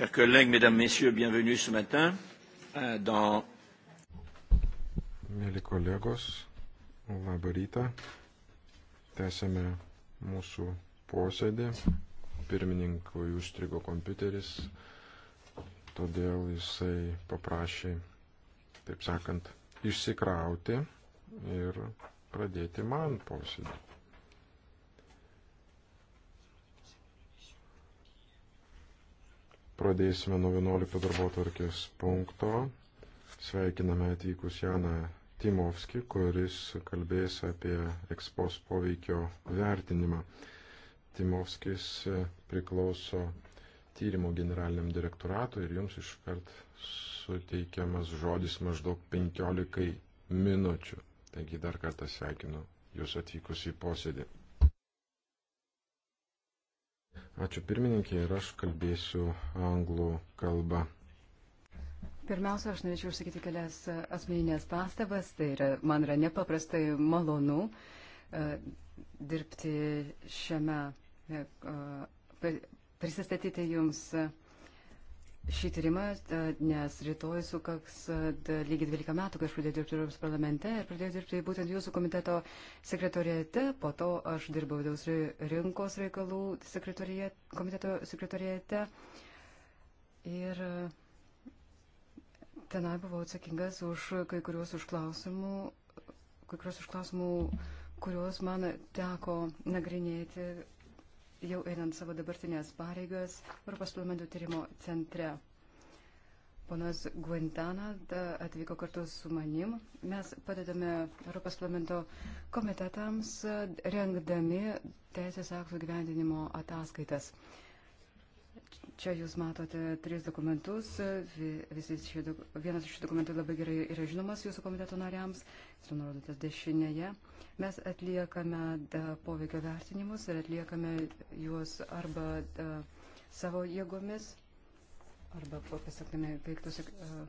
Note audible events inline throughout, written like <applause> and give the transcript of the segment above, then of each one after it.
Chers collègues, mesdames, messieurs, bienvenue ce matin euh, dans. Mėly kolegos, labą rytą. Tęsėme mūsų posėdį. Pirmininkui užstrigo kompiuteris, todėl jisai paprašė, taip sakant, išsikrauti ir pradėti man posėdį. Pradėsime nuo 11 darbo tvarkės punkto. Sveikiname atvykus Janą Timovskį, kuris kalbės apie ekspos poveikio vertinimą. Timovskis priklauso tyrimo generaliniam direktoratui ir jums iškart suteikiamas žodis maždaug 15 minučių. Taigi dar kartą sveikinu jūs atvykus į posėdį. Ačiū pirmininkė ir aš kalbėsiu anglų kalbą. Pirmiausia, aš norėčiau užsakyti kelias asmeninės pastabas. Tai yra, man yra nepaprastai malonu uh, dirbti šiame, uh, prisistatyti jums. Uh, šį tyrimą, nes rytoj sukaks lygiai 12 metų, kai aš pradėjau dirbti Europos parlamente ir pradėjau dirbti būtent jūsų komiteto sekretorijate, po to aš dirbau vidaus rinkos reikalų sekretorijate, komiteto sekretorijate ir tenai buvau atsakingas už kai kuriuos užklausimų, kai kuriuos užklausimų, kuriuos man teko nagrinėti jau einant savo dabartinės pareigas Europos parlamento tyrimo centre. Ponas Guintana atvyko kartu su manim. Mes padedame Europos parlamento komitetams rengdami teisės aktų gyvendinimo ataskaitas. Uh, Čia jūs matote tris dokumentus. Šie, vienas iš šių dokumentų labai gerai yra žinomas jūsų komiteto nariams. Jis yra nurodytas dešinėje. Mes atliekame da, poveikio vertinimus ir atliekame juos arba da, savo jėgomis, arba pasiekdami veiktus. Uh,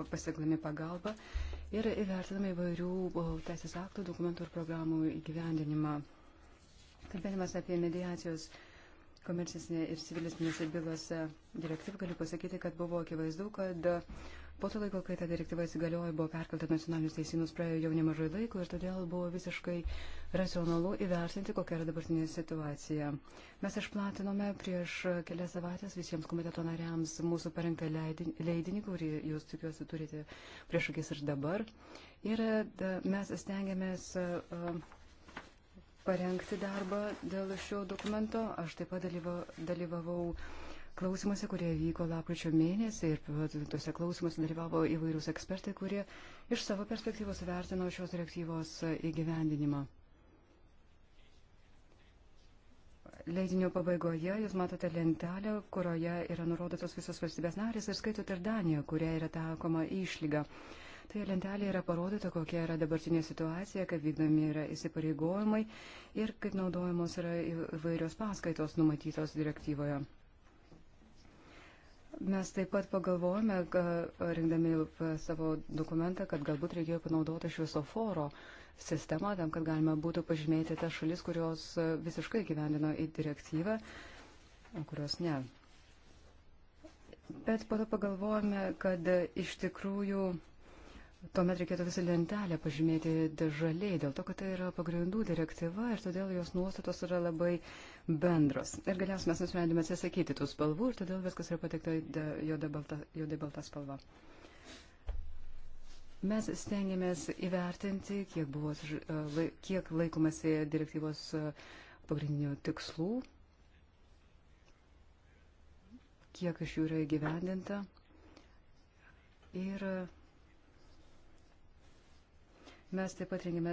pasiekdami pagalbą ir įvertiname įvairių teisės aktų, dokumentų ir programų įgyvendinimą. Kalbėdamas apie mediacijos uh, komercinėse ir civilistinėse bylose direktyvą, galiu pasakyti, kad buvo akivaizdu, kad po to laiko, kai ta direktyva įsigaliojo, buvo perkelta nacionalinius teisynus, praėjo jau nemažai laiko ir todėl buvo visiškai racionalu įvertinti, kokia yra dabartinė situacija. Mes išplatinome prieš kelias savaitės visiems komiteto nariams mūsų parengtą leidinį, kurį jūs tikiuosi turite prieš akis ir dabar. Ir mes stengiamės. Uh, parengti darbą dėl šio dokumento. Aš taip pat dalyvavau klausimuose, kurie vyko lapkričio mėnesį ir tuose klausimuose dalyvavo įvairūs ekspertai, kurie iš savo perspektyvos vertino šios direktyvos įgyvendinimą. Leidinio pabaigoje jūs matote lentelę, kurioje yra nurodytos visos valstybės narės ir skaitote ir Daniją, kuria yra taikoma išlyga. Uh, Tai lentelė yra parodyta, kokia yra dabartinė situacija, kaip vykdomi yra įsipareigojimai ir kaip naudojamos yra įvairios paskaitos numatytos direktyvoje. Mes taip pat pagalvojame, rinkdami savo dokumentą, kad galbūt reikėjo panaudoti šviesoforo sistemą tam, kad galima būtų pažymėti tas šalis, kurios visiškai gyvendino į direktyvą, o kurios ne. Bet po to pagalvojame, kad iš tikrųjų Tuomet reikėtų visą lentelę pažymėti žaliai, dėl to, kad tai yra pagrindų direktyva ir todėl jos nuostatos yra labai bendros. Ir galiausiai mes nusprendėme atsisakyti tų spalvų ir todėl viskas yra patekta juodai balta, balta spalva. Mes stengiamės įvertinti, kiek, buvo, kiek laikomasi direktyvos pagrindinių tikslų, kiek iš jų yra įgyvendinta. Ir Mes taip pat rengėme,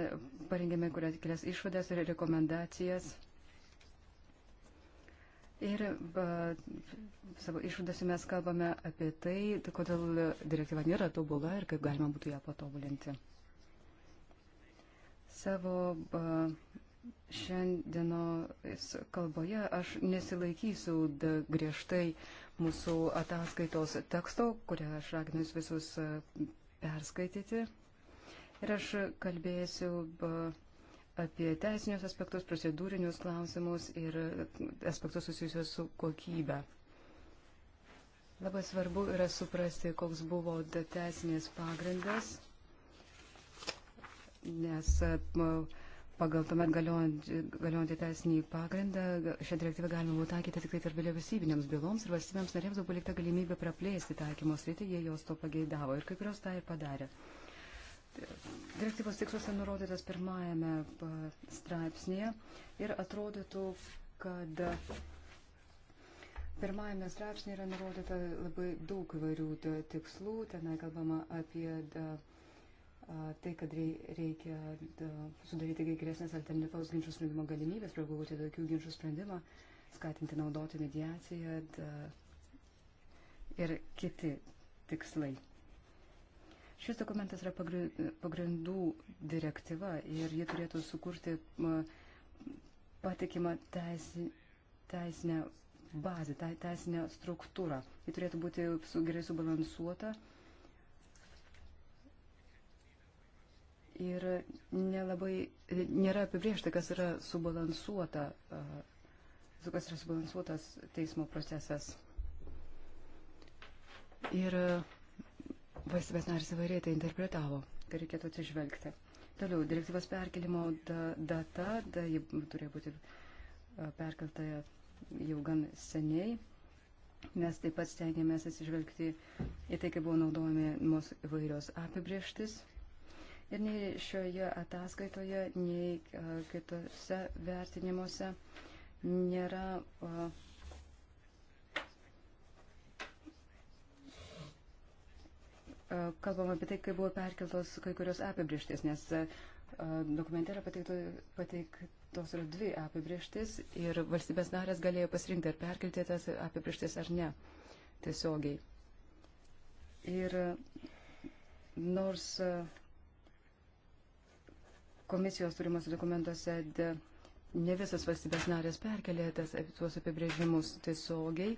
parengėme kelias išvadas ir rekomendacijas. Ir ba, savo išvadose mes kalbame apie tai, kodėl direktyva nėra tobula ir kaip galima būtų ją patobulinti. Savo ba, šiandienos kalboje aš nesilaikysiu griežtai mūsų ataskaitos teksto, kurią aš raginu visus perskaityti ir aš kalbėsiu apie teisinius aspektus, procedūrinius klausimus ir aspektus susijusius su kokybe. Labai svarbu yra suprasti, koks buvo teisinės pagrindas, nes pagal tuomet galiojantį teisinį pagrindą šią direktyvą galima buvo taikyti tik tai tarp vyriausybinėms byloms ir valstybėms narėms buvo palikta galimybė praplėsti taikymo sritį, jei jos to pageidavo ir kai kurios tą ir padarė direktyvos tikslas yra nurodytas pirmajame straipsnėje ir atrodytų, kad pirmajame straipsnėje yra nurodyta labai daug įvairių tikslų, tenai kalbama apie da, tai, kad reikia da, sudaryti geresnės alternatyvos ginčių sprendimo galimybės, prabūti tokių ginčių sprendimą, skatinti naudoti mediaciją da, ir kiti tikslai. Šis dokumentas yra pagrindų direktyva ir ji turėtų sukurti patikimą teisi, teisinę bazę, te, teisinę struktūrą. Ji turėtų būti su, gerai subalansuota ir nelabai, nėra apibriešta, kas yra subalansuota, kas yra subalansuotas teismo procesas. Ir uh, Valstybės narys įvairiai tai interpretavo, kad reikėtų atsižvelgti. Toliau, direktyvos perkelimo data, da, ji turėjo būti perkelta jau gan seniai. Mes taip pat stengiamės atsižvelgti į tai, kaip buvo naudojami mūsų įvairios apibrieštis. Ir nei šioje ataskaitoje, nei kitose vertinimuose nėra. Uh, kalbama apie tai, kaip buvo perkeltos kai kurios apibrieštis, nes e, dokumente yra pateikto, pateiktos yra dvi apibrieštis ir valstybės narės galėjo pasirinkti, ar perkelti tas apibrieštis ar ne tiesiogiai. Ir nors e, komisijos turimas dokumentuose ne visas valstybės narės perkelė tas, tuos apibrėžimus tiesiogiai,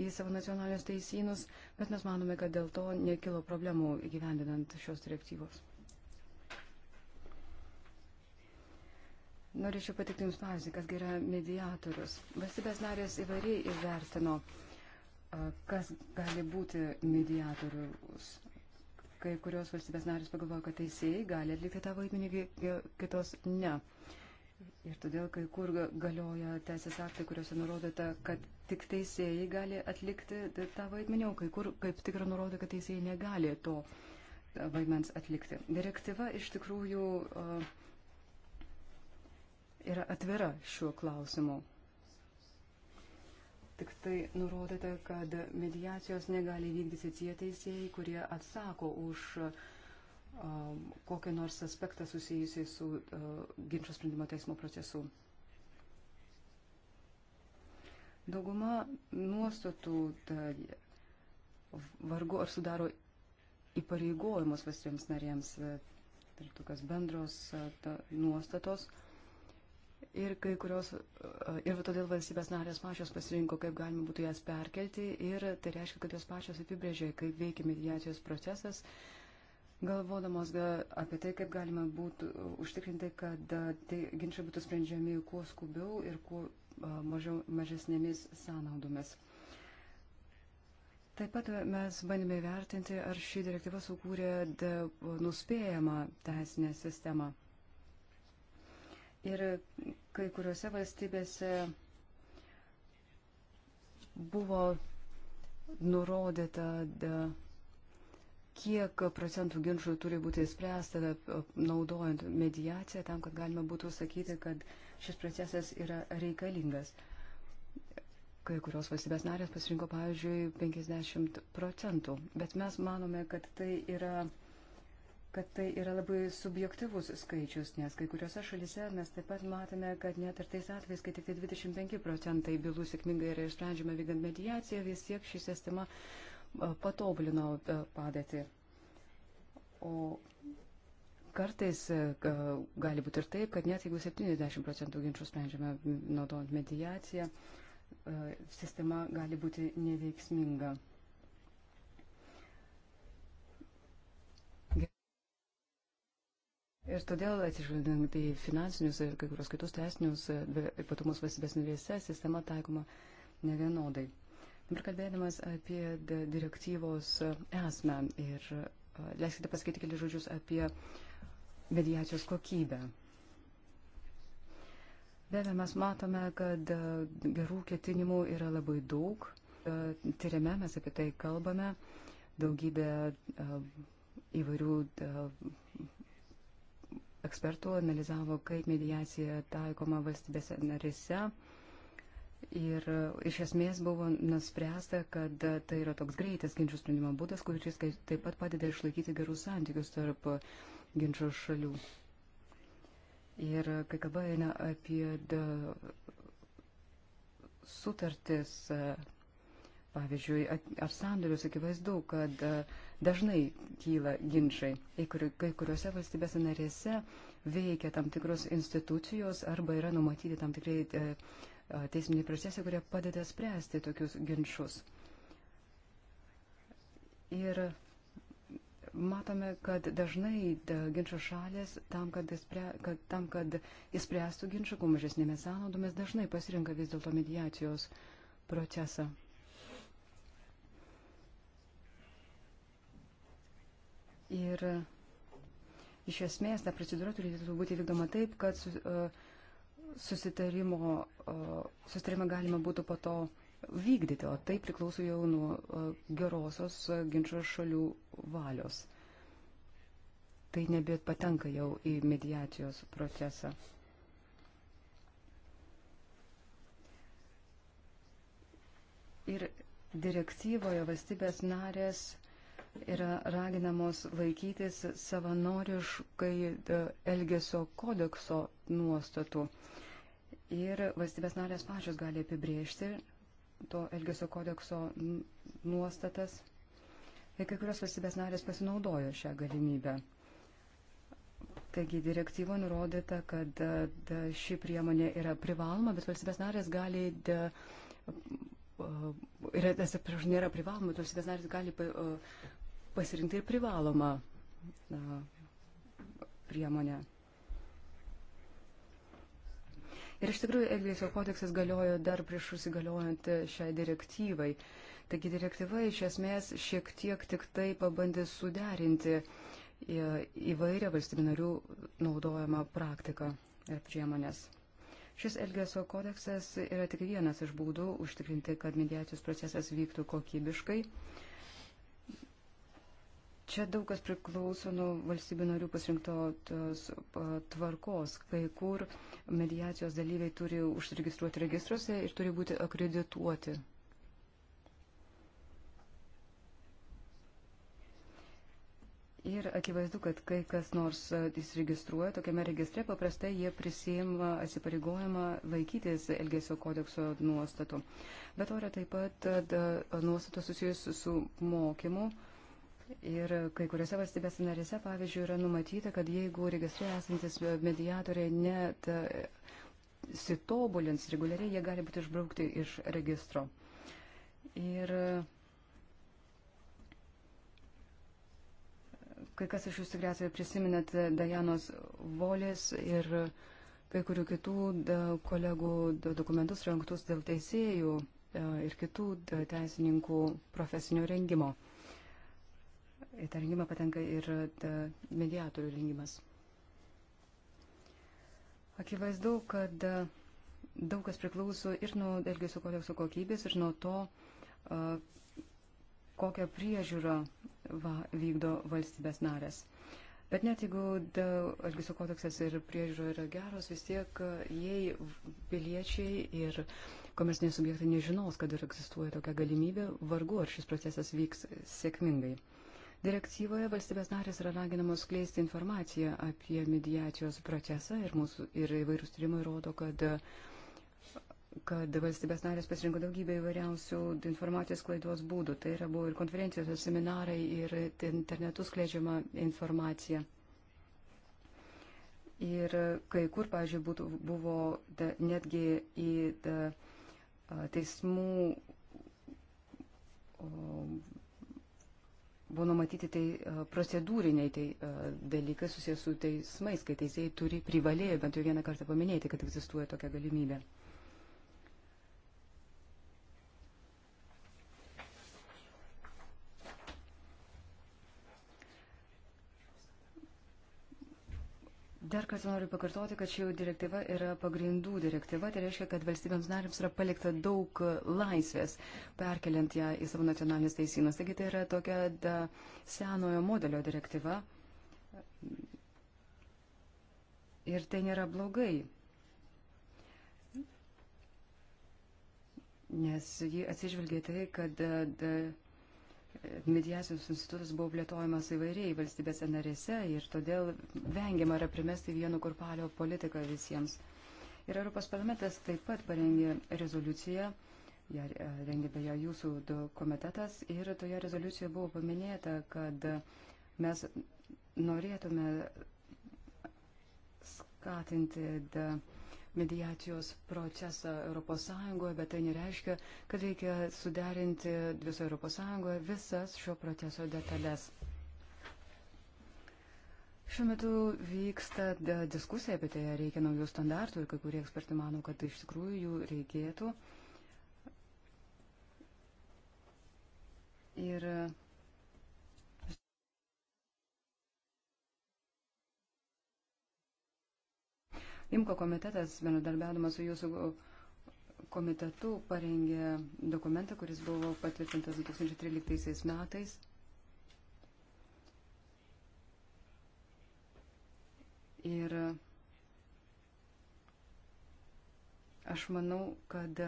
į savo nacionalinius teisynus, bet mes manome, kad dėl to nekilo problemų įgyvendinant šios direktyvos. Norėčiau patikti Jums pavyzdį, kas yra mediatorius. Valstybės narės įvairiai įvertino, kas gali būti mediatorius. Kai kurios valstybės narės pagalvoja, kad teisėjai gali atlikti tą vaidmenį, kitos ne. Uh, Ir todėl kai kur galioja teisės aktai, kuriuose nurodyta, kad tik teisėjai gali atlikti tą vaidmenį, o kai kur kaip tikra nurodo, kad teisėjai negali to e, vaidmens atlikti. Direktyva iš tikrųjų e, yra atvira šiuo klausimu. Tik tai nurodyta, kad mediacijos negali vykdyti tie teisėjai, kurie atsako už uh, kokį nors aspektą susijusiai su ginčio sprendimo teismo procesu. Dauguma nuostatų tai vargu ar sudaro įpareigojimus visiems narėms, tai tokios bendros ta, nuostatos. Ir kai kurios, ir todėl valstybės narės pačios pasirinko, kaip galima būtų jas perkelti, ir tai reiškia, kad jos pačios apibrėžė, kaip veikia mediacijos procesas, uh, galvodamos apie tai, kaip galima būtų uh, užtikrinti, kad tai ginčiai būtų sprendžiami kuo skubiau ir kuo uh, mažiau, mažesnėmis sąnaudomis. Taip pat mes bandėme vertinti, ar ši direktyva sukūrė nuspėjamą teisinę sistemą. Ir kai kuriuose valstybėse buvo nurodyta kiek procentų ginčių turi būti spręsta e, naudojant mediaciją tam, kad galima būtų sakyti, kad šis procesas yra reikalingas. Kai kurios valstybės narės pasirinko, pavyzdžiui, 50 procentų, bet mes manome, kad tai yra kad tai yra labai subjektivus skaičius, nes kai kuriuose šalise mes taip pat matome, kad net ir tais atvejais, kai tik tai 25 procentai bylų sėkmingai yra išsprendžiama vykdant mediaciją, vis tiek ši sistema patobulino e, padėtį. O kartais e, gali būti ir taip, kad net jeigu 70 procentų ginčių sprendžiame naudojant mediaciją, e, sistema gali būti neveiksminga. Ir todėl, atsižvelgiant į finansinius ir kai kurios kitus teisinius ypatumus valstybės narėse, sistema taikoma nevienodai. Dabar kalbėdamas apie direktyvos esmę ir leiskite pasakyti keli žodžius apie mediacijos kokybę. Be abejo, mes matome, kad gerų ketinimų yra labai daug. Tyriame mes apie tai kalbame. Daugybė įvairių ekspertų analizavo, kaip mediacija taikoma valstybėse narise. Ir e, iš esmės buvo nuspręsta, kad e, tai yra toks greitas ginčių sprendimo būdas, kuris taip pat padeda išlaikyti gerus santykius tarp e, ginčio šalių. Ir kai kalba eina apie sutartis, pavyzdžiui, ar sandorius, akivaizdu, kad dažnai kyla ginčiai. Kai kuriuose valstybėse narėse veikia tam tikros institucijos arba yra numatyti tam tikrai. E, teisminį procesą, kurie padeda spręsti tokius ginčius. Ir matome, kad dažnai ginčio šalės tam, kad, įspre, kad, tam, kad įspręstų ginčą, kuo mažesnėmis sąnaudomis, dažnai pasirinka vis dėlto mediacijos procesą. Ir iš esmės ta procedūra turėtų būti vykdoma taip, kad su, uh, susitarimo, susitarimą galima būtų po to vykdyti, o tai priklauso jau nuo gerosios ginčio šalių valios. Tai nebėt patenka jau į mediacijos procesą. Ir direktyvoje valstybės narės yra raginamos laikytis savanoriškai e, Elgesio kodekso nuostatų. Uh, ir valstybės narės pačios gali apibriežti to Elgesio kodekso nuostatas. Ir kai kurios valstybės narės pasinaudojo šią galimybę. Taigi direktyvo nurodyta, kad e, da, ši priemonė yra privaloma, bet valstybės narės gali, da, e, yra, atsiprašau, nėra privaloma, bet valstybės narės gali pa, e, pasirinkti ir privalomą da, priemonę. Ir iš tikrųjų Elgesio kodeksas galiojo dar prieš įsigaliojant šiai direktyvai. Taigi direktyva iš esmės šiek tiek tik tai pabandė suderinti e, įvairią valstybių narių naudojamą praktiką ir priemonės. Šis Elgesio kodeksas yra tik vienas iš būdų užtikrinti, kad mediacijos procesas vyktų kokybiškai Čia daug kas priklauso nuo valstybių narių pasirinktos e, tvarkos, kai kur mediacijos dalyviai turi užsiregistruoti registruose ir turi būti akredituoti. Ir akivaizdu, kad kai kas nors e, įsiregistruoja tokiame registre, paprastai jie prisima atsipareigojimą laikytis Elgesio kodekso nuostatų. Bet ora taip pat e, nuostatos susijus su mokymu. Uh, Ir kai kuriuose valstybės narėse, pavyzdžiui, yra numatyta, kad jeigu registre esantis mediatoriai net e, sitobulins reguliariai, jie gali būti išbraukti iš registro. Ir e, kai kas iš jūsų tikriausiai prisiminat Dajanos Volės ir kai kurių kitų kolegų dokumentus rengtus dėl teisėjų e, ir kitų teisininkų profesinio rengimo. Į tą rengimą patenka ir e, mediatorių rengimas. Akivaizdu, kad e, daug kas priklauso ir nuo Elgėsio kodekso kokybės, ir nuo to, e, kokią priežiūrą va, vykdo valstybės narės. Bet net jeigu Elgėsio kodeksas ir priežiūra yra geros, vis tiek jei piliečiai ir komerciniai subjektai nežinos, kad ir egzistuoja tokia galimybė, vargu ar šis procesas vyks sėkmingai. Direktyvoje valstybės narės yra raginamos skleisti informaciją apie mediacijos procesą ir, mūsų, ir įvairius tyrimai rodo, kad kad valstybės narės pasirinko daugybę įvairiausių informacijos klaidos būdų. Tai yra buvo ir konferencijos, ir seminarai, ir internetu skleidžiama informacija. Ir kai kur, pavyzdžiui, būtų, buvo da, netgi į da, teismų o, buvo numatyti tai e, procedūriniai tai e, dalykai susijęs su teismais, kai teisėjai turi privalėjo bent jau vieną kartą paminėti, kad egzistuoja tokia galimybė. Dar kartą noriu pakartoti, kad ši direktyva yra pagrindų direktyva, tai reiškia, kad valstybėms narėms yra palikta daug laisvės, perkeliant ją į savo nacionalinės teisynus. Taigi tai yra tokia da, senojo modelio direktyva. Ir tai nėra blogai, nes ji atsižvelgia tai, kad da, mediacijos institutas buvo plėtojamas įvairiai valstybėse narėse ir todėl vengiama yra primesti vieno kurpalio politiką visiems. Ir Europos parlamentas taip pat parengė rezoliuciją, ją rengė beje jūsų komitetas ir toje rezoliucijoje buvo paminėta, kad mes norėtume skatinti mediacijos procesą ES, bet tai nereiškia, kad reikia suderinti viso ES visas šio proceso detalės. Šiuo metu vyksta diskusija apie tai, ar reikia naujų standartų ir kai kurie ekspertai mano, kad iš tikrųjų jų reikėtų. Ir Imko komitetas, bendradarbiaudamas su jūsų komitetu, parengė dokumentą, kuris buvo patvirtintas 2013 metais. Ir aš manau, kad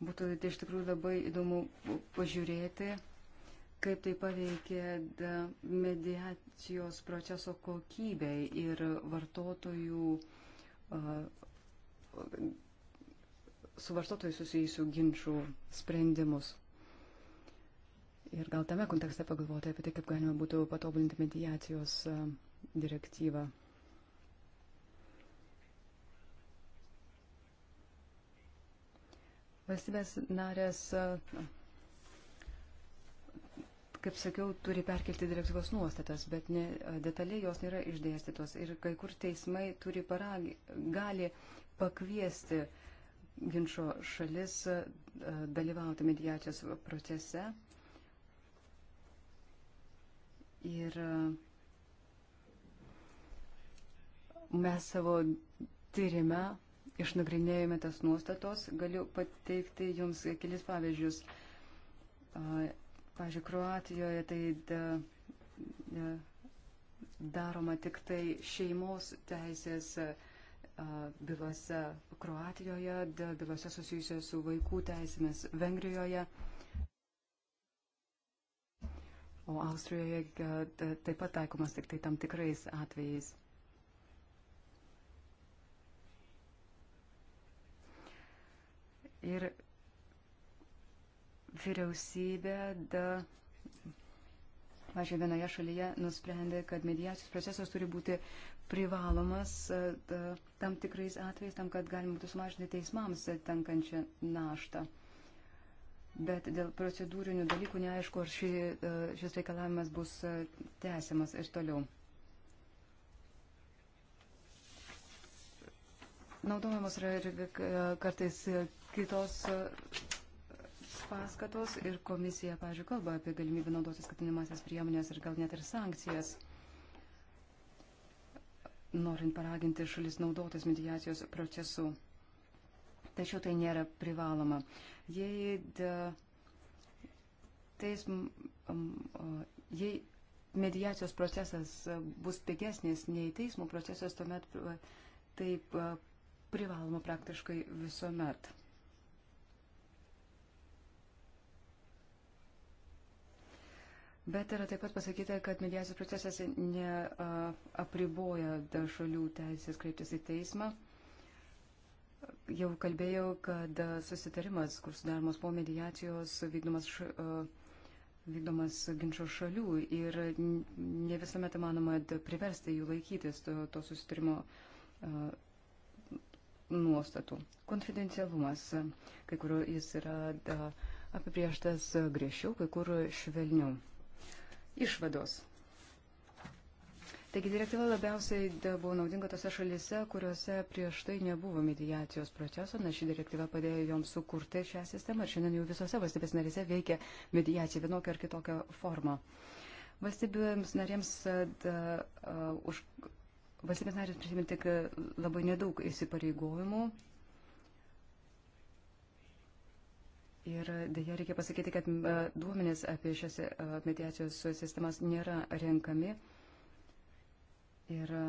būtų tai iš tikrųjų labai įdomu pažiūrėti, kaip tai paveikė mediacijos proceso kokybę ir vartotojų, su vartotojų susijusių ginčių sprendimus. Ir gal tame kontekste pagalvoti apie tai, kaip galima būtų patobulinti mediacijos direktyvą. Valstybės narės. Na, kaip sakiau, turi perkelti direktyvos nuostatas, bet ne, detaliai jos nėra išdėstytos. Ir kai kur teismai turi paragi, gali pakviesti ginčio šalis e, dalyvauti mediacijos procese. Ir e, mes savo tyrime išnagrinėjome tas nuostatos. Galiu pateikti Jums kelis pavyzdžius e, Pavyzdžiui, Kroatijoje tai da, da, daroma tik tai šeimos teisės bylose Kroatijoje, da, bylose susijusios su vaikų teisėmis Vengrijoje. O Austrijoje da, taip pat taikomas tik tai tam tikrais atvejais. Ir vyriausybė da, pažiūrėjau, vienoje šalyje nusprendė, kad mediacijos procesas turi būti privalomas da, tam tikrais atvejais, tam, kad galima būtų sumažinti teismams tenkančią naštą. Bet dėl procedūrinių dalykų neaišku, ar ši, šis reikalavimas bus tęsiamas ir toliau. Naudojamos yra ir kartais kitos paskatos ir komisija, pažiūrėjau, kalba apie galimybę naudoti skatinimasias priemonės ir gal net ir sankcijas, norint paraginti šalis naudotis mediacijos procesu. Tačiau tai nėra privaloma. Jei, da, teism, um, jei mediacijos procesas bus pigesnis nei teismo procesas, tuomet e, taip e, privaloma praktiškai visuomet. Bet yra taip pat pasakyta, kad mediacijos procesas neapriboja dar šalių teisės kreiptis į teismą. Jau kalbėjau, kad susitarimas, kur sudaromas po mediacijos, vykdomas, š, vykdomas ginčio šalių ir ne visuomet manoma priversti jų laikytis to, to susitarimo nuostatų. Konfidencialumas, kai kur jis yra apibrieštas griežčiau, kai kur švelniau išvados. Taigi direktyva labiausiai buvo naudinga tose šalise, kuriuose prieš tai nebuvo mediacijos proceso, nes ši direktyva padėjo joms sukurti šią sistemą ir šiandien jau visose valstybės narėse veikia mediacija vienokia ar kitokia forma. Valstybėms narėms da, uh, už, valstybės narės prisimė tik labai nedaug įsipareigojimų Ir dėja reikia pasakyti, kad e, duomenys apie šias e, mediacijos sistemas nėra renkami. Ir e,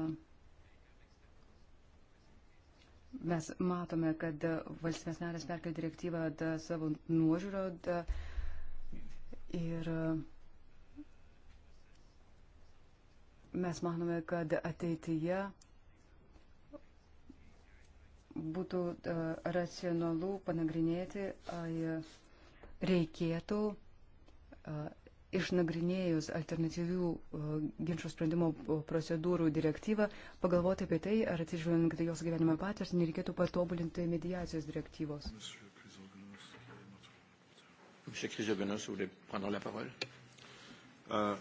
mes matome, kad valstybės narės perkelia direktyvą da, savo nuožiūro da, ir mes manome, kad ateityje būtų e, racionalu panagrinėti, ar reikėtų išnagrinėjus alternatyvių ginčių sprendimo procedūrų direktyvą, pagalvoti apie tai, ar atsižvelgiant jos gyvenimą patirtį, nereikėtų patobulinti mediacijos direktyvos. Monsieur Chrysogonos, vous voulez prendre la parole uh,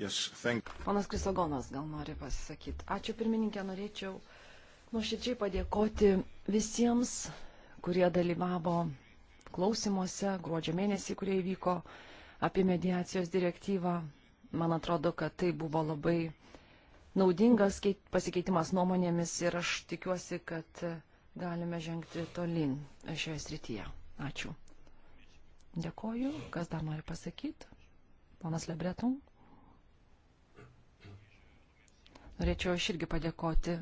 yes, thank... Ponas Chrysogonas gal nori pasisakyti. Ačiū pirmininkė, norėčiau nuoširdžiai padėkoti visiems, kurie dalyvavo klausimuose gruodžio mėnesį, kurie įvyko apie mediacijos direktyvą. Man atrodo, kad tai buvo labai naudingas pasikeitimas nuomonėmis ir aš tikiuosi, kad galime žengti tolin šioje srityje. Ačiū. Dėkoju. Kas dar nori pasakyti? Ponas Lebretum. Norėčiau aš irgi padėkoti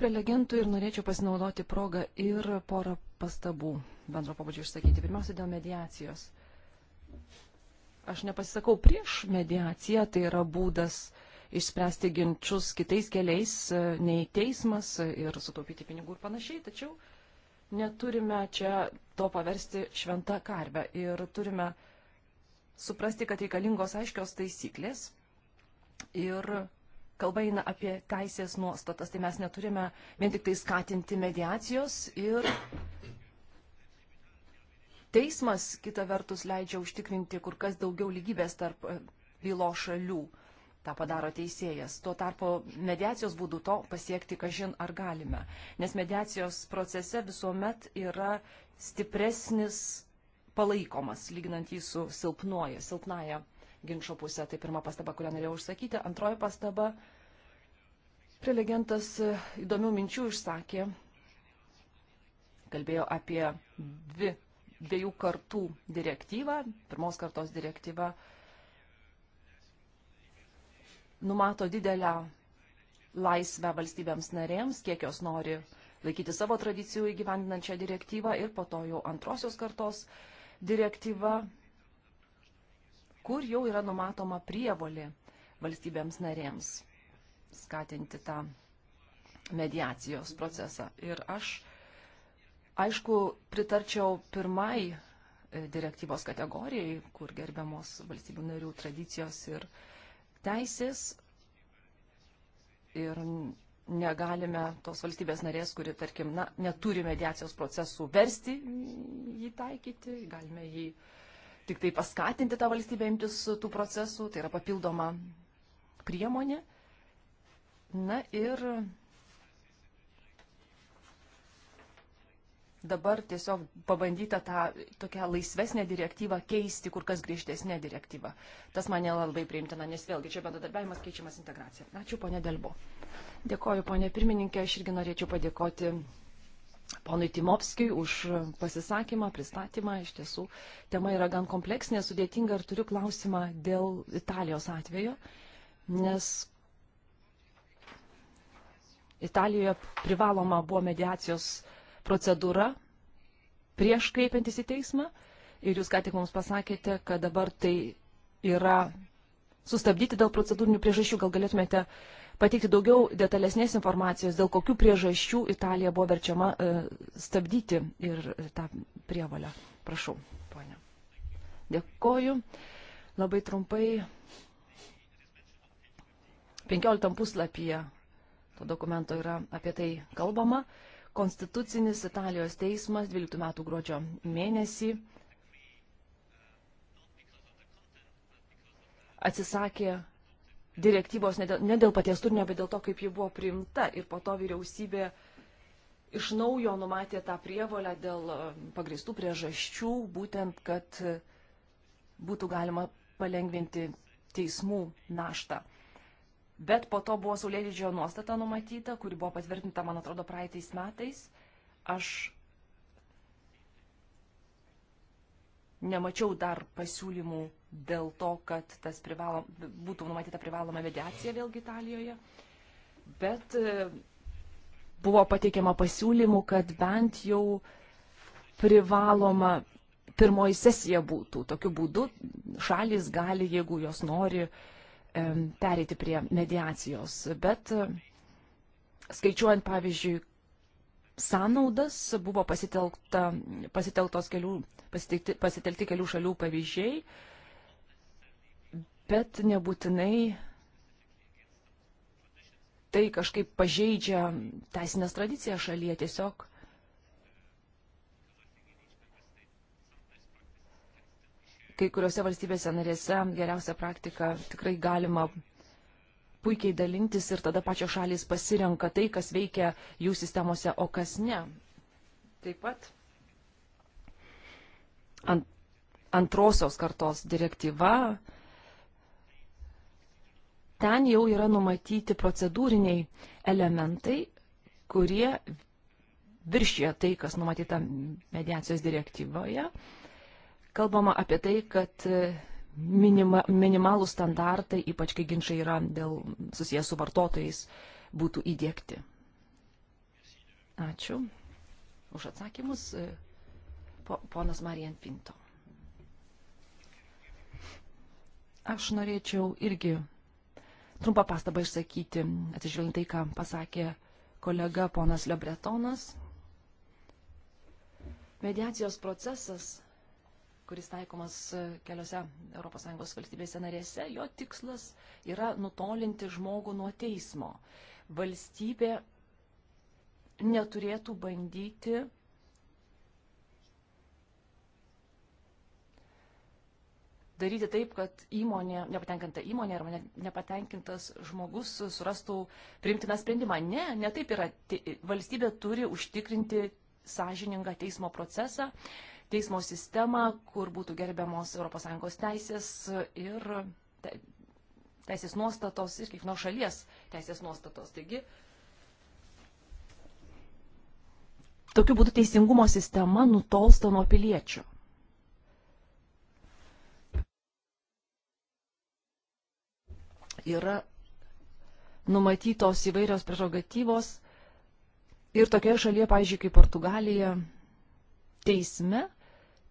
prelegentų ir norėčiau pasinaudoti progą ir porą pastabų bendro pabudžio išsakyti. Pirmiausia, dėl mediacijos. Aš nepasisakau prieš mediaciją, tai yra būdas išspręsti ginčius kitais keliais, nei teismas ir sutaupyti pinigų ir panašiai, tačiau neturime čia to paversti šventą karvę ir turime suprasti, kad reikalingos aiškios taisyklės ir kalba eina apie teisės nuostatas, tai mes neturime vien tik tai skatinti mediacijos ir teismas kita vertus leidžia užtikrinti kur kas daugiau lygybės tarp e, bylo šalių. Ta padaro teisėjas. Tuo tarpu mediacijos būdu to pasiekti, kažin ar galime. Nes mediacijos procese visuomet yra stipresnis palaikomas, lyginant jį su silpnoja, silpnaja ginčio pusę. Tai pirma pastaba, kurią norėjau užsakyti. Antroji pastaba. Prelegentas įdomių minčių išsakė. Kalbėjo apie dvi, dviejų kartų direktyvą. Pirmos kartos direktyva numato didelę laisvę valstybėms narėms, kiek jos nori laikyti savo tradicijų įgyvendinančią direktyvą ir po to jau antrosios kartos direktyva kur jau yra numatoma prievolė valstybėms narėms skatinti tą mediacijos procesą. Ir aš, aišku, pritarčiau pirmai e, direktyvos kategorijai, kur gerbiamos valstybių narių tradicijos ir teisės. Ir negalime tos valstybės narės, kuri, tarkim, na, neturi mediacijos procesų, versti jį taikyti, galime jį uh, tik tai paskatinti tą valstybę imtis tų procesų, tai yra papildoma priemonė. Na ir dabar tiesiog pabandyta tą tokią laisvesnę direktyvą keisti, kur kas griežtesnę direktyvą. Tas man nėra labai priimtina, nes vėlgi čia bendradarbiavimas keičiamas integracija. Ačiū, ponė Delbo. Dėkoju, ponė pirmininkė, aš irgi norėčiau padėkoti ponui Timovskijui už pasisakymą, pristatymą. Iš tiesų, tema yra gan kompleksinė, sudėtinga ir turiu klausimą dėl Italijos atvejo, nes Italijoje privaloma buvo mediacijos procedūra prieš kreipiantis į teismą ir jūs ką tik mums pasakėte, kad dabar tai yra sustabdyti dėl procedūrinių priežasčių. Gal galėtumėte pateikti daugiau detalesnės informacijos, dėl kokių priežasčių Italija buvo verčiama e, stabdyti ir tą prievalę. Prašau, ponia. Dėkoju. Labai trumpai. 15 puslapyje to dokumento yra apie tai kalbama. Konstitucinis Italijos teismas 12 metų gruodžio mėnesį atsisakė direktyvos ne dėl, ne dėl paties turinio, bet dėl to, kaip ji buvo priimta. Ir po to vyriausybė iš naujo numatė tą prievolę dėl e, pagristų priežasčių, būtent, kad e, būtų galima palengvinti teismų naštą. Bet po to buvo Saulėlydžio nuostata numatyta, kuri buvo patvirtinta, man atrodo, praeitais metais. Aš nemačiau dar pasiūlymų dėl to, kad tas privalom, būtų numatyta privaloma mediacija vėlgi Italijoje. Bet e, buvo pateikiama pasiūlymų, kad bent jau privaloma pirmoji sesija būtų. Tokiu būdu šalis gali, jeigu jos nori, e, pereiti prie mediacijos. Bet e, skaičiuojant, pavyzdžiui, sąnaudas buvo pasitelkta, pasitelktos kelių, pasitelkti, pasitelkti kelių šalių pavyzdžiai bet nebūtinai tai kažkaip pažeidžia teisinės tradicijas šalyje tiesiog. Kai kuriuose valstybėse narėse geriausia praktika tikrai galima puikiai dalintis ir tada pačios šalis pasirenka tai, kas veikia jų sistemose, o kas ne. Taip pat ant, antrosios kartos direktyva ten jau yra numatyti procedūriniai elementai, kurie viršė tai, kas numatyta mediacijos direktyvoje. Kalbama apie tai, kad minima, minimalų standartai, ypač kai ginčiai yra dėl susijęs su vartotojais, būtų įdėkti. Ačiū už atsakymus. Po, ponas Marijan Pinto. Aš norėčiau irgi trumpą pastabą išsakyti, atsižvelgiant tai, ką pasakė kolega ponas Lebretonas. Mediacijos procesas, kuris taikomas keliose ES valstybėse narėse, jo tikslas yra nutolinti žmogų nuo teismo. Valstybė neturėtų bandyti daryti taip, kad įmonė, nepatenkinta įmonė arba nepatenkintas žmogus surastų primtiną sprendimą. Ne, ne taip yra. Valstybė turi užtikrinti sąžiningą teismo procesą, teismo sistemą, kur būtų gerbiamos ES teisės ir teisės nuostatos ir kiekvienos šalies teisės nuostatos. Taigi, tokiu būdu teisingumo sistema nutolsta nuo piliečių. yra numatytos įvairios prerogatyvos ir tokioje šalyje, pavyzdžiui, kaip Portugalija, teisme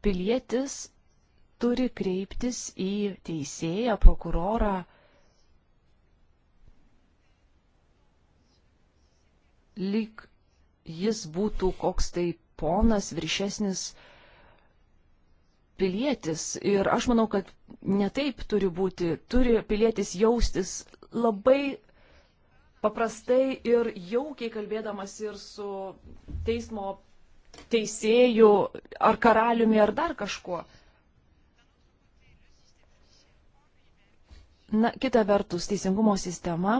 pilietis turi kreiptis į teisėją, prokurorą, lyg jis būtų koks tai ponas, viršesnis uh, pilietis. Ir aš manau, kad netaip turi būti. Turi pilietis jaustis labai paprastai ir jaukiai kalbėdamas ir su teismo teisėju ar karaliumi ar dar kažkuo. Na, kita vertus, teisingumo sistema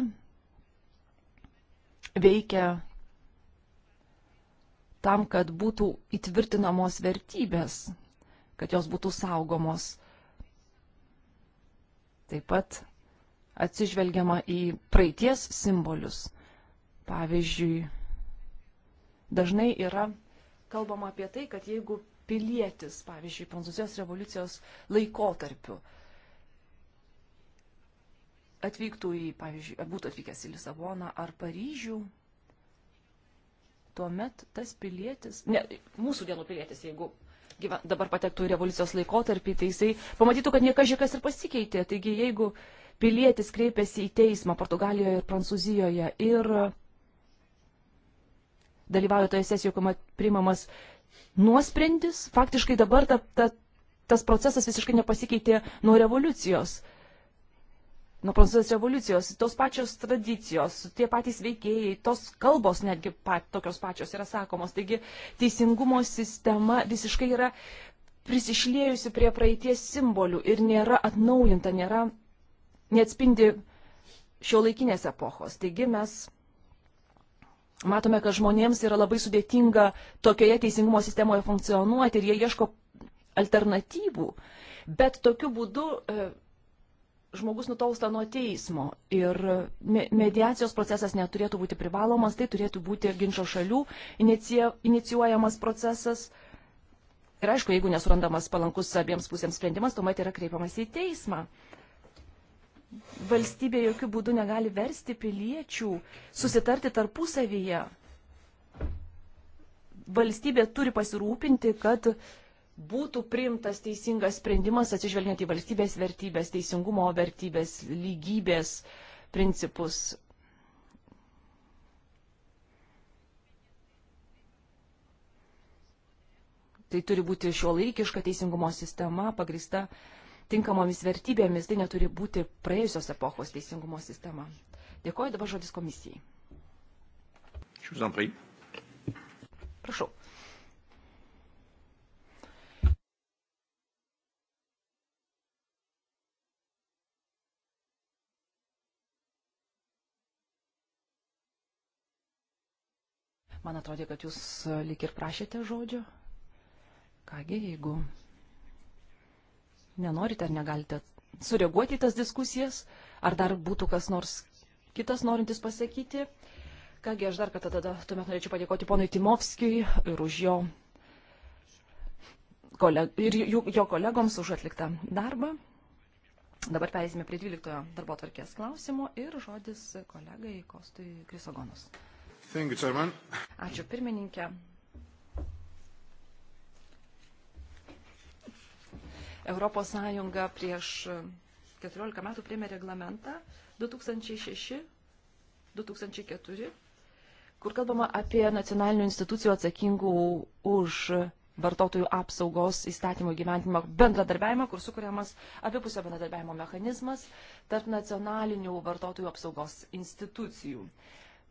veikia tam, kad būtų įtvirtinamos vertybės kad jos būtų saugomos. Taip pat atsižvelgiama į praeities simbolius. Pavyzdžiui, dažnai yra kalbama apie tai, kad jeigu pilietis, pavyzdžiui, Prancūzijos revoliucijos laikotarpiu atvyktų į, pavyzdžiui, būtų atvykęs į Lisaboną ar Paryžių, tuomet tas pilietis, ne, mūsų dienų pilietis, jeigu dabar patektų į revoliucijos laikotarpį, tai jisai pamatytų, kad niekas žiekas ir pasikeitė. Taigi jeigu pilietis kreipiasi į teismą Portugalijoje ir Prancūzijoje ir dalyvauja toje sesijoje, kuomet priimamas nuosprendis, faktiškai dabar ta, ta, tas procesas visiškai nepasikeitė nuo revoliucijos nuo prancūzijos revoliucijos, tos pačios tradicijos, tie patys veikėjai, tos kalbos netgi pat, tokios pačios yra sakomos. Taigi teisingumo sistema visiškai yra prisišlėjusi prie praeities simbolių ir nėra atnaujinta, nėra, neatspindi šio laikinės epochos. Taigi mes matome, kad žmonėms yra labai sudėtinga tokioje teisingumo sistemoje funkcionuoti ir jie ieško alternatyvų, bet tokiu būdu e, žmogus nutolsta nuo teismo ir mediacijos procesas neturėtų būti privalomas, tai turėtų būti ginčio šalių inicijuojamas procesas. Ir aišku, jeigu nesurandamas palankus abiems pusėms sprendimas, tuomet yra kreipiamas į teismą. Valstybė jokių būdų negali versti piliečių susitarti tarpusavyje. Valstybė turi pasirūpinti, kad uh, būtų priimtas teisingas sprendimas atsižvelgiant į valstybės vertybės, teisingumo vertybės, lygybės principus. Tai turi būti šio laikiška teisingumo sistema, pagrista tinkamomis vertybėmis, tai neturi būti praėjusios epochos teisingumo sistema. Dėkoju dabar žodis komisijai. Prašau. Man atrodė, kad jūs e, lik ir prašėte žodžio. Kągi, jeigu nenorite ar negalite sureaguoti į tas diskusijas, ar dar būtų kas nors kitas norintis pasakyti. Kągi, aš dar kartą tada tuomet norėčiau padėkoti ponui Timovskijui ir už jo koleg ir jų, jo kolegoms už atliktą darbą. Dabar perėsime prie 12 darbo tvarkės klausimo ir žodis kolegai Kostui Krisogonus. Thank you, Chairman. Ačiū pirmininkė. Europos Sąjunga prieš 14 metų priėmė reglamentą 2006-2004, kur kalbama apie nacionalinių institucijų atsakingų už vartotojų apsaugos įstatymo gyventimą bendradarbiavimą, kur sukūriamas abipusio bendradarbiavimo mechanizmas tarp nacionalinių vartotojų apsaugos institucijų.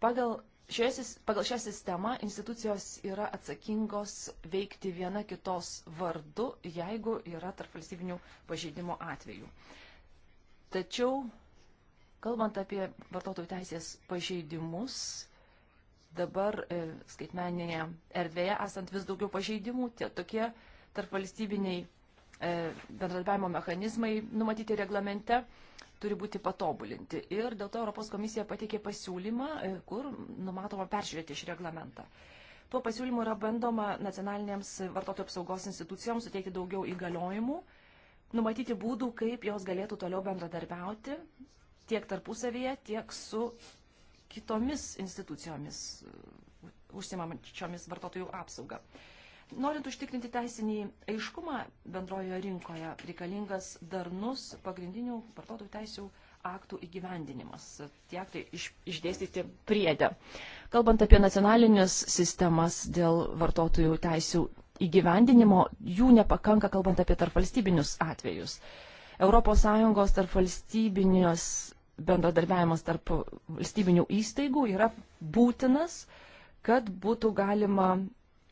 Pagal šioje, pagal šią sistemą institucijos yra atsakingos veikti viena kitos vardu, jeigu yra tarp valstybinių pažeidimo atvejų. Tačiau, kalbant apie vartotojų teisės pažeidimus, dabar e, skaitmeninėje erdvėje esant vis daugiau pažeidimų, tie tokie tarp valstybiniai e, bendradarbiavimo mechanizmai numatyti reglamente turi būti patobulinti. Ir dėl to Europos komisija pateikė pasiūlymą, e, kur numatoma peržiūrėti šį reglamentą. Tuo pasiūlymu yra bandoma nacionalinėms vartotojų apsaugos institucijoms suteikti daugiau įgaliojimų, numatyti būdų, kaip jos galėtų toliau bendradarbiauti tiek tarpusavėje, tiek su kitomis institucijomis e, užsimamančiomis vartotojų apsaugą. Uh, Norint užtikrinti teisinį aiškumą bendrojoje rinkoje, reikalingas darnus pagrindinių vartotojų teisių aktų įgyvendinimas. Tie aktai iš, išdėstyti priedę. Kalbant apie nacionalinius sistemas dėl vartotojų teisių įgyvendinimo, jų nepakanka kalbant apie tarpvalstybinius atvejus. ES tarpvalstybinės bendradarbiavimas tarp valstybinių įstaigų yra būtinas, kad būtų galima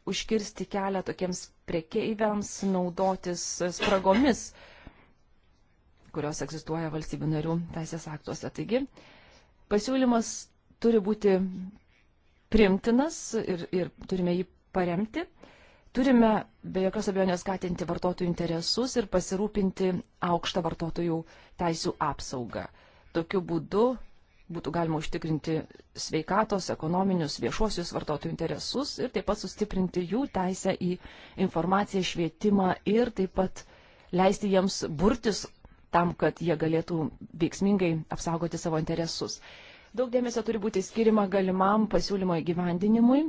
užkirsti kelią tokiems prekeiviams naudotis spragomis, kurios egzistuoja valstybių narių teisės aktuose. Taigi, pasiūlymas turi būti primtinas ir, ir turime jį paremti. Turime be jokios abejonės skatinti vartotojų interesus ir pasirūpinti aukštą vartotojų teisų apsaugą. Tokiu būdu būtų galima užtikrinti sveikatos, ekonominius, viešuosius vartotojų interesus ir taip pat sustiprinti jų teisę į informaciją, švietimą ir taip pat leisti jiems burtis tam, kad jie galėtų veiksmingai apsaugoti savo interesus. Daug dėmesio turi būti skirima galimam pasiūlymo įgyvendinimui,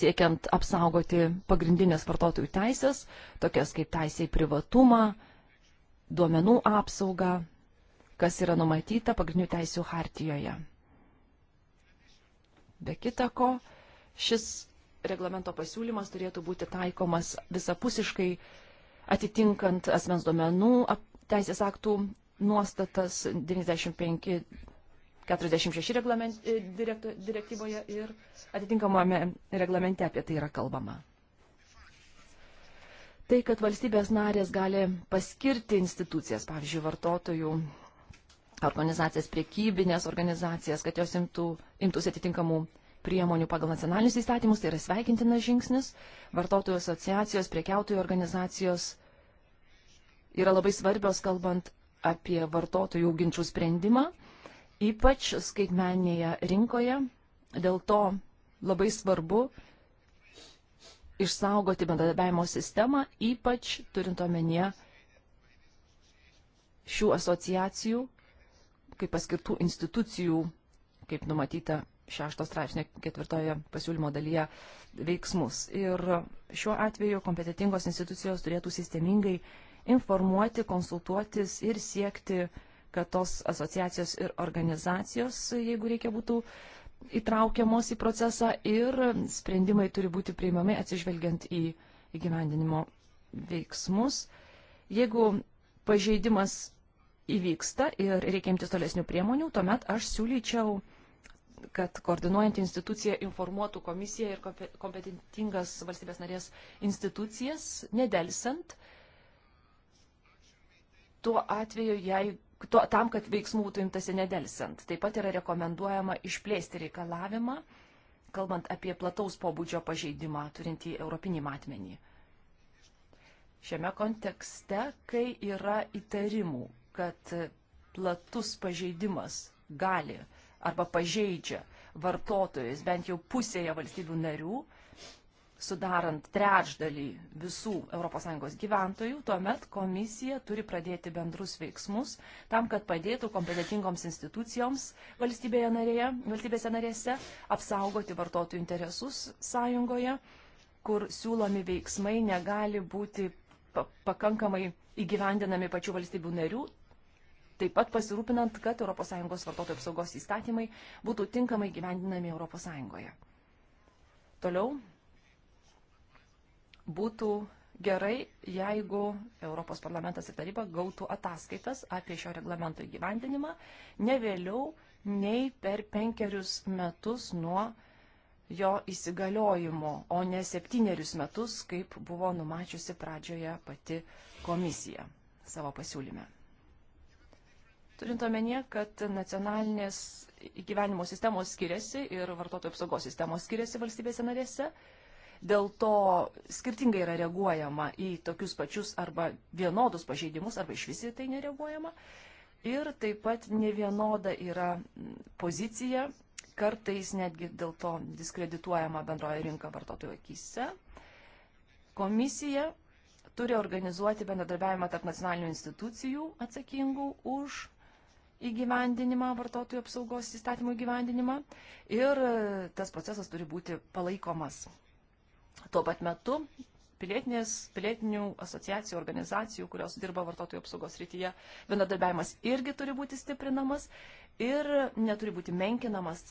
siekiant apsaugoti pagrindinės vartotojų teisės, tokias kaip teisė į privatumą, duomenų apsaugą, kas yra numatyta pagrindinių teisių hartijoje. Be kita ko, šis reglamento pasiūlymas turėtų būti taikomas visapusiškai atitinkant asmens duomenų teisės aktų nuostatas 95-46 reglament, e, direktyvoje ir atitinkamame reglamente apie tai yra kalbama. Tai, kad valstybės narės gali paskirti institucijas, pavyzdžiui, vartotojų organizacijas, priekybinės organizacijas, kad jos imtų, imtųsi atitinkamų priemonių pagal nacionalinius įstatymus, tai yra sveikintinas žingsnis. Vartotojų asociacijos, priekiautojų organizacijos yra labai svarbios, kalbant apie vartotojų ginčių sprendimą, ypač skaitmenėje rinkoje. Dėl to labai svarbu išsaugoti bendradarbiavimo sistemą, ypač turint omenyje šių asociacijų kaip paskirtų institucijų, kaip numatyta šešto straipsnio ketvirtojo pasiūlymo dalyje veiksmus. Ir šiuo atveju kompetitingos institucijos turėtų sistemingai informuoti, konsultuotis ir siekti, kad tos asociacijos ir organizacijos, jeigu reikia, būtų įtraukiamos į procesą ir sprendimai turi būti priimami atsižvelgiant į įgyvendinimo veiksmus. Jeigu pažeidimas įvyksta ir reikia imtis tolesnių priemonių, tuomet aš siūlyčiau, kad koordinuojant instituciją informuotų komisiją ir kompetentingas valstybės narės institucijas, nedelsant, tuo atveju, jei, tuo, tam, kad veiksmų būtų imtasi nedelsant. Taip pat yra rekomenduojama išplėsti reikalavimą, kalbant apie plataus pobūdžio pažeidimą turintį europinį matmenį šiame kontekste, kai yra įtarimų, kad platus pažeidimas gali arba pažeidžia vartotojus bent jau pusėje valstybių narių, sudarant trečdalį visų ES gyventojų, tuomet komisija turi pradėti bendrus veiksmus tam, kad padėtų kompetitingoms institucijoms narėje, valstybėse narėse apsaugoti vartotojų interesus sąjungoje, kur siūlomi veiksmai negali būti pakankamai įgyvendinami pačių valstybių narių, taip pat pasirūpinant, kad ES vartotojų apsaugos įstatymai būtų tinkamai gyvendinami ES. Toliau būtų gerai, jeigu Europos parlamentas ir taryba gautų ataskaitas apie šio reglamento įgyvendinimą ne vėliau nei per penkerius metus nuo jo įsigaliojimo, o ne septynerius metus, kaip buvo numačiusi pradžioje pati komisija savo pasiūlyme. Turint omenyje, kad nacionalinės gyvenimo sistemos skiriasi ir vartotojų apsaugos sistemos skiriasi valstybėse narėse, dėl to skirtingai yra reaguojama į tokius pačius arba vienodus pažeidimus, arba iš visi tai nereaguojama. Ir taip pat nevienoda yra pozicija, kartais netgi dėl to diskredituojama bendroje rinka vartotojų akise. Komisija turi organizuoti bendradarbiavimą tarp nacionalinių institucijų atsakingų už įgyvendinimą, vartotojų apsaugos įstatymų įgyvendinimą ir e, tas procesas turi būti palaikomas. Tuo pat metu pilietinės, pilietinių asociacijų, organizacijų, kurios dirba vartotojų apsaugos rytyje, bendradarbiavimas irgi turi būti stiprinamas ir neturi būti menkinamas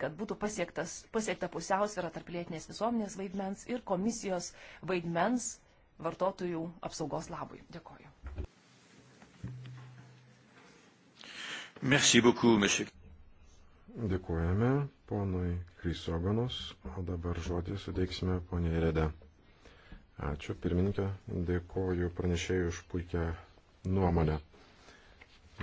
kad būtų pasiektas, pasiekta pusiausvėra tarp pilietinės visuomenės vaidmens ir komisijos vaidmens vartotojų apsaugos labui. Dėkoju. Merci beaucoup, monsieur. Dėkojame ponui Krysoganus, o dabar žodį suteiksime poniai Reda. Ačiū pirmininkė, dėkoju pranešėjai už puikią nuomonę.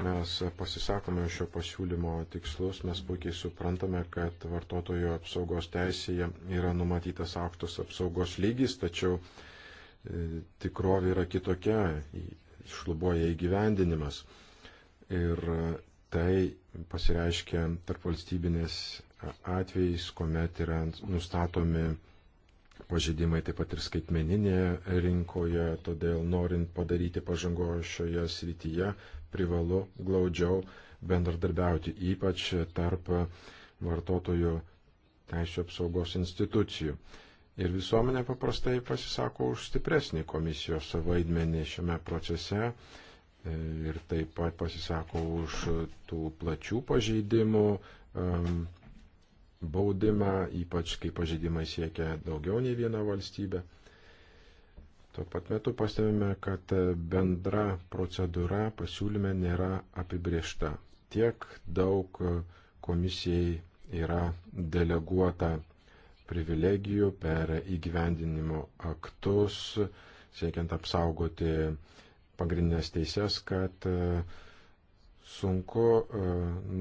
Mes pasisakome šio pasiūlymo tikslus, mes puikiai suprantame, kad vartotojų apsaugos teisėje yra numatytas aukštas apsaugos lygis, tačiau e, tikrovė yra kitokia, šlubuoja įgyvendinimas. Ir tai pasireiškia tarp valstybinės atvejais, kuomet yra nustatomi pažeidimai taip pat ir skaitmeninėje rinkoje, todėl norint padaryti pažango šioje srityje, privalu glaudžiau bendradarbiauti, ypač tarp vartotojų teisų apsaugos institucijų. Ir visuomenė paprastai pasisako už stipresnį komisijos vaidmenį šiame procese, ir taip pat pasisako už tų plačių pažeidimų baudimą, ypač kai pažeidimai siekia daugiau nei vieną valstybę. Tuo pat metu pastebime, kad bendra procedūra pasiūlyme nėra apibriešta. Tiek daug komisijai yra deleguota privilegijų per įgyvendinimo aktus, siekiant apsaugoti uh, pagrindinės teises, kad e, sunku e,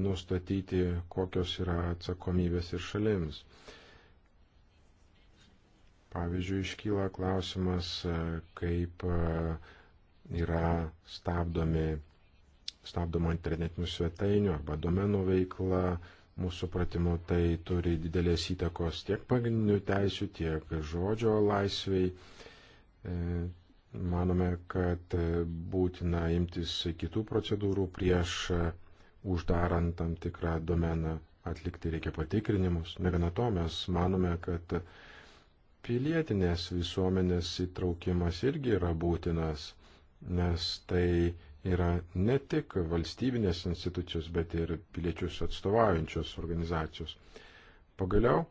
nustatyti, kokios yra atsakomybės ir šalims. Pavyzdžiui, iškyla klausimas, e, kaip yra stabdomi, stabdoma internetinių svetainių arba domenų veikla. Mūsų supratimu, tai turi didelės įtakos tiek pagrindinių teisių, tiek žodžio laisviai. Manome, kad būtina imtis kitų procedūrų prieš uždarant tam tikrą domeną, atlikti reikia patikrinimus. Negana to, mes manome, kad pilietinės visuomenės įtraukimas irgi yra būtinas, nes tai yra ne tik valstybinės institucijos, bet ir piliečius atstovaujančios organizacijos. Pagaliau,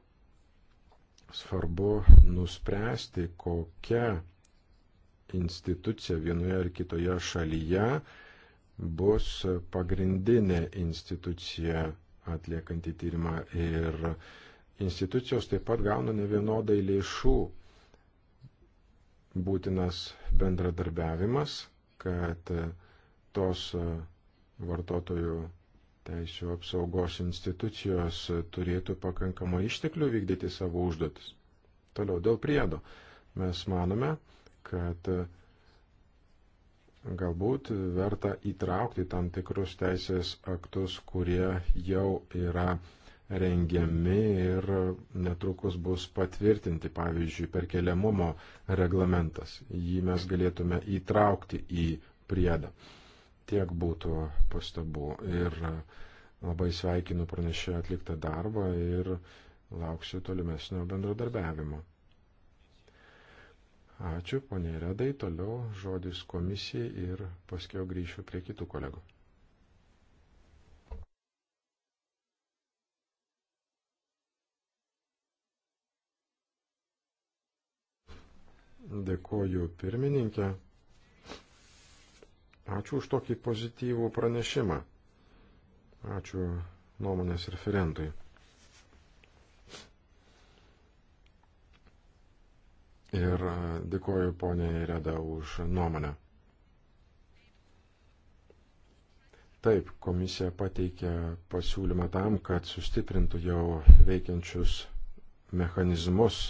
svarbu nuspręsti, kokia institucija vienoje ar kitoje šalyje bus pagrindinė institucija atliekantį tyrimą ir institucijos taip pat gauna ne vienodai lėšų. Būtinas bendradarbiavimas, kad tos vartotojų teisų apsaugos institucijos turėtų pakankamą išteklių vykdyti savo užduotis. Toliau dėl priedo. Mes manome, kad galbūt verta įtraukti tam tikrus teisės aktus, kurie jau yra rengiami ir netrukus bus patvirtinti, pavyzdžiui, perkeliamumo reglamentas. Jį mes galėtume įtraukti į priedą. Tiek būtų pastabų. Ir labai sveikinu pranešę atliktą darbą ir lauksiu tolimesnio bendradarbiavimo. Ačiū, ponė Redai. Toliau žodis komisijai ir paskui grįšiu prie kitų kolegų. Dėkoju pirmininkė. Ačiū už tokį pozityvų pranešimą. Ačiū nuomonės referentui. ir e, dėkoju poniai Reda už nuomonę. Taip, komisija pateikė pasiūlymą tam, kad sustiprintų jau veikiančius mechanizmus.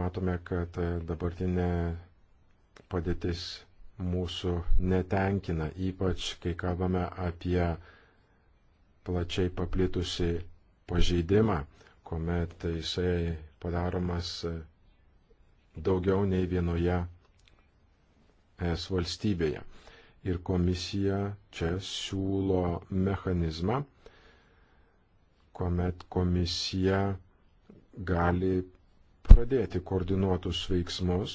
Matome, kad dabartinė padėtis mūsų netenkina, ypač kai kalbame apie plačiai paplitusi pažeidimą kuomet jisai padaromas e, daugiau nei vienoje es valstybėje. Ir komisija čia siūlo mechanizmą, kuomet komisija gali pradėti koordinuotus veiksmus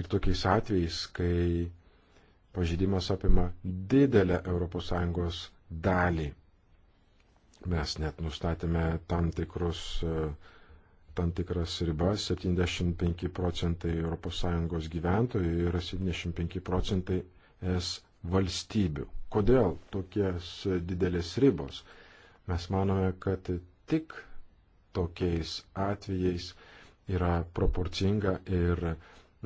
ir tokiais atvejais, kai pažydimas apima didelę ES dalį Mes net nustatėme tam, tikrus, e, tam tikras ribas. 75 procentai ES gyventojų yra 75 procentai es valstybių. Kodėl tokies didelės ribos? Mes manome, kad tik tokiais atvejais yra proporcinga ir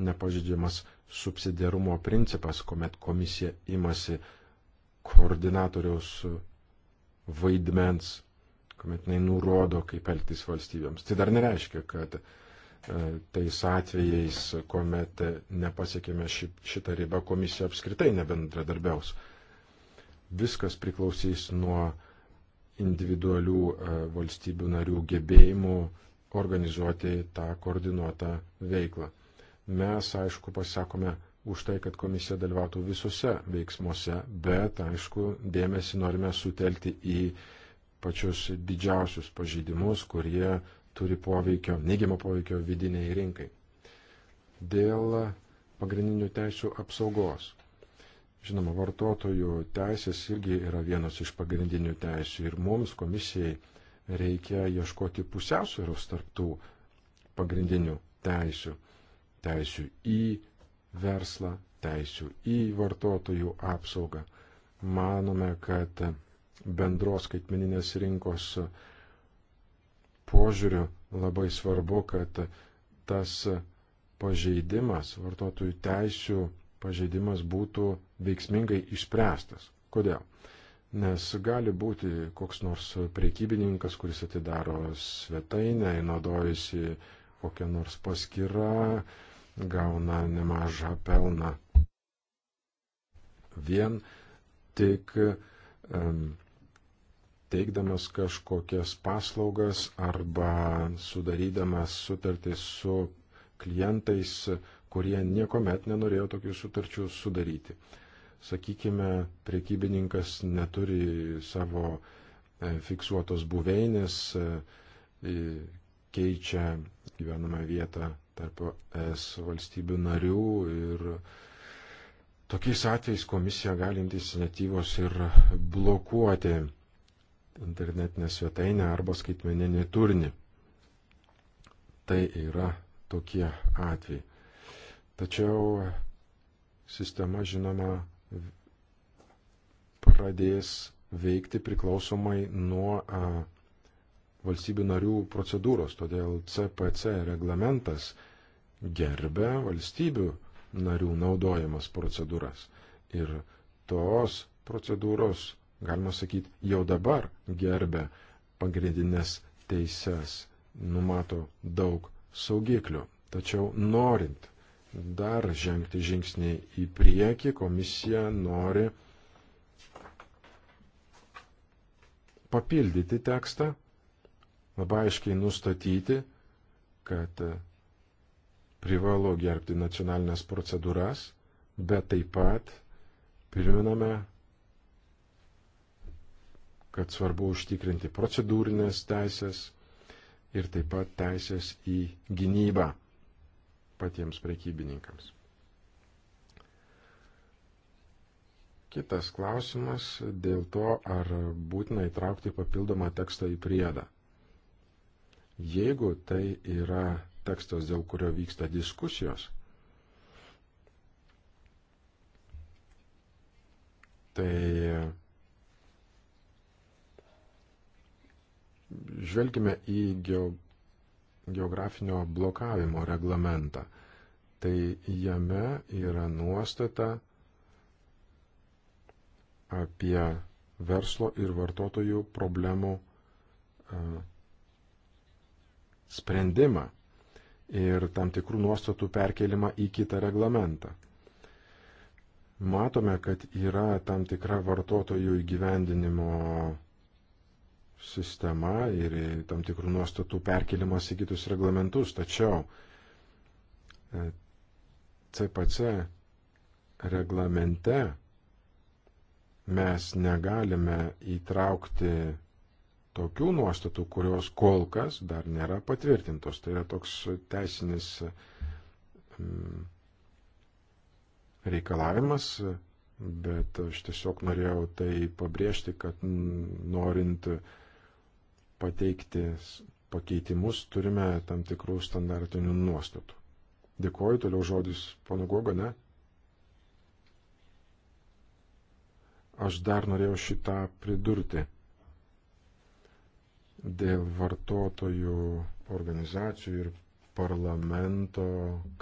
nepažydžiamas subsidiarumo principas, kuomet komisija imasi koordinatoriaus vaidmens, kuomet jinai nurodo, kaip elgtis valstybėms. Tai dar nereiškia, kad e, tais atvejais, kuomet nepasiekėme ši, šitą ribą, komisija apskritai nebendradarbiaus. Viskas priklausys nuo individualių e, valstybių narių gebėjimų organizuoti tą koordinuotą veiklą. Mes, aišku, pasakome už tai, kad komisija dalyvautų visose veiksmuose, bet, aišku, dėmesį norime sutelkti į pačius didžiausius pažeidimus, kurie turi poveikio, neigiamo poveikio vidiniai rinkai. Dėl pagrindinių teisų apsaugos. Žinoma, vartotojų teisės irgi yra vienas iš pagrindinių teisų ir mums komisijai reikia ieškoti pusiausvėros tarptų pagrindinių teisių. Teisių į verslą, teisių į vartotojų apsaugą. Manome, kad bendros skaitmeninės rinkos požiūriu labai svarbu, kad tas pažeidimas, vartotojų teisių pažeidimas būtų veiksmingai išspręstas. Kodėl? Nes gali būti koks nors priekybininkas, kuris atidaro svetainę, naudojasi kokią nors paskirą, gauna nemažą pelną. Vien tik um, teikdamas kažkokias paslaugas arba sudarydamas sutartį su klientais, kurie niekuomet nenorėjo tokių sutarčių sudaryti. Sakykime, priekybininkas neturi savo e, fiksuotos buveinės, e, keičia gyvenamą vietą tarp es valstybių narių ir tokiais atvejais komisija galinti iniciatyvos ir blokuoti internetinę svetainę arba skaitmeninį turinį. Tai yra tokie atvejai. Tačiau sistema, žinoma, pradės veikti priklausomai nuo a, valstybių narių procedūros, todėl CPC reglamentas gerbia valstybių narių naudojamas procedūras. Ir tos procedūros, galima sakyti, jau dabar gerbia pagrindinės teises, numato daug saugiklių. Tačiau norint dar žengti žingsnį į priekį, komisija nori papildyti tekstą, labai aiškiai nustatyti, kad privalo gerbti nacionalinės procedūras, bet taip pat priminame, kad svarbu užtikrinti procedūrinės teisės ir taip pat teisės į gynybą patiems prekybininkams. Kitas klausimas dėl to, ar būtina įtraukti papildomą tekstą į priedą. Jeigu tai yra tekstas, dėl kurio vyksta diskusijos, tai žvelgime į geografinio blokavimo reglamentą. Tai jame yra nuostata apie verslo ir vartotojų problemų sprendimą ir tam tikrų nuostatų perkelimą į kitą reglamentą. Matome, kad yra tam tikra vartotojų įgyvendinimo sistema ir tam tikrų nuostatų perkelimas į kitus reglamentus, tačiau CPC e, reglamente mes negalime įtraukti tokių nuostatų, kurios kol kas dar nėra patvirtintos. Tai yra toks teisinis mm, reikalavimas, bet aš tiesiog norėjau tai pabrėžti, kad norint pateikti pakeitimus turime tam tikrų standartinių nuostatų. Dėkoju, toliau žodis pono Goga, ne? Aš dar norėjau šitą pridurti dėl vartotojų organizacijų ir parlamento,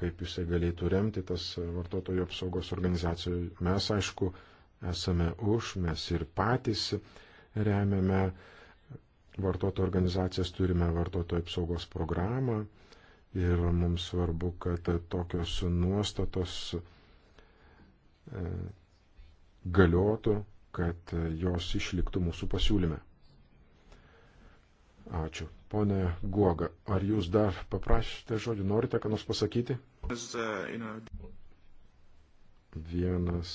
kaip jisai galėtų remti tas vartotojų apsaugos organizacijų. Mes, aišku, esame už, mes ir patys remiame vartotojų organizacijas, turime vartotojų apsaugos programą ir mums svarbu, kad tokios nuostatos e, galiotų, kad jos išliktų mūsų pasiūlyme. Ačiū. Pone Guoga, ar jūs dar paprašėte žodį, norite ką nors pasakyti? Vienas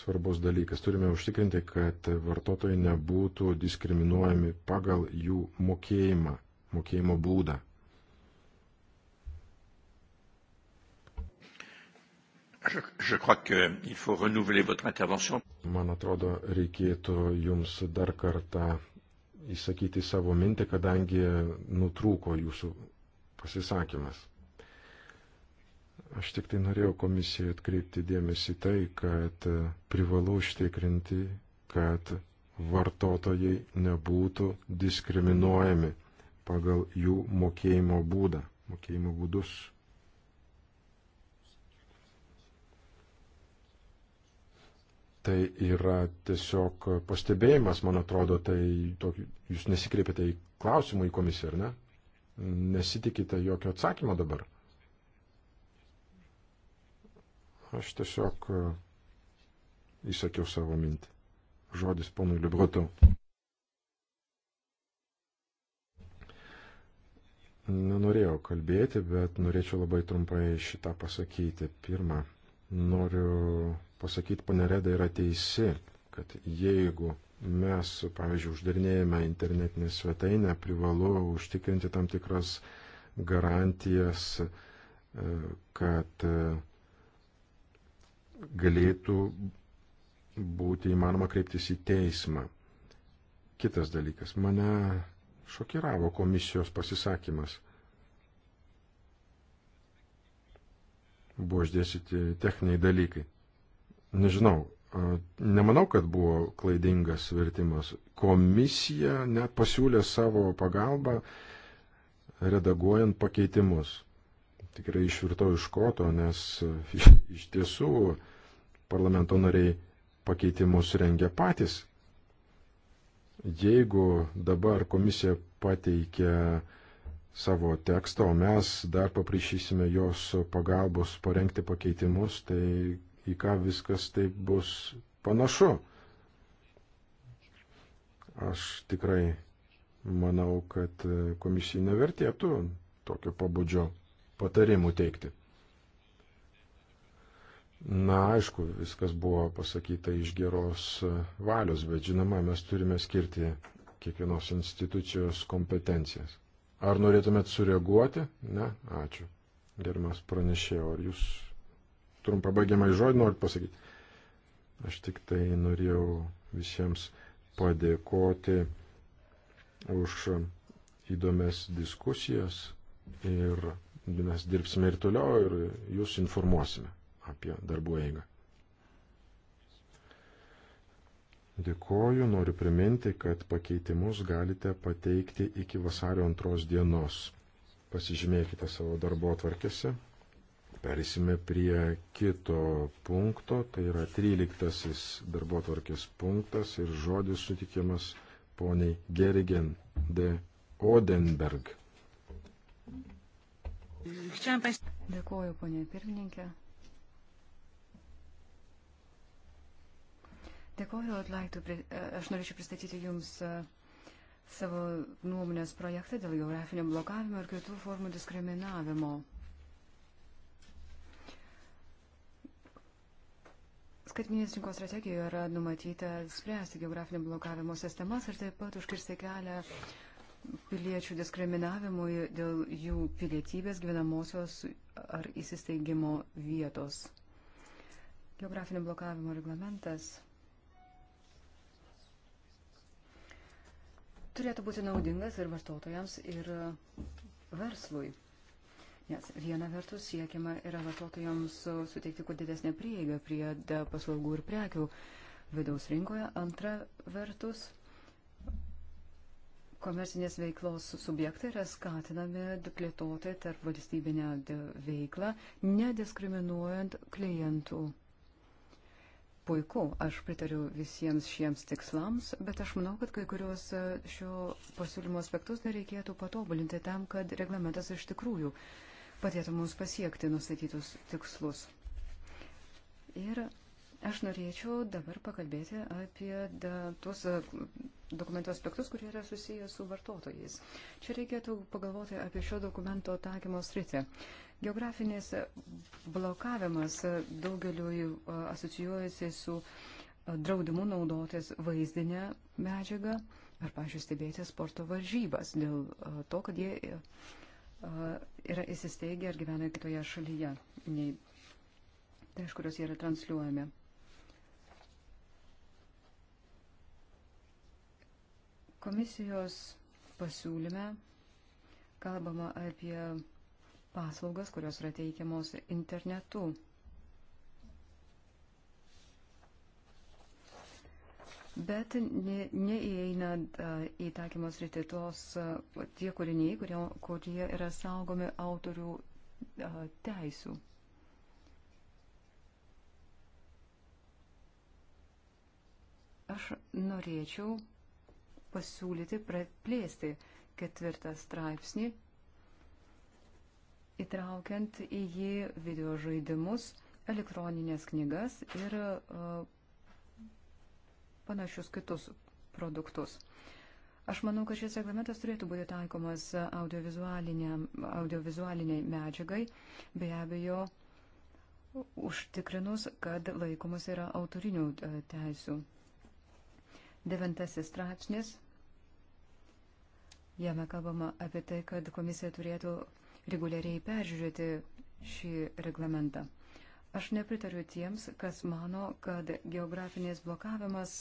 svarbus dalykas. Turime užtikrinti, kad vartotojai nebūtų diskriminuojami pagal jų mokėjimą, mokėjimo būdą. Man atrodo, reikėtų jums dar kartą išsakyti savo mintį, kadangi nutrūko jūsų pasisakymas. Aš tik tai norėjau komisijai atkreipti dėmesį tai, kad privalu užtikrinti, kad vartotojai nebūtų diskriminuojami pagal jų mokėjimo būdą, mokėjimo būdus. Tai yra tiesiog pastebėjimas, man atrodo, tai to, jūs nesikreipėte į klausimą į komisiją, ar ne? Nesitikite jokio atsakymo dabar. Aš tiesiog e, įsakiau savo mintį. Žodis ponui Librutau. Nenorėjau kalbėti, bet norėčiau labai trumpai šitą pasakyti. Pirma, Noriu pasakyti, panereda yra teisi, kad jeigu mes, pavyzdžiui, uždarinėjame internetinę svetainę, privalu užtikrinti tam tikras garantijas, e, kad e, galėtų būti įmanoma kreiptis į teismą. Kitas dalykas, mane šokiravo komisijos pasisakymas. buvo išdėstyti techniniai dalykai. Nežinau, nemanau, kad buvo klaidingas vertimas. Komisija net pasiūlė savo pagalbą redaguojant pakeitimus. Tikrai išvirtau iš koto, nes <laughs> iš tiesų parlamento nariai pakeitimus rengia patys. Jeigu dabar komisija pateikia savo tekstą, o mes dar paprašysime jos pagalbos parengti pakeitimus, tai į ką viskas taip bus panašu. Aš tikrai manau, kad komisijai nevertėtų tokio pabudžio patarimų teikti. Na, aišku, viskas buvo pasakyta iš geros valios, bet žinoma, mes turime skirti kiekvienos institucijos kompetencijas. Ar norėtumėt sureaguoti? Ne, ačiū. Gerimas pranešėjo, ar jūs trumpą baigiamą žodį norit pasakyti? Aš tik tai norėjau visiems padėkoti už įdomias diskusijas ir mes dirbsime ir toliau ir jūs informuosime apie darbų eigą. Dėkoju, noriu priminti, kad pakeitimus galite pateikti iki vasario antros dienos. Pasižymėkite savo darbo atvarkėse. Perėsime prie kito punkto, tai yra 13 darbo atvarkės punktas ir žodis sutikiamas poniai Gerigen de Odenberg. Dėkuoju, ponė pirmininkė. Dėkuoju, atlaiktų, e, aš norėčiau pristatyti Jums e, savo nuomonės projektą dėl geografinio blokavimo ir kitų formų diskriminavimo. Skaitminės rinkos strategijoje yra numatyta spręsti geografinio blokavimo sistemas ir taip pat užkirsti kelią piliečių diskriminavimui dėl jų pilietybės gyvenamosios ar įsisteigimo vietos. Geografinio blokavimo reglamentas turėtų būti naudingas ir vartotojams, ir verslui. Nes viena vertus siekiama yra vartotojams suteikti kuo didesnę prieigą prie paslaugų ir prekių vidaus rinkoje, antra vertus komercinės veiklos subjektai yra skatinami plėtoti tarp valstybinę veiklą, nediskriminuojant klientų Puiku, aš pritariu visiems šiems tikslams, bet aš manau, kad kai kurios e, šio pasiūlymo aspektus dar reikėtų patobulinti tam, kad reglamentas iš tikrųjų padėtų mums pasiekti nustatytus tikslus. Ir aš norėčiau dabar pakalbėti apie da, tuos e, dokumento aspektus, kurie yra susijęs su vartotojais. Čia reikėtų pagalvoti apie šio dokumento taikymo sritį. Geografinis blokavimas daugeliu asocijuojasi su draudimu naudotis vaizdinę medžiagą ar, pažiūrėjau, stebėti sporto varžybas dėl to, kad jie yra įsisteigę ar gyvena kitoje šalyje, nei tai, iš kurios jie yra transliuojami. Komisijos pasiūlyme kalbama apie paslaugas, kurios yra teikiamos internetu. Bet neįeina ne į taikymos rytį tos tie kūriniai, kurie, kurie yra saugomi autorių teisų. Aš norėčiau pasiūlyti praplėsti ketvirtą straipsnį įtraukiant į jį video žaidimus, elektroninės knygas ir e, panašius kitus produktus. Aš manau, kad šis reglamentas turėtų būti taikomas audiovizualiniai medžiagai, be abejo, užtikrinus, kad laikomas yra autorinių e, teisų. Devintasis straipsnis. Jame kalbama apie tai, kad komisija turėtų reguliariai peržiūrėti šį reglamentą. Aš nepritariu tiems, kas mano, kad geografinės blokavimas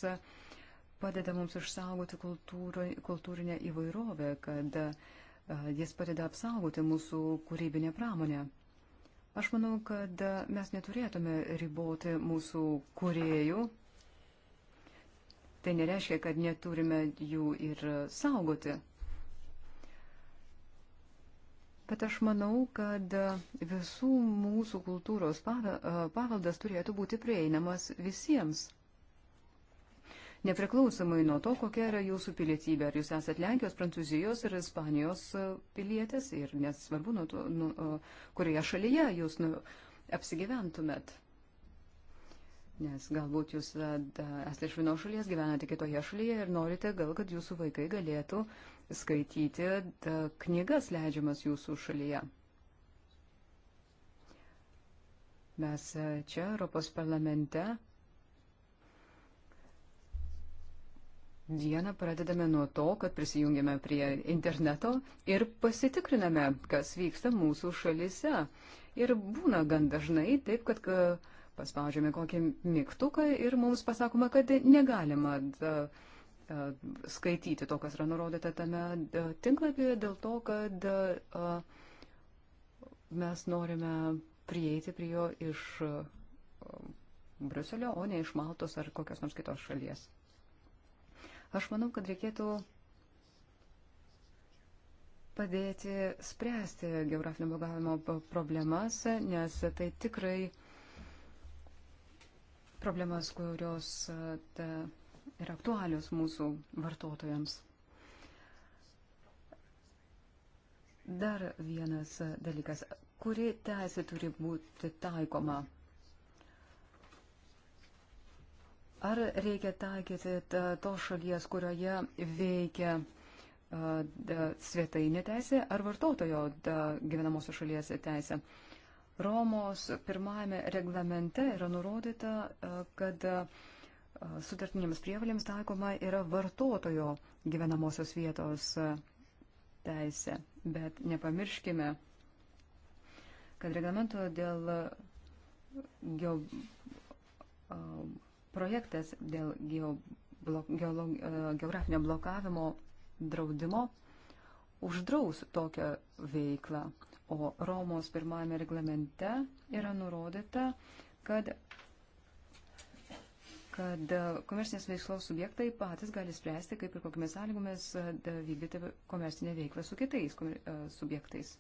padeda mums išsaugoti kultūrą, kultūrinę įvairovę, kad jis padeda apsaugoti mūsų kūrybinę pramonę. Aš manau, kad mes neturėtume riboti mūsų kuriejų. Tai nereiškia, kad neturime jų ir saugoti. Bet aš manau, kad visų mūsų kultūros paveldas turėtų būti prieinamas visiems. Nepriklausomai nuo to, kokia yra jūsų pilietybė, ar jūs esate Lenkijos, Prancūzijos ir Ispanijos pilietis, ir nesvarbu, nuo to, nu, kurioje šalyje jūs nu, apsigyventumėt. Nes galbūt jūs esate iš vienos šalies, gyvenate kitoje šalyje ir norite gal, kad jūsų vaikai galėtų skaityti knygas leidžiamas jūsų šalyje. Mes e, čia, Europos parlamente, dieną pradedame nuo to, kad prisijungiame prie interneto ir pasitikriname, kas vyksta mūsų šalise. Ir būna gan dažnai taip, kad paspaudžiame kokį mygtuką ir mums pasakoma, kad negalima. Da, uh, E, skaityti to, kas yra nurodyta tame e, tinklapyje, dėl to, kad e, mes norime prieiti prie jo iš Bruselio, o ne iš Maltos ar kokios nors kitos šalies. Aš manau, kad reikėtų padėti spręsti geografinio blogavimo problemas, nes tai tikrai problemas, kurios ta, ir aktualios mūsų vartotojams. Dar vienas dalykas. Kuri teisė turi būti taikoma? Ar reikia taikyti to šalies, kurioje veikia svetainė teisė ar vartotojo gyvenamosios šalies teisė? Romos pirmajame reglamente yra nurodyta, kad sutartinėms prievalėms taikoma yra vartotojo gyvenamosios vietos teisė. Bet nepamirškime, kad reglamento dėl geo, projektas dėl geo, blok, geolo, geografinio blokavimo draudimo uždraus tokią veiklą. O Romos pirmajame reglamente yra nurodyta, kad kad komersinės veiklos subjektai patys gali spręsti, kaip ir kokiamis sąlygomis e, vykdyti komersinę veiklą su kitais e, subjektais.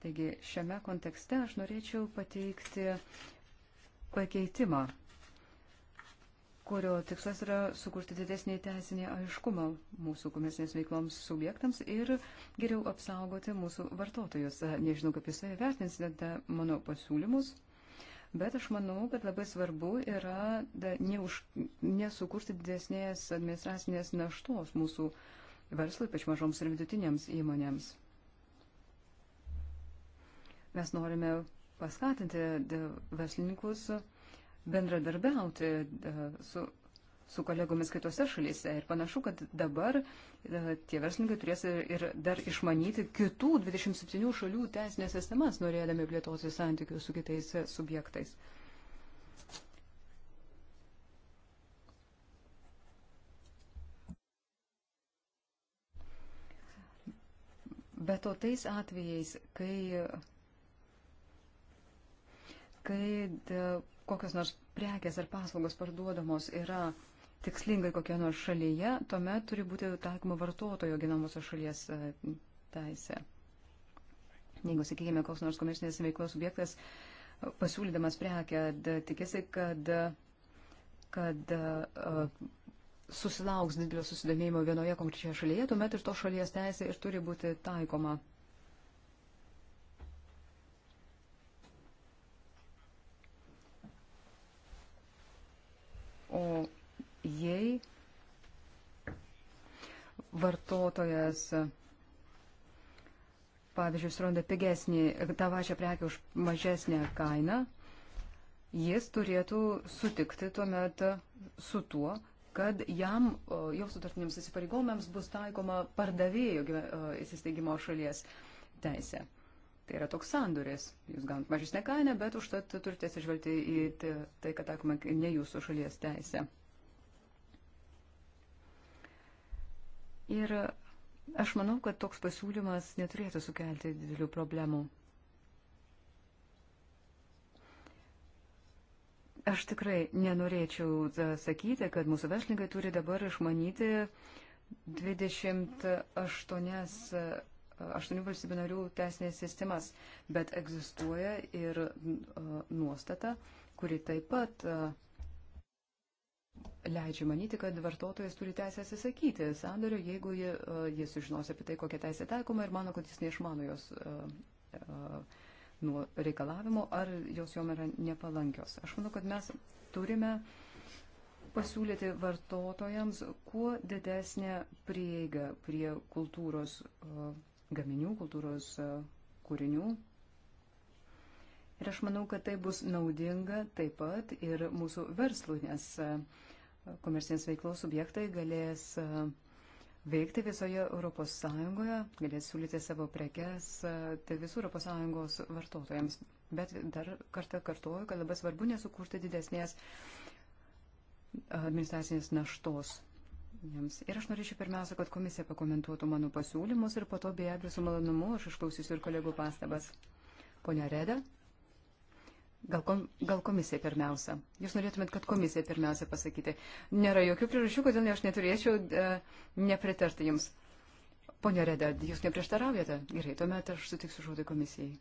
Taigi šiame kontekste aš norėčiau pateikti pakeitimą, kurio tikslas yra sukurti didesnį teisinį aiškumą mūsų komersinės veikloms subjektams ir geriau apsaugoti mūsų vartotojus. Nežinau, kaip jūs tai vertinsite mano pasiūlymus. Bet aš manau, kad labai svarbu yra da, neuž, nesukurti didesnės administracinės naštos mūsų verslui, ypač mažoms ir vidutinėms įmonėms. Mes norime paskatinti verslininkus bendradarbiauti su su kolegomis kitose šalyse. Ir panašu, kad dabar e, tie verslininkai turės ir dar išmanyti kitų 27 šalių teisinės sistemas, norėdami plėtoti santykius su kitais e, subjektais. Bet o tais atvejais, kai, kai de, kokios nors prekės ar paslaugos parduodamos yra tikslingai kokie nors šalyje, tuomet turi būti taikoma vartotojo ginamosios šalies e, teisė. Jeigu, sakykime, koks nors komercinės veiklos subjektas e, pasiūlydamas prekę tikisi, kad, kad e, susilauks didelio susidomėjimo vienoje konkrečioje šalyje, tuomet ir to šalies teisė ir turi būti taikoma. jei vartotojas, pavyzdžiui, suranda pigesnį, tą pačią prekį už mažesnę kainą, jis turėtų sutikti tuomet su tuo, kad jam, jo sutartiniams įsipareigomėms bus taikoma pardavėjo įsisteigimo šalies teisė. Tai yra toks sanduris. Jūs gaunat mažesnę kainą, bet užtat turite atsižvelgti į tai, kad taikoma ne jūsų šalies teisė. Ir aš manau, kad toks pasiūlymas neturėtų sukelti didelių problemų. Aš tikrai nenorėčiau e, sakyti, kad mūsų verslininkai turi dabar išmanyti 28 e, aštuonių valstybių narių teisinės sistemas, bet egzistuoja ir e, nuostata, kuri taip pat uh, leidžia manyti, kad vartotojas turi teisę atsisakyti sandorio, jeigu jis e, žinos apie tai, kokia teisė taikoma ir mano, kad jis neišmano jos e, e, nuo reikalavimo ar jos jom yra nepalankios. Aš manau, kad mes turime pasiūlyti vartotojams kuo didesnę prieigą prie kultūros gaminių, kultūros kūrinių, Ir aš manau, kad tai bus naudinga taip pat ir mūsų verslui, nes komersinės veiklos subjektai galės e, veikti visoje Europos Sąjungoje, galės siūlyti savo prekes e, tai visų Europos Sąjungos vartotojams. Bet dar kartą kartuoju, kad labai svarbu nesukurti didesnės e, administracinės naštos jiems. Ir aš norėčiau pirmiausia, kad komisija pakomentuotų mano pasiūlymus ir po to be abejo su malonumu aš išklausysiu ir kolegų pastabas. Pone Reda, Gal, kom, gal komisija pirmiausia? Jūs norėtumėt, kad komisija pirmiausia pasakyti. Nėra jokių priežasčių, kodėl ne aš neturėčiau e, nepritarti jums. Pone Reda, jūs neprieštaraujate? Gerai, tuomet aš sutiksiu žodį komisijai.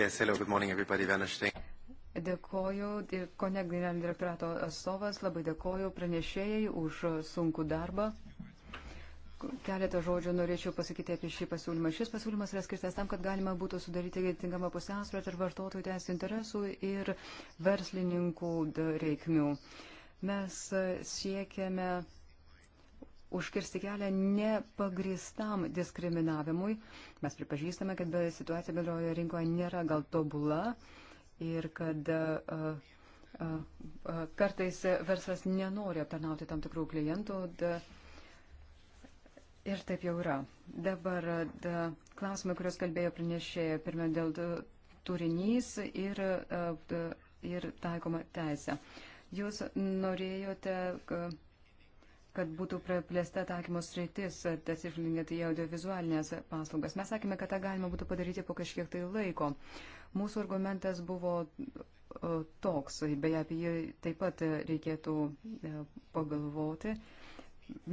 Yes, hello, good morning everybody, Venaštai. Dėkoju, Kone generalinio direktorato atstovas, labai dėkoju pranešėjai už sunkų darbą. Keletą žodžių norėčiau pasakyti apie šį pasiūlymą. Šis pasiūlymas yra skirtas tam, kad galima būtų sudaryti tinkamą pusiausvyrą tarp vartotojų teisų interesų ir verslininkų reikmių. Mes e, siekiame užkirsti kelią nepagristam diskriminavimui. Mes pripažįstame, kad be situacija bendroje rinkoje nėra gal tobula ir kad uh, uh, uh, kartais verslas nenori aptarnauti tam tikrų klientų. Uh, Ir taip jau yra. Dabar da, klausimai, kuriuos kalbėjo pranešėja, pirmiau dėl turinys ir, da, ir taikoma teisė. Jūs norėjote, kad būtų praplėsta taikymos rytis, tas išlinėti į audiovizualinės paslaugas. Mes sakėme, kad tą galima būtų padaryti po kažkiek tai laiko. Mūsų argumentas buvo toks, beje, apie jį taip pat reikėtų e, pagalvoti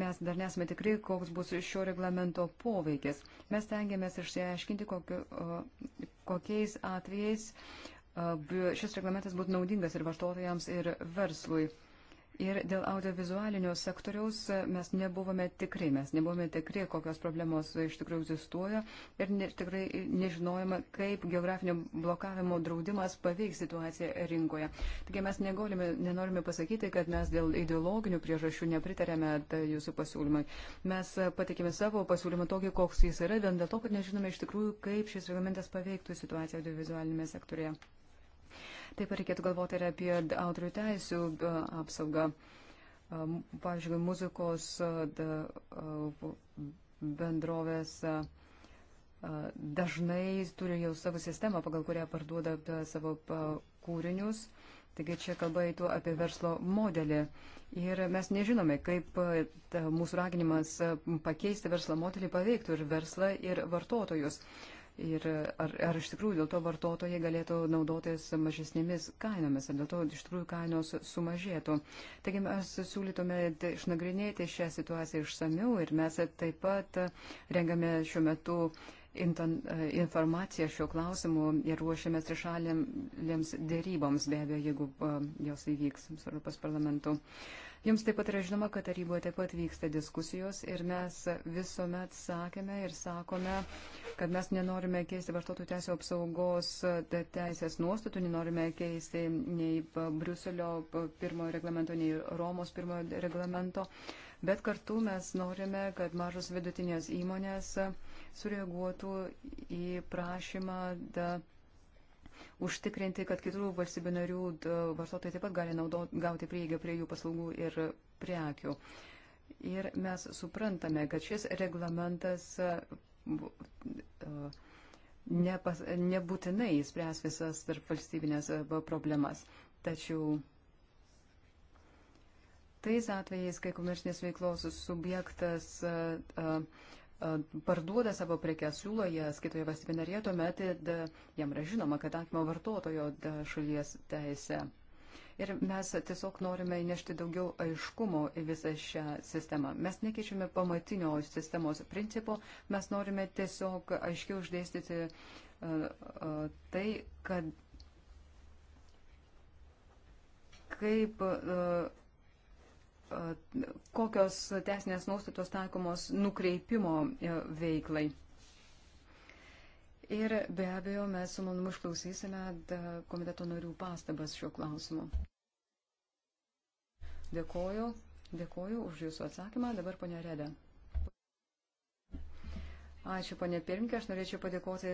mes dar nesame tikrai, koks bus šio reglamento poveikis. Mes tengiamės išsiaiškinti, kokiu, kokiais atvejais šis reglamentas būtų naudingas ir vartotojams, ir verslui. Ir dėl audiovizualinio sektoriaus mes nebuvome tikri, mes nebuvome tikri, kokios problemos iš tikrųjų egzistuoja ir ne, tikrai nežinojama, kaip geografinio blokavimo draudimas paveiks situaciją rinkoje. Taigi mes negolime, nenorime pasakyti, kad mes dėl ideologinių priežasčių nepritarėme tai jūsų pasiūlymai. Mes patikime savo pasiūlymą tokį, koks jis yra, vien dėl to, kad nežinome iš tikrųjų, kaip šis reglamentas paveiktų situaciją audiovizualinėme sektorėje. Taip pat reikėtų galvoti ir apie autorių teisų apsaugą. Pavyzdžiui, muzikos bendrovės dažnai turi jau savo sistemą, pagal kurią parduoda savo kūrinius. Taigi čia kalba eitų apie verslo modelį. Ir mes nežinome, kaip mūsų raginimas pakeisti verslo modelį paveiktų ir verslą, ir vartotojus ir ar, ar iš tikrųjų dėl to vartotojai galėtų naudotis mažesnėmis kainomis, ar dėl to iš tikrųjų kainos sumažėtų. Taigi mes siūlytume išnagrinėti šią situaciją išsamiau ir mes taip pat rengame šiuo metu informaciją šiuo klausimu ir ruošiamės trišalėms dėryboms, be abejo, jeigu jos įvyks su Europos parlamentu. Jums taip pat yra žinoma, kad taryboje taip pat vyksta diskusijos ir mes visuomet sakėme ir sakome, kad mes nenorime keisti vartotojų teisų apsaugos teisės nuostatų, nenorime keisti nei Briuselio pirmojo reglamento, nei Romos pirmojo reglamento, bet kartu mes norime, kad mažos vidutinės įmonės sureaguotų į prašymą. Da, užtikrinti, kad kitų valstybių narių vartotojai taip pat gali naudot, gauti prieigą prie jų paslaugų ir prekių. Ir mes suprantame, kad šis reglamentas e, e, nepas, nebūtinai spręs visas tarp valstybinės e, problemas. Tačiau tais atvejais, kai komersinės veiklos subjektas uh, uh, parduoda savo prekes, siūlo jas kitoje valstybėje narėje, tuomet e, jam yra žinoma, kad taikoma vartotojo šalies teisė. Ir mes tiesiog norime įnešti daugiau aiškumo į visą šią sistemą. Mes nekeičiame pamatinio sistemos principo, mes norime tiesiog aiškiau išdėstyti uh, uh, tai, kad kaip uh, kokios teisinės nuostatos taikomos nukreipimo e, veiklai. Ir be abejo, mes su manimu išklausysime komiteto narių pastabas šiuo klausimu. Dėkoju, dėkoju už Jūsų atsakymą. Dabar ponia Reda. Ačiū, ponė Pirmke, aš norėčiau padėkoti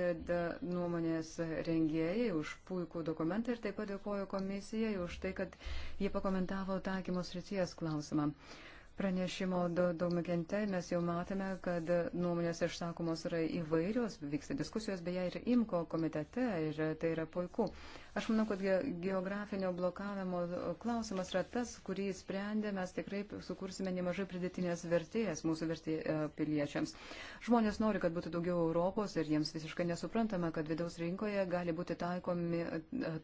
nuomonės rengėjai už puikų dokumentą ir taip pat dėkoju komisijai už tai, kad jie pakomentavo taikymo srities klausimą. Uh, pranešimo Daumagente mes jau matėme, kad nuomonės išsakomos yra įvairios, vyksta diskusijos beje ir IMKO komitete ir tai yra puiku. Aš manau, kad geografinio blokavimo klausimas yra tas, kurį sprendę mes tikrai sukursime nemažai pridėtinės vertėjas mūsų vertė, e, piliečiams. Žmonės nori, kad būtų daugiau Europos ir jiems visiškai nesuprantama, kad vidaus rinkoje gali būti taikomi,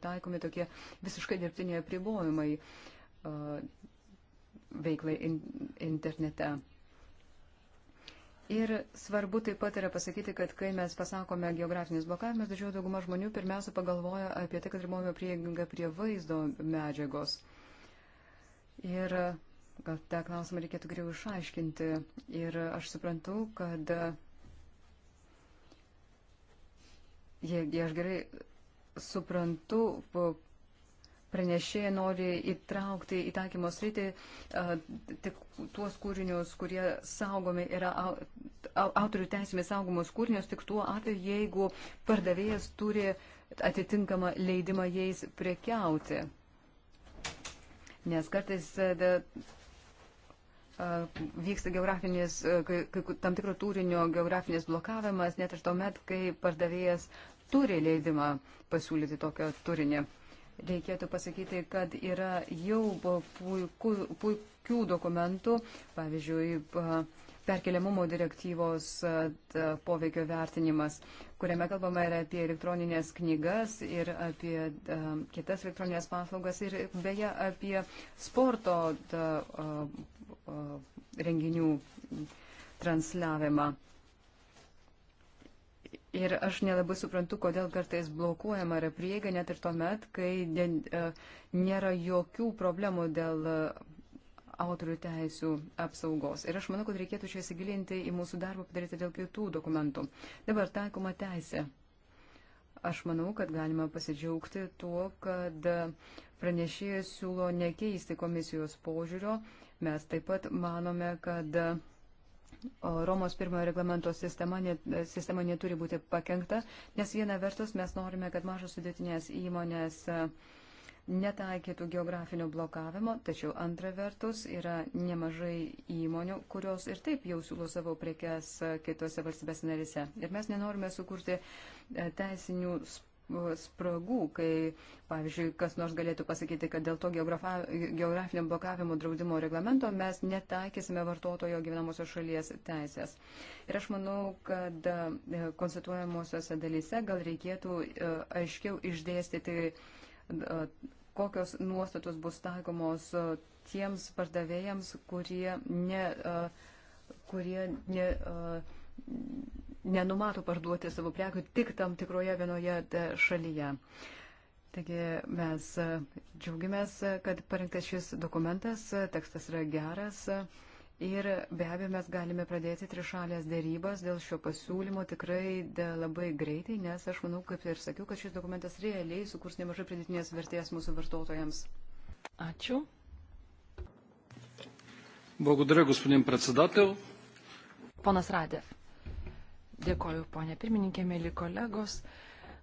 taikomi tokie visiškai dirbtiniai apribojimai e, veiklai in, internete. Ir svarbu taip pat yra pasakyti, kad kai mes pasakome geografinis blokavimas, didžioji dauguma žmonių pirmiausia pagalvoja apie tai, kad ribojame prieigą prie vaizdo medžiagos. Ir gal tą klausimą reikėtų geriau išaiškinti. Ir aš suprantu, kad jei, jei aš gerai suprantu pranešėja nori įtraukti į taikymo sritį tik tuos kūrinius, kurie saugomi yra autorių teisėmis saugomos kūrinius, tik tuo atveju, jeigu pardavėjas turi atitinkamą leidimą jais prekiauti. Nes kartais da, vyksta geografinis, kai, kai, tam tikro turinio geografinis blokavimas, net ir tuomet, kai pardavėjas turi leidimą pasiūlyti tokio turinio reikėtų pasakyti, kad yra jau puiku, puikių dokumentų, pavyzdžiui, perkeliamumo direktyvos poveikio vertinimas, kuriame kalbama ir apie elektroninės knygas, ir apie kitas elektroninės paslaugas, ir beje apie sporto renginių transliavimą. Ir aš nelabai suprantu, kodėl kartais blokuojama yra prieiga net ir tuomet, kai e, nėra jokių problemų dėl e, autorių teisų apsaugos. Ir aš manau, kad reikėtų čia įsigilinti į mūsų darbą padaryti dėl kitų dokumentų. Dabar taikoma teisė. Aš manau, kad galima pasidžiaugti tuo, kad pranešėjas siūlo nekeisti komisijos požiūrio. Mes taip pat manome, kad Romos pirmojo reglamento sistema, net, sistema neturi būti pakengta, nes viena vertus mes norime, kad mažos sudėtinės įmonės e, netaikytų geografinio blokavimo, tačiau antra vertus yra nemažai įmonių, kurios ir taip jau siūlo savo prekes e, kitose valstybės narise. Ir mes nenorime sukurti e, teisinių spaudimų spragų, kai, pavyzdžiui, kas nors galėtų pasakyti, kad dėl to geografinio blokavimo draudimo reglamento mes netaikysime vartotojo gyvenamosios šalies teisės. Ir aš manau, kad e, konstituojamosiose dalyse gal reikėtų e, aiškiau išdėstyti, e, kokios nuostatos bus taikomos tiems pardavėjams, kurie ne. kurie ne nenumato parduoti savo prekių tik tam tikroje vienoje e, šalyje. Taigi mes e, džiaugiamės, e, kad parinktas šis dokumentas, tekstas yra geras ir be abejo mes galime pradėti trišalės dėrybas dėl šio pasiūlymo tikrai labai greitai, nes aš manau, kaip ir sakiau, kad šis dokumentas realiai sukurs nemažai pridėtinės vertės mūsų vartotojams. Ačiū. Благодаря, господин председател. Ponas Radėv. Dėkoju, ponė pirmininkė, mėly kolegos.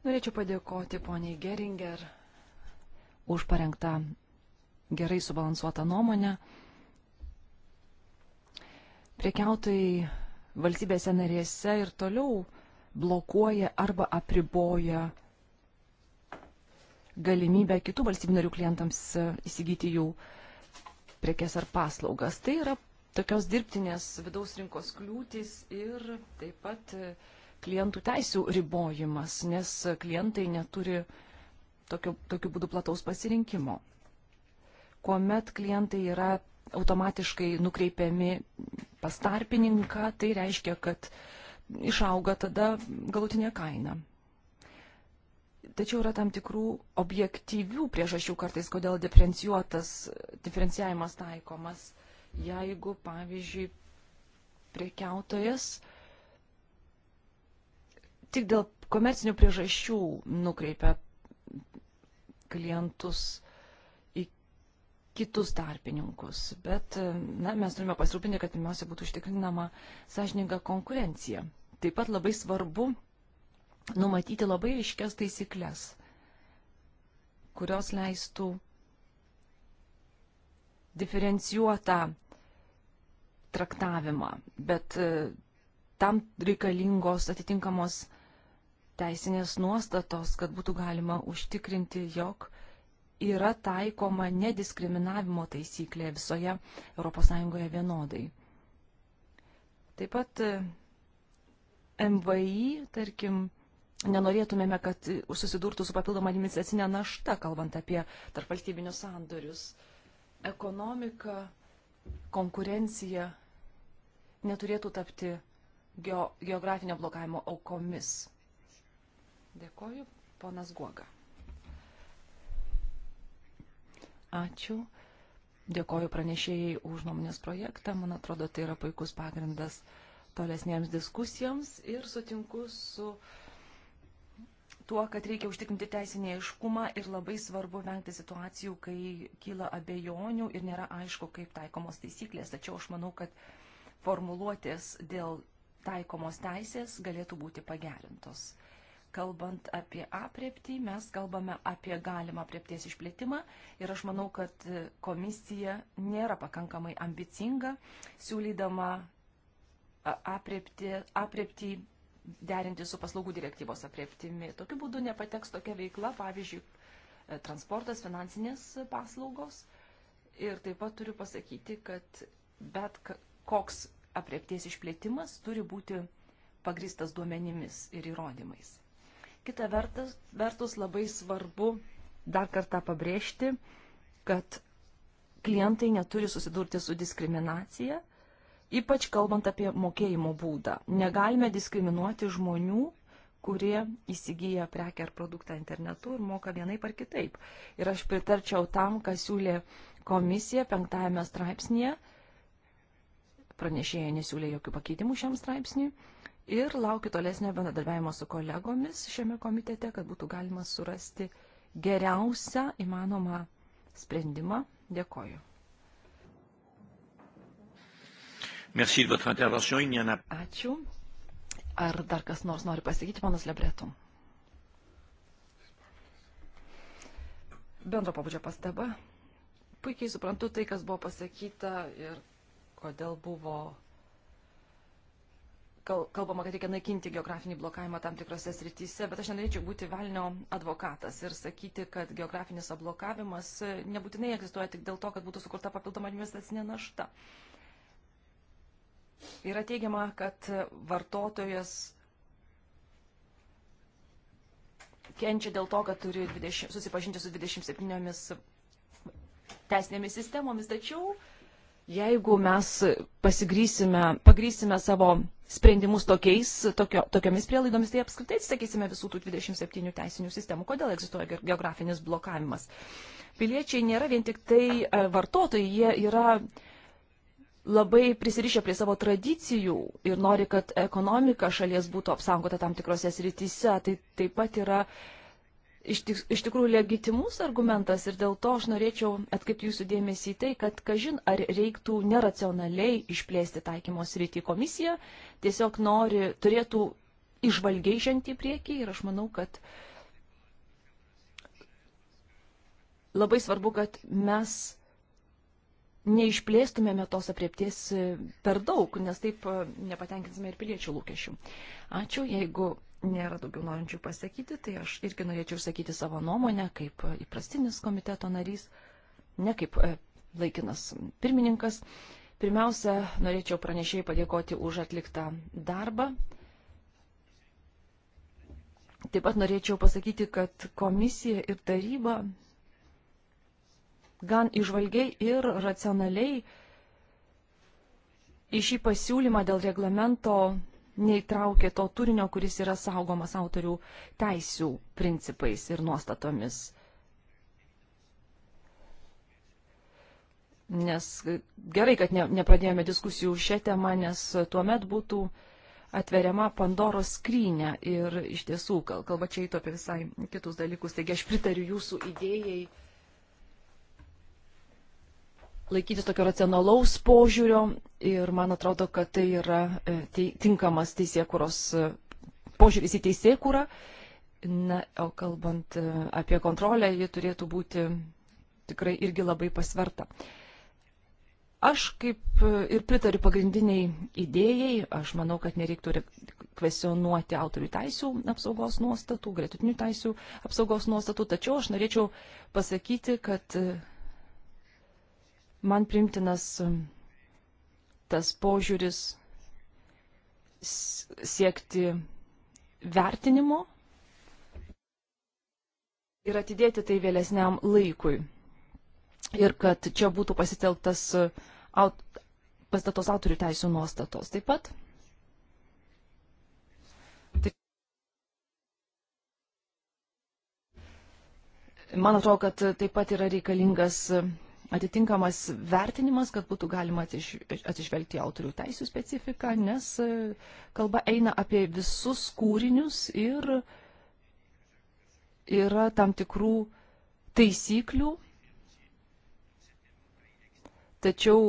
Norėčiau padėkoti poniai Geringer už parengtą gerai subalansuotą nuomonę. Prekiautojai valstybėse narėse ir toliau blokuoja arba apriboja galimybę kitų valstybių narių klientams įsigyti jų prekes ar paslaugas. Tai yra tokios dirbtinės vidaus rinkos kliūtis ir taip pat e, klientų teisų ribojimas, nes klientai neturi tokiu, tokiu būdu plataus pasirinkimo. Kuomet klientai yra automatiškai nukreipiami pas tarpininką, tai reiškia, kad išauga tada galutinė kaina. Tačiau yra tam tikrų objektyvių priežasčių kartais, kodėl diferencijuotas diferencijavimas taikomas jeigu, pavyzdžiui, prekiautojas tik dėl komercinių priežasčių nukreipia klientus į kitus tarpininkus. Bet na, mes turime pasirūpinti, kad pirmiausia būtų užtikrinama sąžininga konkurencija. Taip pat labai svarbu numatyti labai aiškias taisyklės, kurios leistų diferencijuotą traktavimą, bet e, tam reikalingos atitinkamos teisinės nuostatos, kad būtų galima užtikrinti, jog yra taikoma nediskriminavimo taisyklė visoje ES vienodai. Taip pat e, MVI, tarkim, nenorėtumėme, kad susidurtų su papildoma administracinė našta, kalbant apie tarpvalstybinius sandorius. Uh, ekonomika, konkurencija neturėtų tapti geografinio blokavimo aukomis. Dėkoju, ponas Guoga. Ačiū. Dėkoju pranešėjai už nuomonės projektą. Man atrodo, tai yra puikus pagrindas tolesniems diskusijoms ir sutinku su uh, tuo, kad reikia užtikrinti teisinį aiškumą ir labai svarbu vengti situacijų, kai kyla abejonių ir nėra aišku, kaip taikomos taisyklės. Tačiau aš manau, kad formuluotės dėl taikomos teisės galėtų būti pagerintos. Kalbant apie apriepti, mes kalbame apie galimą apriepties išplėtimą ir aš manau, kad komisija nėra pakankamai ambicinga, siūlydama apriepti, apriepti derinti su paslaugų direktyvos apreptimi. Tokiu būdu nepateks tokia veikla, pavyzdžiui, e, transportas, finansinės paslaugos. Ir taip pat turiu pasakyti, kad bet koks apriepties išplėtimas turi būti pagristas duomenimis ir įrodymais. Kita vertus, vertus labai svarbu dar kartą pabrėžti, kad klientai neturi susidurti su diskriminacija – ypač kalbant apie mokėjimo būdą. Negalime diskriminuoti žmonių, kurie įsigyja prekę ar produktą internetu ir moka vienai par kitaip. Ir aš pritarčiau tam, ką siūlė komisija penktajame straipsnėje. Pranešėjai nesiūlė jokių pakeitimų šiam straipsniui. Ir laukiu tolesnio bendradarbiavimo su kolegomis šiame komitete, kad būtų galima surasti geriausią įmanomą sprendimą. Dėkoju. Merci de votre intervention. Il n'y en a. Ačiū. Ar dar kas nors nori pasakyti, panas Lebretum? Bendro pabudžio pastaba. Puikiai suprantu tai, kas buvo pasakyta ir kodėl buvo kalbama, kad reikia naikinti geografinį blokavimą tam tikrose srityse, bet aš nenorėčiau būti velnio advokatas ir sakyti, kad geografinis ablokavimas nebūtinai egzistuoja tik dėl to, kad būtų sukurta papildoma administracinė našta. Uh, Yra teigiama, kad vartotojas kenčia dėl to, kad turi 20, susipažinti su 27 teisinėmis sistemomis, tačiau jeigu mes pagrysime savo sprendimus tokiais, tokio, tokiomis prielaidomis, tai apskritai atsisakysime visų tų 27 teisinių sistemų. Kodėl egzistuoja geografinis blokavimas? Piliečiai nėra vien tik tai e, vartotojai, jie yra labai prisirišę prie savo tradicijų ir nori, kad ekonomika šalies būtų apsaugota tam tikrose srityse, tai taip pat yra iš, tik, iš tikrųjų legitimus argumentas ir dėl to aš norėčiau atkreipti jūsų dėmesį į tai, kad kažin ar reiktų neracionaliai išplėsti taikymo srity komisiją, tiesiog nori, turėtų išvalgiai žengti į priekį ir aš manau, kad labai svarbu, kad mes neišplėstumėme tos apriepties e, per daug, nes taip e, nepatenkinsime ir piliečių lūkesčių. Ačiū, jeigu nėra daugiau norinčių pasakyti, tai aš irgi norėčiau išsakyti savo nuomonę kaip e, įprastinis komiteto narys, ne kaip laikinas pirmininkas. Pirmiausia, norėčiau pranešėjai padėkoti už atliktą darbą. Taip pat norėčiau pasakyti, kad komisija ir taryba gan išvalgiai ir racionaliai į šį pasiūlymą dėl reglamento neįtraukė to turinio, kuris yra saugomas autorių teisių principais ir nuostatomis. Nes gerai, kad ne, nepradėjome diskusijų šią temą, nes tuomet būtų atveriama Pandoros skrynė ir iš tiesų kalba čia įto apie visai kitus dalykus. Taigi aš pritariu jūsų idėjai laikytis tokio racionalaus požiūrio ir man atrodo, kad tai yra e, tinkamas teisėkuros e, požiūris į teisėkurą. Na, o kalbant e, apie kontrolę, ji turėtų būti tikrai irgi labai pasverta. Aš kaip ir pritariu pagrindiniai idėjai, aš manau, kad nereiktų kvesionuoti autorių teisų apsaugos nuostatų, gretutinių teisų apsaugos nuostatų, tačiau aš norėčiau pasakyti, kad Man primtinas um, tas požiūris siekti vertinimo ir atidėti tai vėlesniam laikui. Ir kad čia būtų pasitelktas uh, aut, pastatos autorių teisų nuostatos taip pat. Tai Man atrodo, kad taip pat yra reikalingas atitinkamas vertinimas, kad būtų galima atsiž, atsižvelgti autorių teisų specifiką, nes e, kalba eina apie visus kūrinius ir yra tam tikrų taisyklių. Tačiau,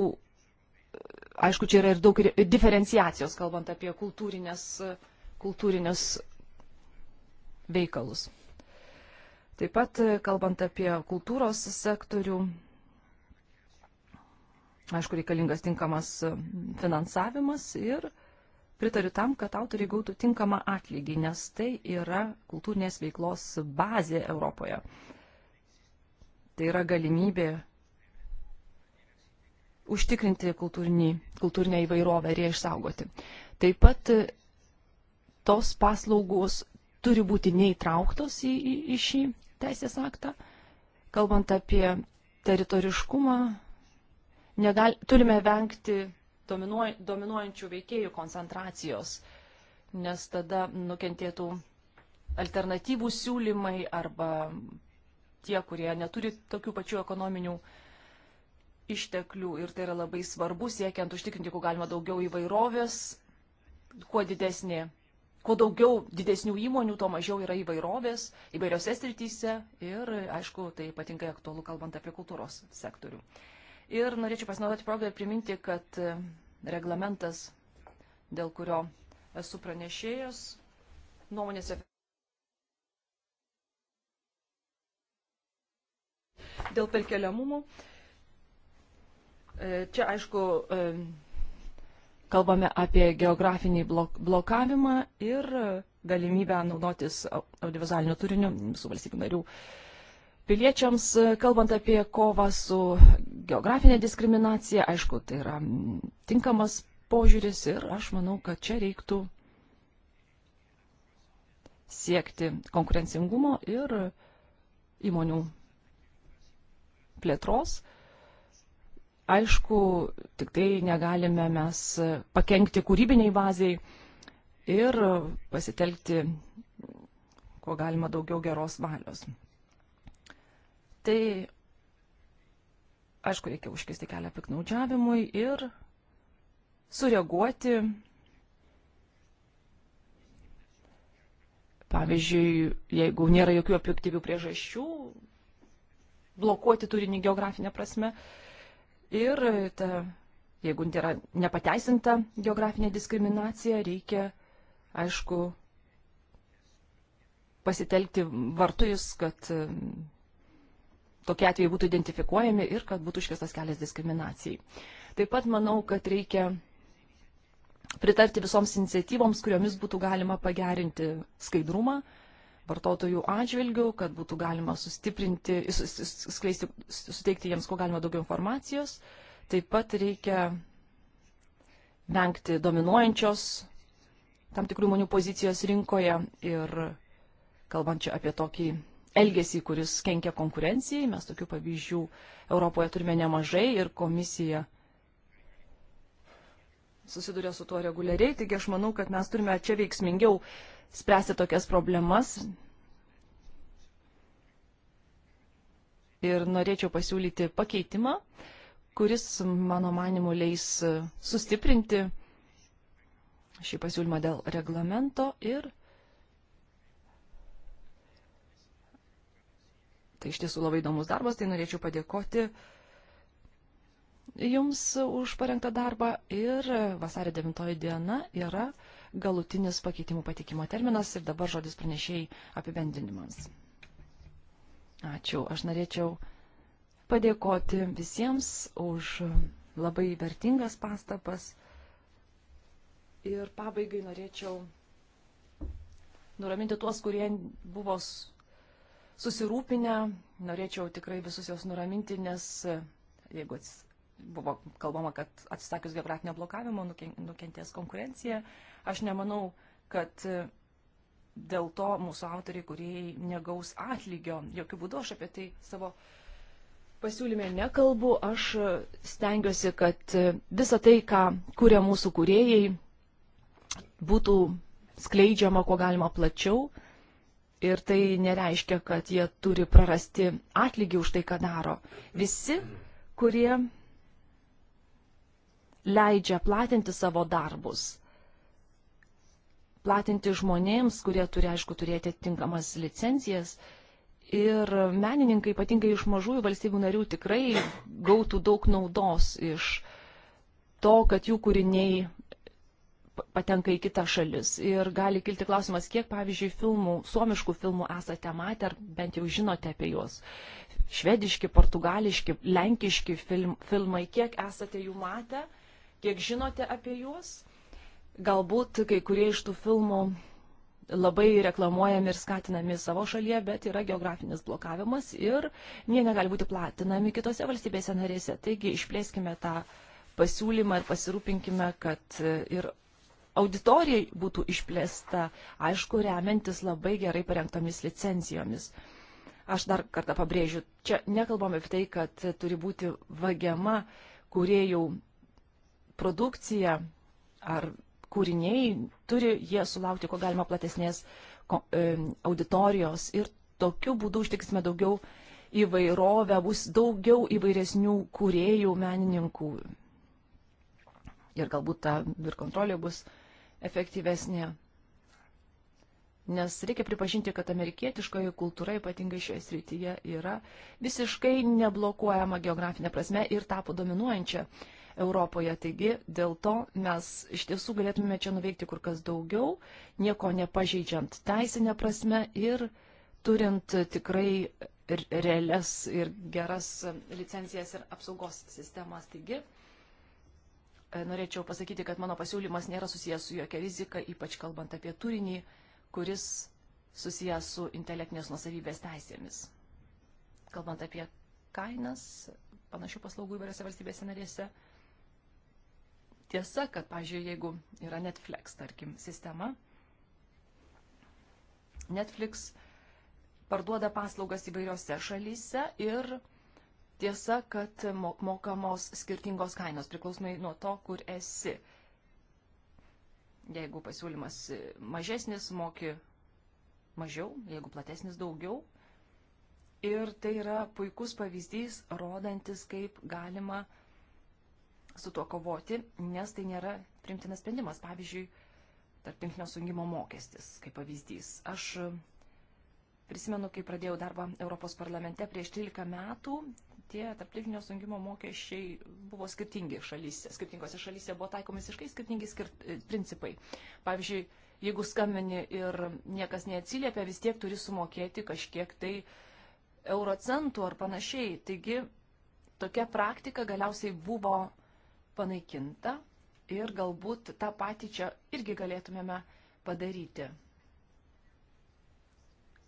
aišku, čia yra ir daug diferenciacijos, kalbant apie kultūrinės, kultūrinės veikalus. Taip pat, kalbant apie kultūros sektorių, Aišku, reikalingas tinkamas mm, finansavimas ir pritariu tam, kad autoriai gautų tinkamą atlygį, nes tai yra kultūrinės veiklos bazė Europoje. Tai yra galimybė užtikrinti kultūrinę įvairovę ir ją išsaugoti. Taip pat e, tos paslaugos turi būti neįtrauktos į, į, į šį teisės aktą. Kalbant apie teritoriškumą, negal, turime vengti dominuoj, dominuojančių veikėjų koncentracijos, nes tada nukentėtų alternatyvų siūlymai arba tie, kurie neturi tokių pačių ekonominių išteklių ir tai yra labai svarbu siekiant užtikrinti, kuo galima daugiau įvairovės, kuo didesnė, kuo daugiau didesnių įmonių, tuo mažiau yra įvairovės įvairiose srityse ir, aišku, tai ypatingai aktualu kalbant apie kultūros sektorių. Uh, Ir norėčiau pasinaudoti progą ir priminti, kad e, reglamentas, dėl kurio esu pranešėjęs, nuomonėse. Dėl perkeliamumo. E, čia, aišku, e, kalbame apie geografinį blok blokavimą ir galimybę naudotis audiovizualiniu turiniu visų valstybių narių uh, piliečiams, e, kalbant apie kovą su geografinė diskriminacija, aišku, tai yra tinkamas požiūris ir aš manau, kad čia reiktų siekti konkurencingumo ir įmonių plėtros. Aišku, tik tai negalime mes pakengti kūrybiniai baziai ir pasitelkti, kuo galima daugiau geros valios. Tai, aišku, reikia užkisti kelią piknaudžiavimui ir sureaguoti. Pavyzdžiui, jeigu nėra jokių objektyvių priežasčių, blokuoti turinį geografinę prasme. Ir ta, jeigu yra nepateisinta geografinė diskriminacija, reikia, aišku, pasitelkti vartus, kad tokie atvejai būtų identifikuojami ir kad būtų iškestas kelias diskriminacijai. Taip pat manau, kad reikia pritarti visoms iniciatyvoms, kuriomis būtų galima pagerinti skaidrumą vartotojų atžvilgių, kad būtų galima sustiprinti, skleisti, suteikti jiems kuo galima daugiau informacijos. Taip pat reikia vengti dominuojančios tam tikrų žmonių pozicijos rinkoje ir kalbant čia apie tokį elgesį, kuris kenkia konkurencijai. Mes tokių pavyzdžių Europoje turime nemažai ir komisija susiduria su tuo reguliariai. Taigi aš manau, kad mes turime čia veiksmingiau spręsti tokias problemas. Ir norėčiau pasiūlyti pakeitimą, kuris, mano manimu, leis sustiprinti šį pasiūlymą dėl reglamento ir Tai iš tiesų labai įdomus darbas, tai norėčiau padėkoti Jums už parengtą darbą ir vasario 9 diena yra galutinis pakeitimų patikimo terminas ir dabar žodis pranešėjai apibendrinimams. Ačiū, aš norėčiau padėkoti visiems už labai vertingas pastabas ir pabaigai norėčiau nuraminti tuos, kurie buvo susirūpinę, norėčiau tikrai visus jos nuraminti, nes e, jeigu ats, buvo kalbama, kad atsisakius geografinio blokavimo nukentės konkurencija, aš nemanau, kad e, dėl to mūsų autoriai, kurie negaus atlygio, jokių būdų aš apie tai savo pasiūlyme nekalbu, aš e, stengiuosi, kad visa tai, ką kuria mūsų kuriejai, būtų skleidžiama, kuo galima plačiau Ir tai nereiškia, kad jie turi prarasti atlygį už tai, ką daro. Visi, kurie leidžia platinti savo darbus, platinti žmonėms, kurie turi, aišku, turėti atitinkamas licencijas. Ir menininkai, ypatingai iš mažųjų valstybių narių, tikrai gautų daug naudos iš to, kad jų kūriniai patenka į kitą šalis. Ir gali kilti klausimas, kiek, pavyzdžiui, filmų, suomiškų filmų esate matę ar bent jau žinote apie juos. Švediški, portugališki, lenkiški film, filmai, kiek esate jų matę, kiek žinote apie juos. Galbūt kai kurie iš tų filmų labai reklamuojami ir skatinami savo šalyje, bet yra geografinis blokavimas ir jie negali būti platinami kitose valstybėse narėse. Taigi išplėskime tą pasiūlymą ir pasirūpinkime, kad ir auditorija būtų išplėsta, aišku, remiantis labai gerai parengtomis licencijomis. Aš dar kartą pabrėžiu, čia nekalbame apie tai, kad turi būti vagiama kuriejų produkcija ar kūriniai, turi jie sulaukti, ko galima platesnės e, auditorijos ir tokiu būdu užtiksime daugiau įvairovę, bus daugiau įvairesnių kūrėjų, menininkų. Ir galbūt ta ir kontrolė bus uh, efektyvesnė. Nes reikia pripažinti, kad amerikietiškoji kultūra, ypatingai šioje srityje, yra visiškai neblokuojama geografinė prasme ir tapo dominuojančia Europoje. Taigi dėl to mes iš tiesų galėtume čia nuveikti kur kas daugiau, nieko nepažeidžiant teisinę prasme ir turint tikrai realias ir geras licencijas ir apsaugos sistemas. Taigi, E, norėčiau pasakyti, kad mano pasiūlymas nėra susijęs su jokia rizika, ypač kalbant apie turinį, kuris susijęs su intelektinės nusavybės teisėmis. Kalbant apie kainas panašių paslaugų įvairiose valstybėse narėse. Tiesa, kad, pažiūrėjau, jeigu yra Netflix, tarkim, sistema, Netflix parduoda paslaugas įvairiose šalyse ir tiesa, kad mokamos skirtingos kainos priklausomai nuo to, kur esi. Jeigu pasiūlymas mažesnis, moki mažiau, jeigu platesnis daugiau. Ir tai yra puikus pavyzdys, rodantis, kaip galima su tuo kovoti, nes tai nėra primtinas sprendimas. Pavyzdžiui, tarptinklinio sungimo mokestis, kaip pavyzdys. Aš Prisimenu, kai pradėjau darbą Europos parlamente prieš 13 metų, tie tarptautinio sungimo mokesčiai buvo skirtingi šalyse. Skirtingose šalyse buvo taikomi visiškai skirtingi skirt, e, principai. Pavyzdžiui, jeigu skambini ir niekas neatsiliepia, vis tiek turi sumokėti kažkiek tai eurocentų ar panašiai. Taigi tokia praktika galiausiai buvo panaikinta ir galbūt tą patį čia irgi galėtumėme padaryti.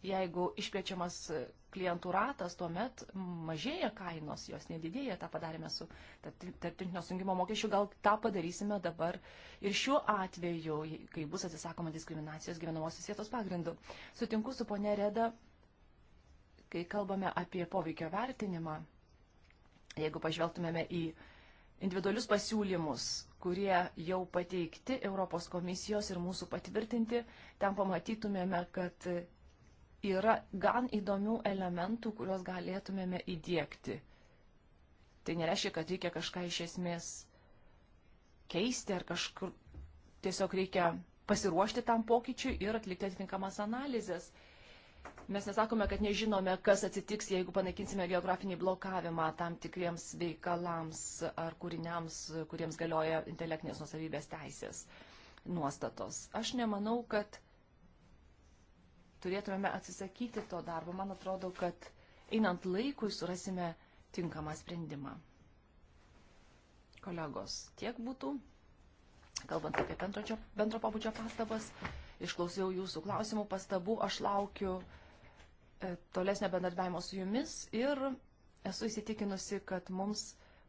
Jeigu išplečiamas klientų ratas, tuomet mažėja kainos, jos nedidėja, tą padarėme su tarptinklinio sungimo mokesčiu, gal tą padarysime dabar ir šiuo atveju, kai bus atsisakoma diskriminacijos gyvenamosios vietos pagrindu. Sutinku su ponė Reda, kai kalbame apie poveikio vertinimą, jeigu pažvelgtumėme į individualius pasiūlymus, kurie jau pateikti Europos komisijos ir mūsų patvirtinti, ten pamatytumėme, kad yra gan įdomių elementų, kuriuos galėtumėme įdėkti. Tai nereiškia, kad reikia kažką iš esmės keisti ar kažkur tiesiog reikia pasiruošti tam pokyčiui ir atlikti atitinkamas analizės. Mes nesakome, kad nežinome, kas atsitiks, jeigu panaikinsime geografinį blokavimą tam tikriems veikalams ar kūriniams, kuriems galioja intelektinės nusavybės teisės nuostatos. Aš nemanau, kad turėtumėme atsisakyti to darbo. Man atrodo, kad einant laikui surasime tinkamą sprendimą. Kolegos, tiek būtų, kalbant apie bendro, bendro pabudžio pastabas. Išklausiau jūsų klausimų, pastabų, aš laukiu e, tolesnio bendarbiavimo su jumis ir esu įsitikinusi, kad mums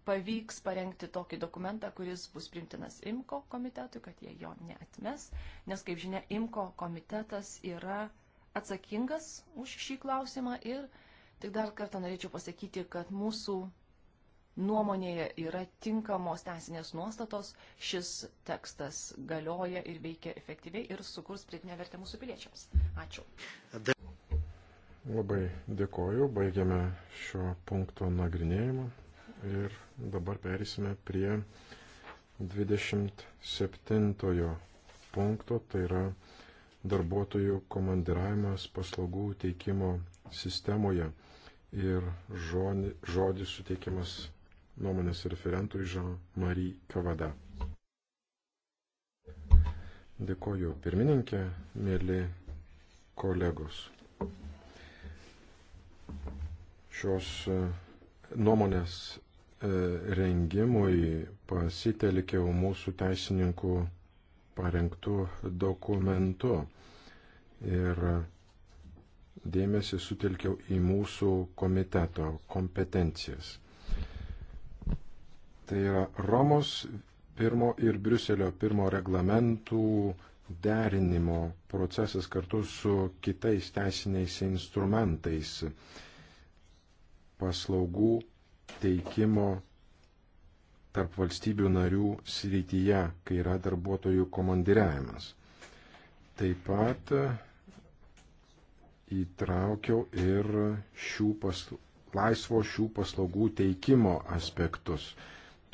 pavyks parengti tokį dokumentą, kuris bus primtinas IMKO komitetui, kad jie jo neatmes, nes, kaip žinia, IMKO komitetas yra atsakingas už šį klausimą ir tik dar kartą norėčiau pasakyti, kad mūsų nuomonėje yra tinkamos teisinės nuostatos, šis tekstas galioja ir veikia efektyviai ir sukurs pridinę vertę mūsų piliečiams. Ačiū. Labai dėkoju, baigiame šio punkto nagrinėjimą ir dabar perėsime prie 27 punkto, tai yra darbuotojų komandiravimas paslaugų teikimo sistemoje ir žodis suteikiamas nuomonės referentui Jean-Marie Kavada. Dėkoju pirmininkė, mėly kolegos. Šios e, nuomonės e, rengimui pasitelkiau mūsų teisininkų parengtų dokumentų ir dėmesį sutelkiau į mūsų komiteto kompetencijas. Tai yra Romos pirmo ir Briuselio pirmo reglamentų derinimo procesas kartu su kitais teisiniais instrumentais paslaugų teikimo tarp valstybių narių srityje, kai yra darbuotojų komandiriavimas. Taip pat įtraukiau ir šių pasl... laisvo šių paslaugų teikimo aspektus.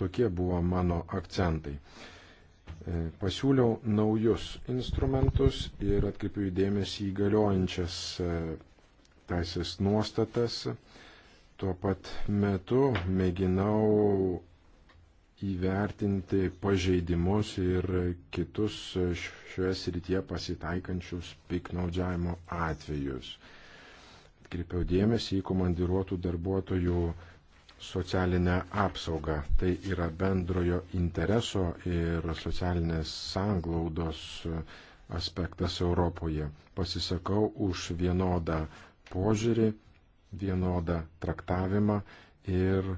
Tokie buvo mano akcentai. E, pasiūliau naujus instrumentus ir atkreipiu įdėmėsi į galiojančias e, teisės nuostatas. Tuo pat metu mėginau įvertinti pažeidimus ir kitus šioje srityje pasitaikančius piknaudžiavimo atvejus. Atkreipiau dėmesį į komandiruotų darbuotojų socialinę apsaugą. Tai yra bendrojo intereso ir socialinės sanglaudos aspektas Europoje. Pasisakau už vienodą požiūrį, vienodą traktavimą ir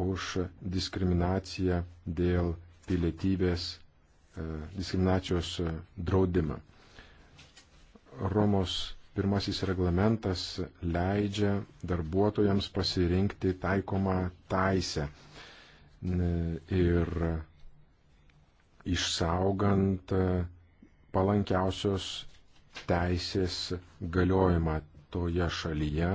už diskriminaciją dėl pilietybės e, diskriminacijos e, draudimą. Romos pirmasis reglamentas leidžia darbuotojams pasirinkti taikomą taisę ir išsaugant e, palankiausios teisės galiojimą toje šalyje,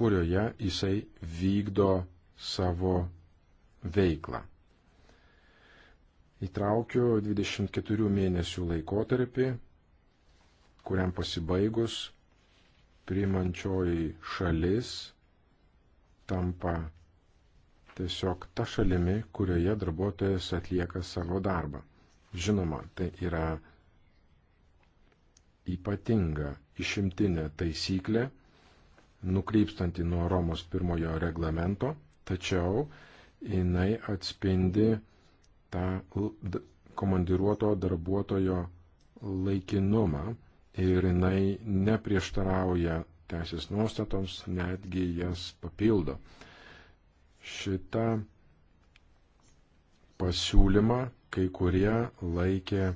kurioje jisai vykdo savo veiklą. Įtraukiu 24 mėnesių laikotarpį, kuriam pasibaigus priimančioji šalis tampa tiesiog ta šalimi, kurioje darbuotojas atlieka savo darbą. Žinoma, tai yra ypatinga išimtinė taisyklė, nukrypstanti nuo Romos pirmojo reglamento, tačiau jinai atspindi tą komandiruoto darbuotojo laikinumą ir jinai neprieštarauja teisės nuostatoms, netgi jas papildo. Šitą pasiūlymą kai kurie laikė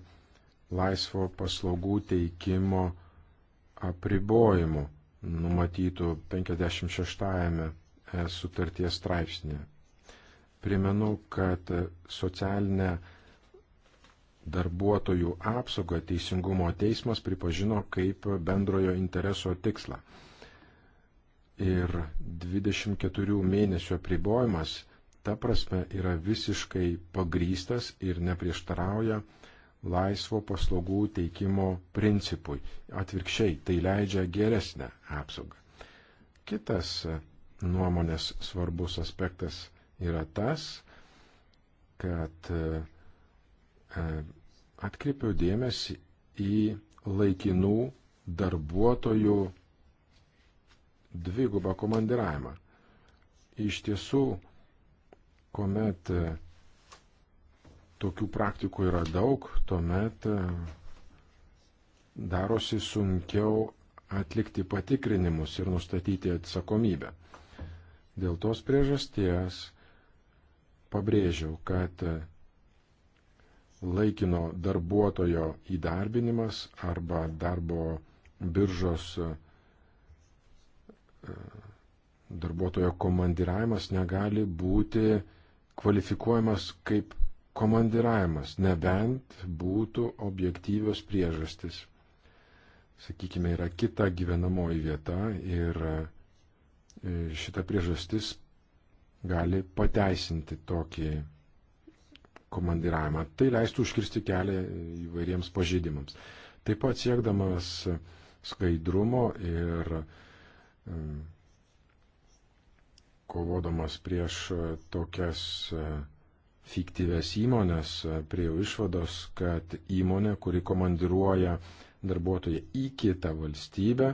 laisvo paslaugų teikimo apribojimu numatytų 56-ame e, sutarties straipsnė. Primenu, kad socialinę darbuotojų apsaugą Teisingumo teismas pripažino kaip bendrojo intereso tikslą. Ir 24 mėnesio pribojimas ta prasme yra visiškai pagrystas ir neprieštarauja uh, laisvo paslaugų teikimo principui. Atvirkščiai, tai leidžia geresnę apsaugą. Kitas nuomonės svarbus aspektas yra tas, kad e, atkreipiau dėmesį į laikinų darbuotojų dvigubą komandiravimą. Iš tiesų, kuomet e, tokių praktikų yra daug, tuomet e, darosi sunkiau atlikti patikrinimus ir nustatyti atsakomybę. Dėl tos priežasties pabrėžiau, kad e, laikino darbuotojo įdarbinimas arba darbo biržos e, darbuotojo komandiravimas negali būti kvalifikuojamas kaip komandiravimas, nebent būtų objektyvios priežastis. Sakykime, yra kita gyvenamoji vieta ir e, šita priežastis gali pateisinti tokį komandiravimą. Tai leistų užkirsti kelią įvairiems pažydimams. Taip pat siekdamas skaidrumo ir e, kovodamas prieš tokias e, fiktyves įmonės, priejo išvados, kad įmonė, kuri komandiruoja darbuotoją į kitą valstybę,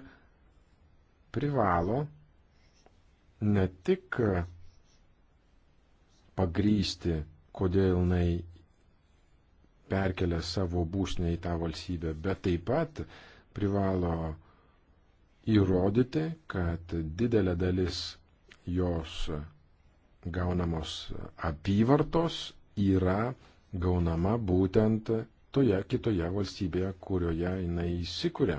privalo ne tik pagrysti, kodėl jinai perkelia savo būsnę į tą valstybę, bet taip pat privalo įrodyti, kad didelė dalis jos gaunamos apyvartos yra gaunama būtent toje kitoje valstybėje, kurioje jinai įsikuria.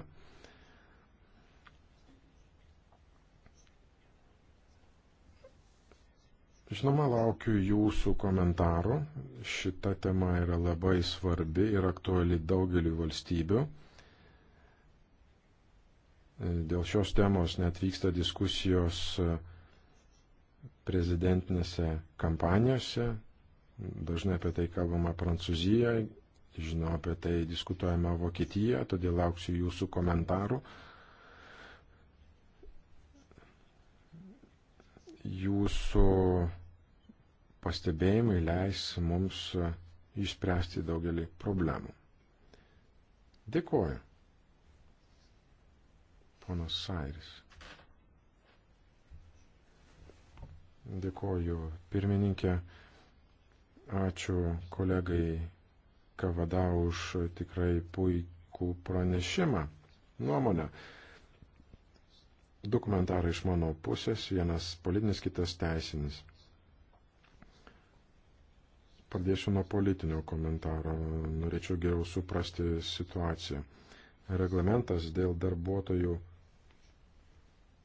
Žinoma, laukiu jūsų komentarų. Šita tema yra labai svarbi ir aktuali daugeliu valstybių. Dėl šios temos net vyksta diskusijos uh, prezidentinėse kampanijose. Dažnai apie tai kalbama Prancūzijoje, žinau, apie tai diskutuojama Vokietijoje, todėl lauksiu jūsų komentarų. Jūsų pastebėjimai leis mums išspręsti daugelį problemų. Dėkuoju. Ponas Sairis. Dėkoju pirmininkė. Ačiū kolegai Kavada už tikrai puikų pranešimą, nuomonę. Du komentarai iš mano pusės, vienas politinis, kitas teisinis. Pradėsiu nuo politinio komentaro. Norėčiau geriau suprasti situaciją. Reglamentas dėl darbuotojų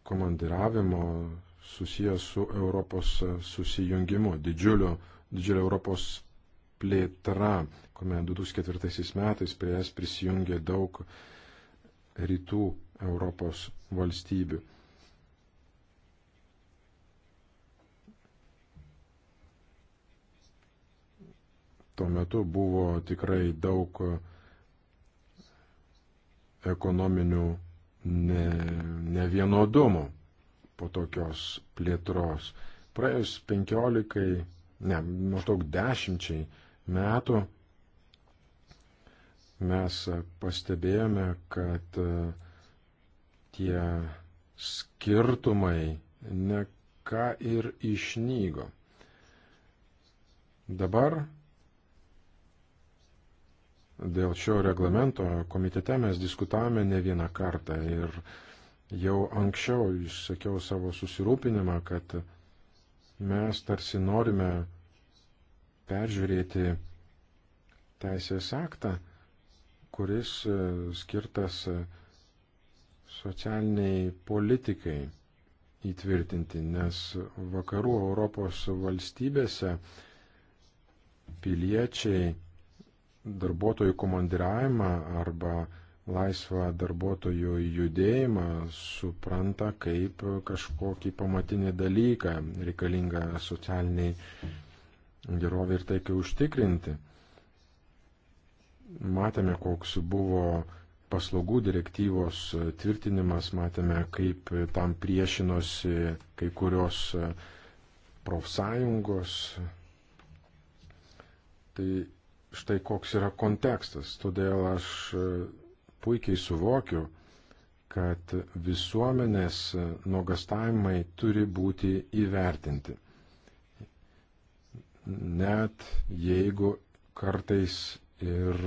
komandiravimo susijęs su Europos susijungimu, didžiuliu, didžiulė Europos plėtra, kuomet 2004 metais prie jas prisijungė daug rytų Europos valstybių. Tuo metu buvo tikrai daug ekonominių ne, nevienodumų. Ne po tokios plėtros. Praėjus penkiolikai, ne, maždaug dešimčiai metų mes pastebėjome, kad e, tie skirtumai ne ką ir išnygo. Dabar dėl šio reglamento komitete mes diskutavome ne vieną kartą ir uh, Jau anksčiau išsakiau savo susirūpinimą, kad mes tarsi norime peržiūrėti teisės aktą, kuris e, skirtas e, socialiniai politikai įtvirtinti, nes vakarų Europos valstybėse piliečiai darbuotojų komandiravimą arba laisvą darbuotojų judėjimą supranta kaip kažkokį pamatinį dalyką reikalingą socialiniai gerovė ir taikai užtikrinti. Matėme, koks buvo paslaugų direktyvos tvirtinimas, matėme, kaip tam priešinosi kai kurios profsąjungos. Tai štai koks yra kontekstas. Todėl aš puikiai suvokiu, kad visuomenės nuogastavimai turi būti įvertinti. Net jeigu kartais ir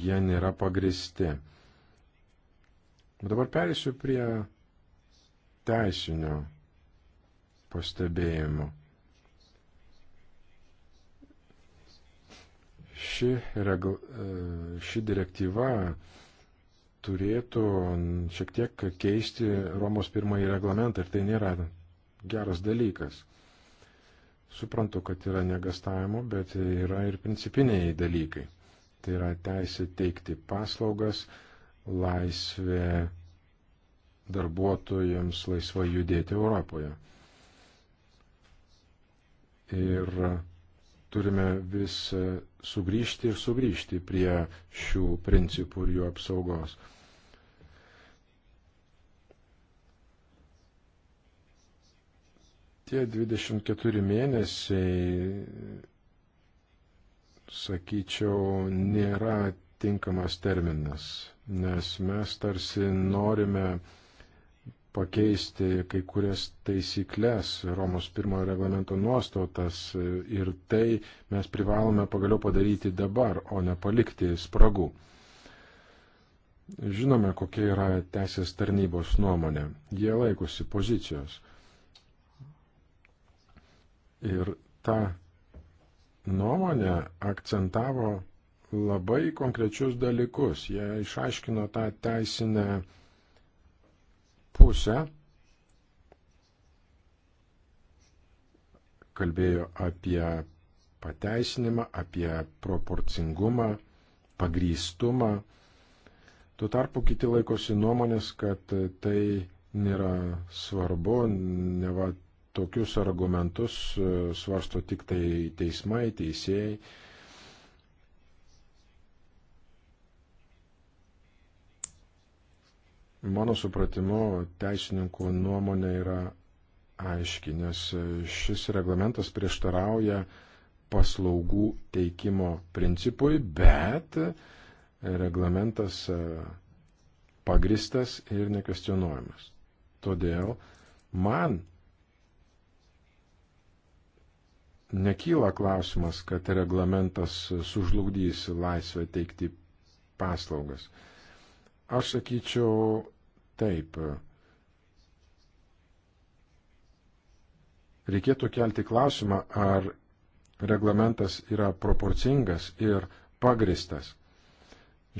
jie nėra pagristi. Dabar perėsiu prie teisinio pastebėjimo. Ši, regl, e, ši direktyva turėtų šiek tiek keisti Romos pirmąjį reglamentą ir tai nėra geras dalykas. Suprantu, kad yra negastavimo, bet yra ir principiniai dalykai. Tai yra teisė teikti paslaugas, laisvė darbuotojams laisvai judėti Europoje. Ir turime vis e, sugrįžti ir sugrįžti prie šių principų ir jų apsaugos. Tie 24 mėnesiai, sakyčiau, nėra tinkamas terminas, nes mes tarsi norime pakeisti kai kurias taisyklės Romos pirmojo reglamento nuostatas ir tai mes privalome pagaliau padaryti dabar, o ne palikti spragų. Žinome, kokia yra teisės tarnybos nuomonė. Jie laikosi pozicijos. Ir ta nuomonė akcentavo labai konkrečius dalykus. Jie išaiškino tą teisinę pusę kalbėjo apie pateisinimą, apie proporcingumą, pagrįstumą. Tuo tarpu kiti laikosi nuomonės, kad tai nėra svarbu, neva tokius argumentus svarsto tik tai teismai, teisėjai. Mano supratimu, teisininkų nuomonė yra aiški, nes šis reglamentas prieštarauja paslaugų teikimo principui, bet reglamentas e, pagristas ir nekvestionuojamas. Todėl man nekyla klausimas, kad reglamentas sužlugdys laisvę teikti paslaugas. Aš sakyčiau, Taip. Reikėtų kelti klausimą, ar reglamentas yra proporcingas ir pagristas.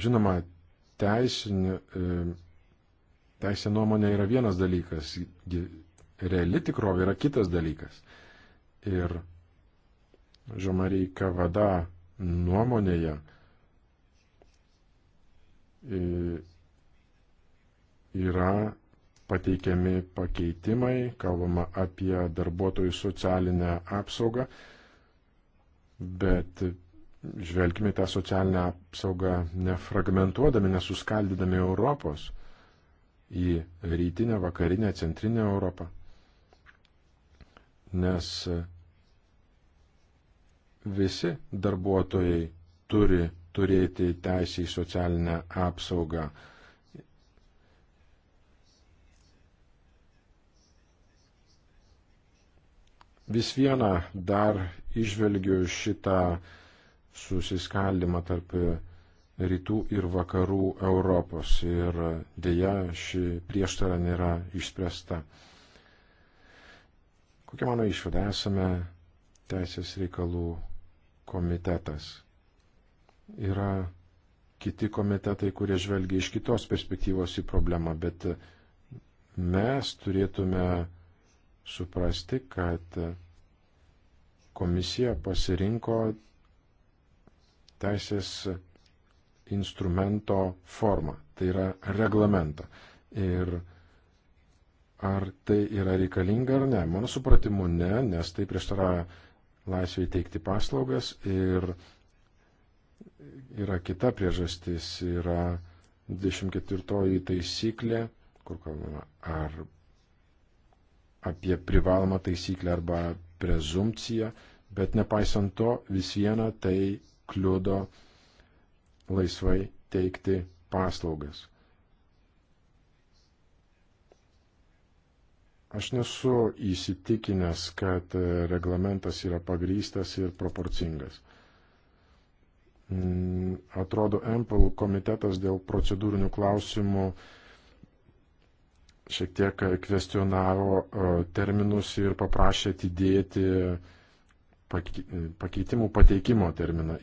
Žinoma, teisinė, e, teisė nuomonė yra vienas dalykas, reali tikrovė yra kitas dalykas. Ir Žomary Kavada nuomonėje e, yra pateikiami pakeitimai, kalbama apie darbuotojų socialinę apsaugą, bet žvelgime tą socialinę apsaugą nefragmentuodami, nesuskaldydami Europos į rytinę, vakarinę, centrinę Europą. Nes visi darbuotojai turi turėti teisę į socialinę apsaugą vis viena dar išvelgiu šitą susiskaldimą tarp rytų ir vakarų Europos ir dėja ši prieštara nėra išspręsta. Kokia mano išvada esame Teisės reikalų komitetas. Yra kiti komitetai, kurie žvelgia iš kitos perspektyvos į problemą, bet mes turėtume suprasti, kad komisija pasirinko teisės instrumento formą, tai yra reglamentą. Ir ar tai yra reikalinga ar ne? Mano supratimu ne, nes tai prieštarauja laisvėje teikti paslaugas ir yra kita priežastis, yra 24 taisyklė, kur kalbama ar apie privalomą taisyklę arba prezumciją, bet nepaisant to vis viena tai kliudo laisvai teikti paslaugas. Aš nesu įsitikinęs, kad reglamentas yra pagrystas ir proporcingas. Mm, atrodo, MPL komitetas dėl procedūrinių klausimų šiek tiek kvestionavo e, terminus ir paprašė atidėti pakeitimų pateikimo terminą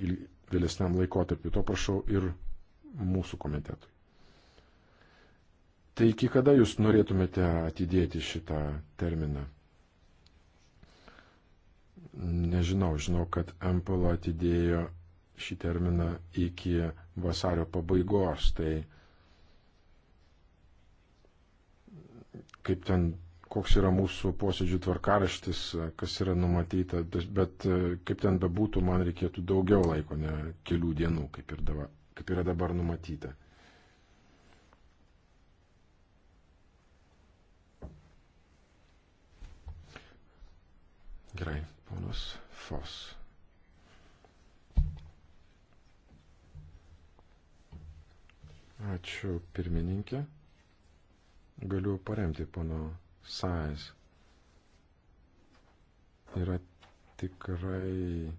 vėlesniam laikotarpiu. To prašau ir mūsų komitetui. Tai iki kada jūs norėtumėte atidėti šitą terminą? Nežinau, žinau, kad MPL atidėjo šį terminą iki vasario pabaigos, tai kaip ten, koks yra mūsų posėdžių tvarkaraštis, kas yra numatyta, bet e, kaip ten bebūtų, man reikėtų daugiau laiko, ne kelių dienų, kaip, ir dabar, kaip yra dabar numatyta. Gerai, ponas Fos. Ačiū pirmininkė galiu paremti pono Sais. Yra tikrai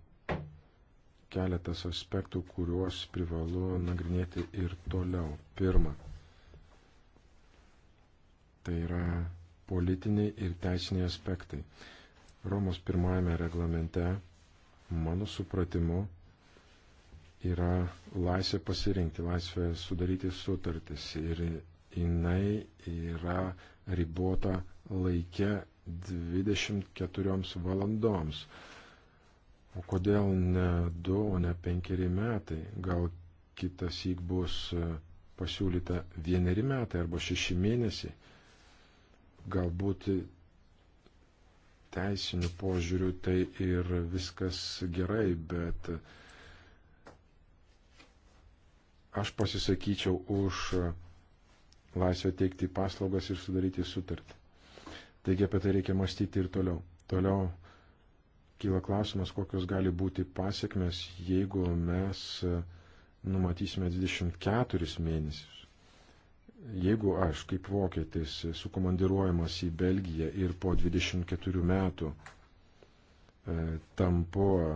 keletas aspektų, kuriuos privalu nagrinėti ir toliau. Pirma, tai yra politiniai ir teisiniai aspektai. Romos pirmajame reglamente, mano supratimu, yra laisvė pasirinkti, laisvė sudaryti sutartis ir jinai yra ribota laike 24 valandoms. O kodėl ne 2, o ne 5 metai? Gal kitas įk bus e, pasiūlyta vieneri metai arba šeši mėnesiai. Galbūt teisiniu požiūriu tai ir viskas gerai, bet aš pasisakyčiau už laisvę teikti paslaugas ir sudaryti sutartį. Taigi apie tai reikia mąstyti ir toliau. Toliau kyla klausimas, kokios gali būti pasiekmes, jeigu mes e, numatysime 24 mėnesius. Jeigu aš, kaip vokietis, sukomandiruojamas į Belgiją ir po 24 metų e, tampu e,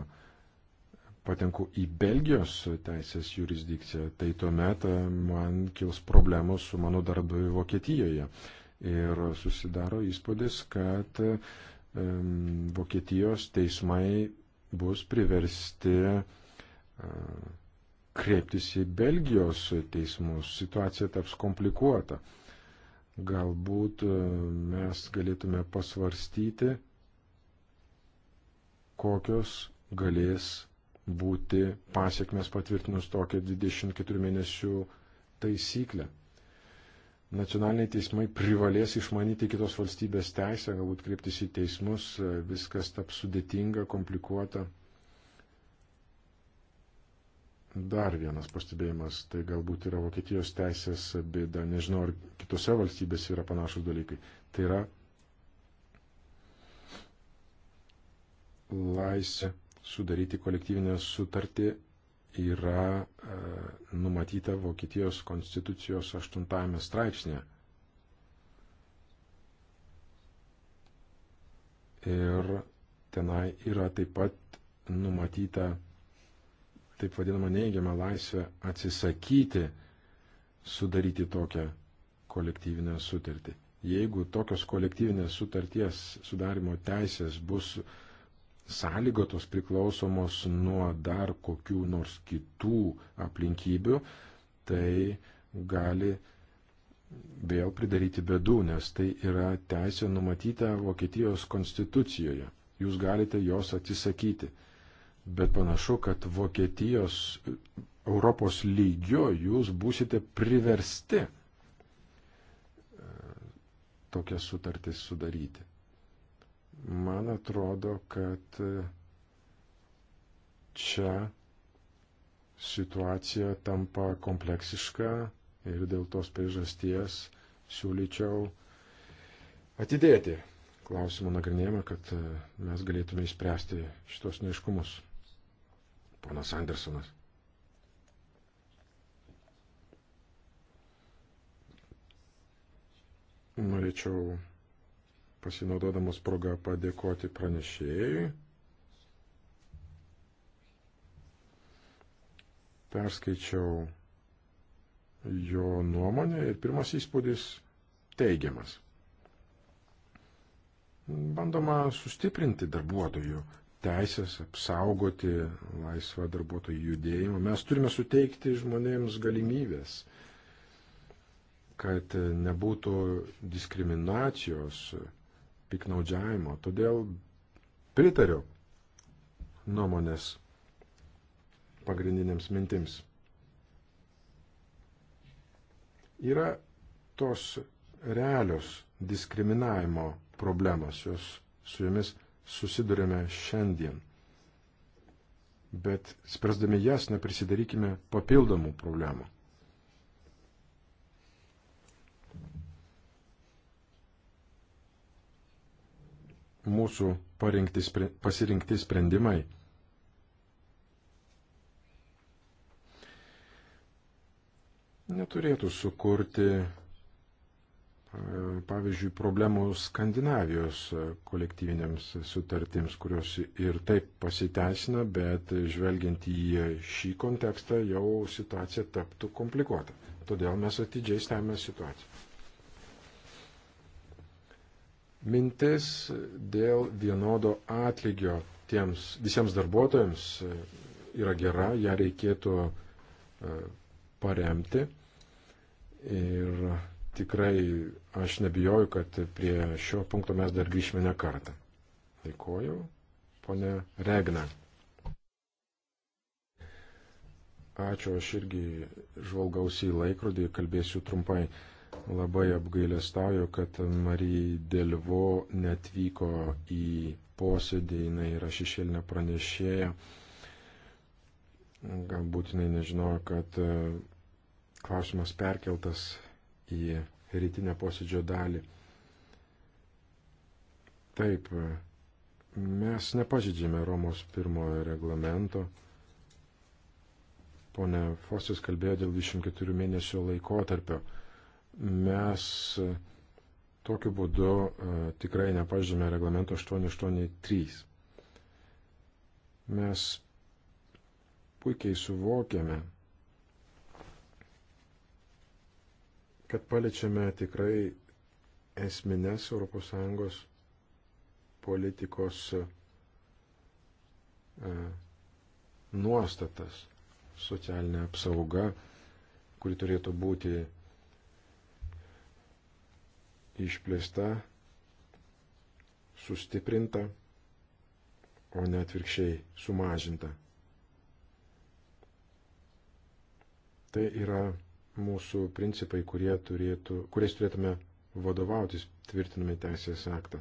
patenku į Belgijos teisės jurisdikciją, tai tuomet e, man kils problemos su mano darbdaviu Vokietijoje. Ir susidaro įspūdis, kad um, Vokietijos teismai bus priversti uh, kreiptis į Belgijos teismus. Situacija taps komplikuota. Galbūt mes galėtume pasvarstyti, kokios galės būti pasiekmes patvirtinus tokią 24 mėnesių taisyklę. Nacionaliniai teismai privalės išmanyti kitos valstybės teisę, galbūt kreiptis į teismus, viskas taps sudėtinga, komplikuota. Dar vienas pastebėjimas, tai galbūt yra Vokietijos teisės bėda, nežinau, ar kitose valstybėse yra panašus dalykai. Tai yra laisvė sudaryti kolektyvinę sutartį yra e, numatyta Vokietijos konstitucijos 8 straipsnė. Ir tenai yra taip pat numatyta taip vadinama neigiama laisvė atsisakyti sudaryti tokią kolektyvinę sutartį. Jeigu tokios kolektyvinės sutarties sudarimo teisės bus uh, sąlygotos priklausomos nuo dar kokių nors kitų aplinkybių, tai gali vėl pridaryti bedų, nes tai yra teisė numatyta Vokietijos konstitucijoje. Jūs galite jos atsisakyti. Bet panašu, kad Vokietijos Europos lygio jūs būsite priversti e, tokias sutartis sudaryti. Man atrodo, kad e, čia situacija tampa kompleksiška ir dėl tos priežasties siūlyčiau atidėti klausimo nagrinėjimą, kad e, mes galėtume įspręsti šitos neiškumus. Ponas Andersonas. Norėčiau pasinaudodamas progą padėkoti pranešėjui. Perskaičiau jo nuomonę ir pirmas įspūdis teigiamas. Bandoma sustiprinti darbuotojų teisės, apsaugoti laisvą darbuotojų judėjimą. Mes turime suteikti žmonėms galimybės, kad nebūtų diskriminacijos piknaudžiavimo. Todėl pritariu nuomonės pagrindinėms mintims. Yra tos realios diskriminavimo problemos, jos su jomis susidurėme šiandien. Bet spręsdami jas neprisidarykime papildomų problemų. mūsų parinkti, pasirinkti sprendimai. Neturėtų sukurti, e, pavyzdžiui, problemų Skandinavijos kolektyvinėms sutartims, kurios ir taip pasiteisina, bet žvelgiant į šį kontekstą jau situacija taptų komplikuota. Todėl mes atidžiai stebime situaciją. Mintis dėl vienodo atlygio tiems visiems darbuotojams e, yra gera, ją reikėtų e, paremti. Ir tikrai aš nebijoju, kad prie šio punkto mes dar grįšime ne kartą. Dėkoju, ponė Regna. Ačiū, aš irgi žvalgausi į laikrodį ir kalbėsiu trumpai labai apgailestauju, kad Marija Delvo netvyko į posėdį, jinai yra šešėlinė pranešėja. Galbūt jinai nežinojo, kad e, klausimas perkeltas į rytinę posėdžio dalį. Taip, mes nepažydžiame Romos pirmojo reglamento. Pone Fosis kalbėjo dėl 24 mėnesio laikotarpio. tarpio mes e, tokiu būdu e, tikrai nepažymė reglamento 883. Mes puikiai suvokiame, kad paliečiame tikrai esminės ES politikos e, nuostatas, socialinė apsauga, kuri turėtų būti išplėsta, sustiprinta, o ne atvirkščiai sumažinta. Tai yra mūsų principai, turėtų, kuriais turėtume vadovautis tvirtinami teisės aktą.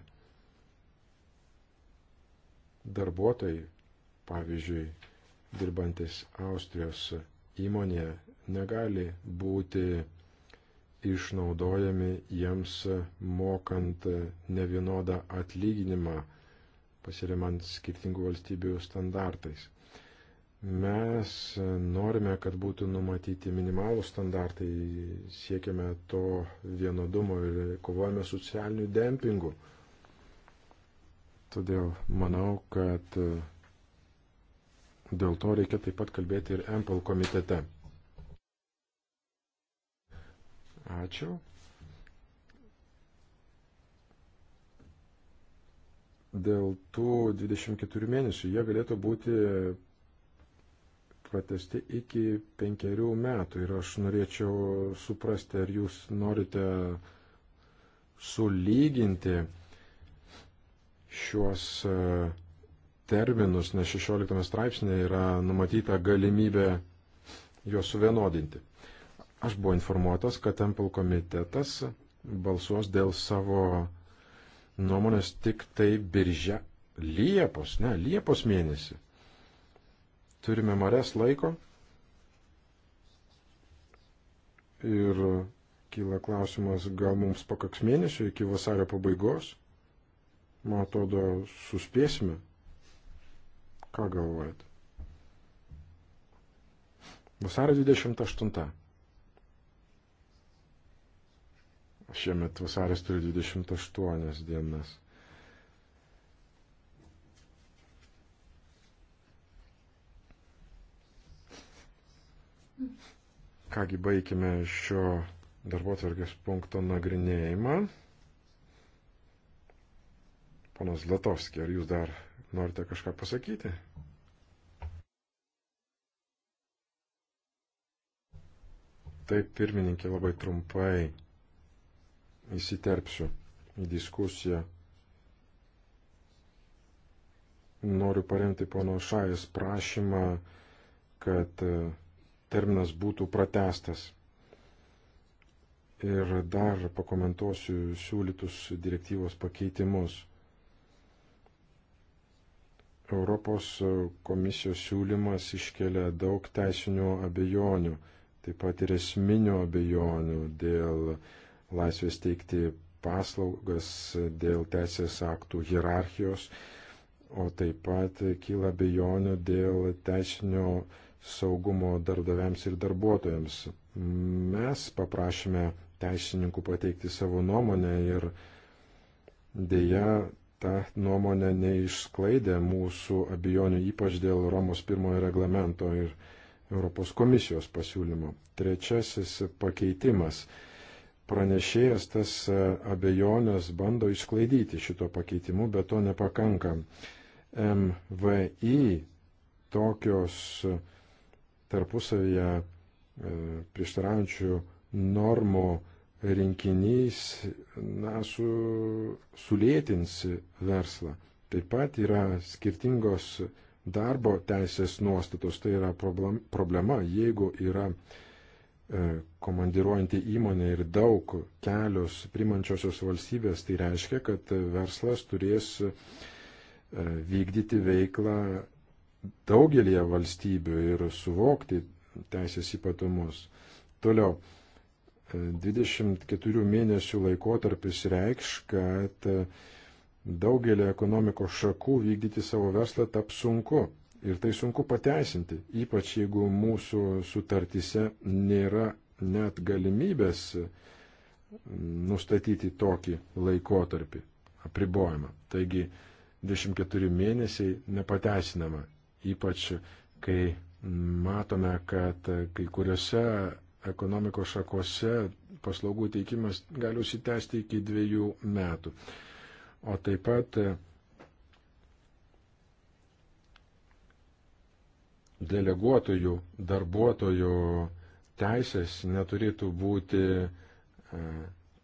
Darbuotojai, pavyzdžiui, dirbantis Austrijos įmonėje, negali būti išnaudojami jiems mokant nevienodą atlyginimą, pasiriamant skirtingų valstybių standartais. Mes norime, kad būtų numatyti minimalų standartai, siekiame to vienodumo ir kovojame socialiniu dempingu. Todėl manau, kad dėl to reikia taip pat kalbėti ir MPL komitete. Ačiū. Dėl tų 24 mėnesių jie galėtų būti pratesti iki penkerių metų ir aš norėčiau suprasti, ar jūs norite sulyginti šiuos e, terminus, nes 16 straipsnė yra numatyta galimybė juos suvienodinti. Aš buvau informuotas, kad Temple komitetas balsuos dėl savo nuomonės tik tai biržę Liepos, ne, Liepos mėnesį. Turime marės laiko ir kyla klausimas, gal mums pakaks mėnesio iki vasario pabaigos. Man atrodo, suspėsime. Ką galvojate? Vasario 28. Šiemet vasaris turi 28 dienas. Kągi baigime šio darbo tvarkės punkto nagrinėjimą. Ponas Latovski, ar jūs dar norite kažką pasakyti? Taip, pirmininkė, labai trumpai įsiterpsiu į diskusiją. Noriu paremti pono Šajas prašymą, kad e, terminas būtų pratestas. Ir dar pakomentuosiu siūlytus direktyvos pakeitimus. Europos komisijos siūlymas iškelia daug teisinių abejonių, taip pat ir esminių abejonių dėl uh, laisvės teikti paslaugas dėl teisės aktų hierarchijos, o taip pat kyla bejonių dėl teisinio saugumo darbdaviams ir darbuotojams. Mes paprašėme teisininkų pateikti savo nuomonę ir dėja ta nuomonė neišsklaidė mūsų abejonių, ypač dėl Romos pirmojo reglamento ir Europos komisijos pasiūlymo. Trečiasis pakeitimas pranešėjas tas e, abejonės bando išsklaidyti šito pakeitimu, bet to nepakanka. MVI tokios e, tarpusavėje e, prieštaraujančių normų rinkinys na, su, sulėtins verslą. Taip pat yra skirtingos darbo teisės nuostatos, tai yra problema, jeigu yra uh, E, komandiruojanti įmonė ir daug kelios primančiosios valstybės, tai reiškia, kad verslas turės e, vykdyti veiklą daugelie valstybių ir suvokti teisės ypatumus. Toliau, 24 e, mėnesių laikotarpis reikš, kad daugelį ekonomikos šakų vykdyti savo verslą taps sunku. Ir tai sunku pateisinti, ypač jeigu mūsų sutartyse nėra net galimybės nustatyti tokį laikotarpį, apribojimą. Taigi 24 mėnesiai nepateisinama, ypač kai matome, kad kai kuriuose ekonomikos šakose paslaugų teikimas gali užsitęsti iki dviejų metų. O taip pat deleguotojų darbuotojų teisės neturėtų būti e,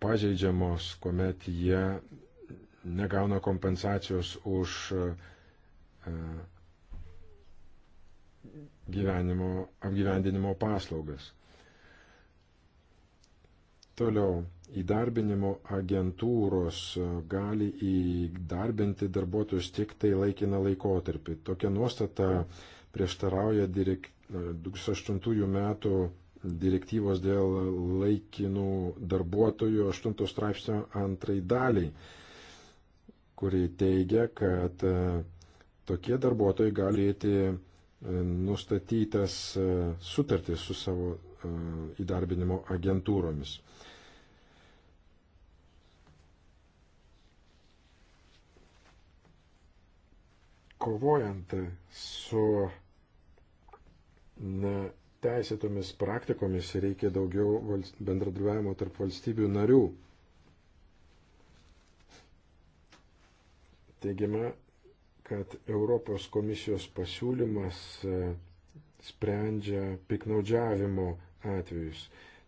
pažeidžiamos, kuomet jie negauna kompensacijos už e, gyvenimo, apgyvendinimo paslaugas. Toliau, įdarbinimo agentūros e, gali įdarbinti darbuotojus tik tai laikiną laikotarpį. Tokia nuostata prieštarauja direk... 2008 e, metų direktyvos dėl laikinų darbuotojų 8 straipsnio antrai daliai, kuri teigia, kad e, tokie darbuotojai galėti e, nustatytas sutartis su savo įdarbinimo agentūromis. Kovojant su na, teisėtomis praktikomis reikia daugiau valst... bendradarbiavimo tarp valstybių narių. Teigiama, kad Europos komisijos pasiūlymas e, sprendžia piknaudžiavimo atvejus.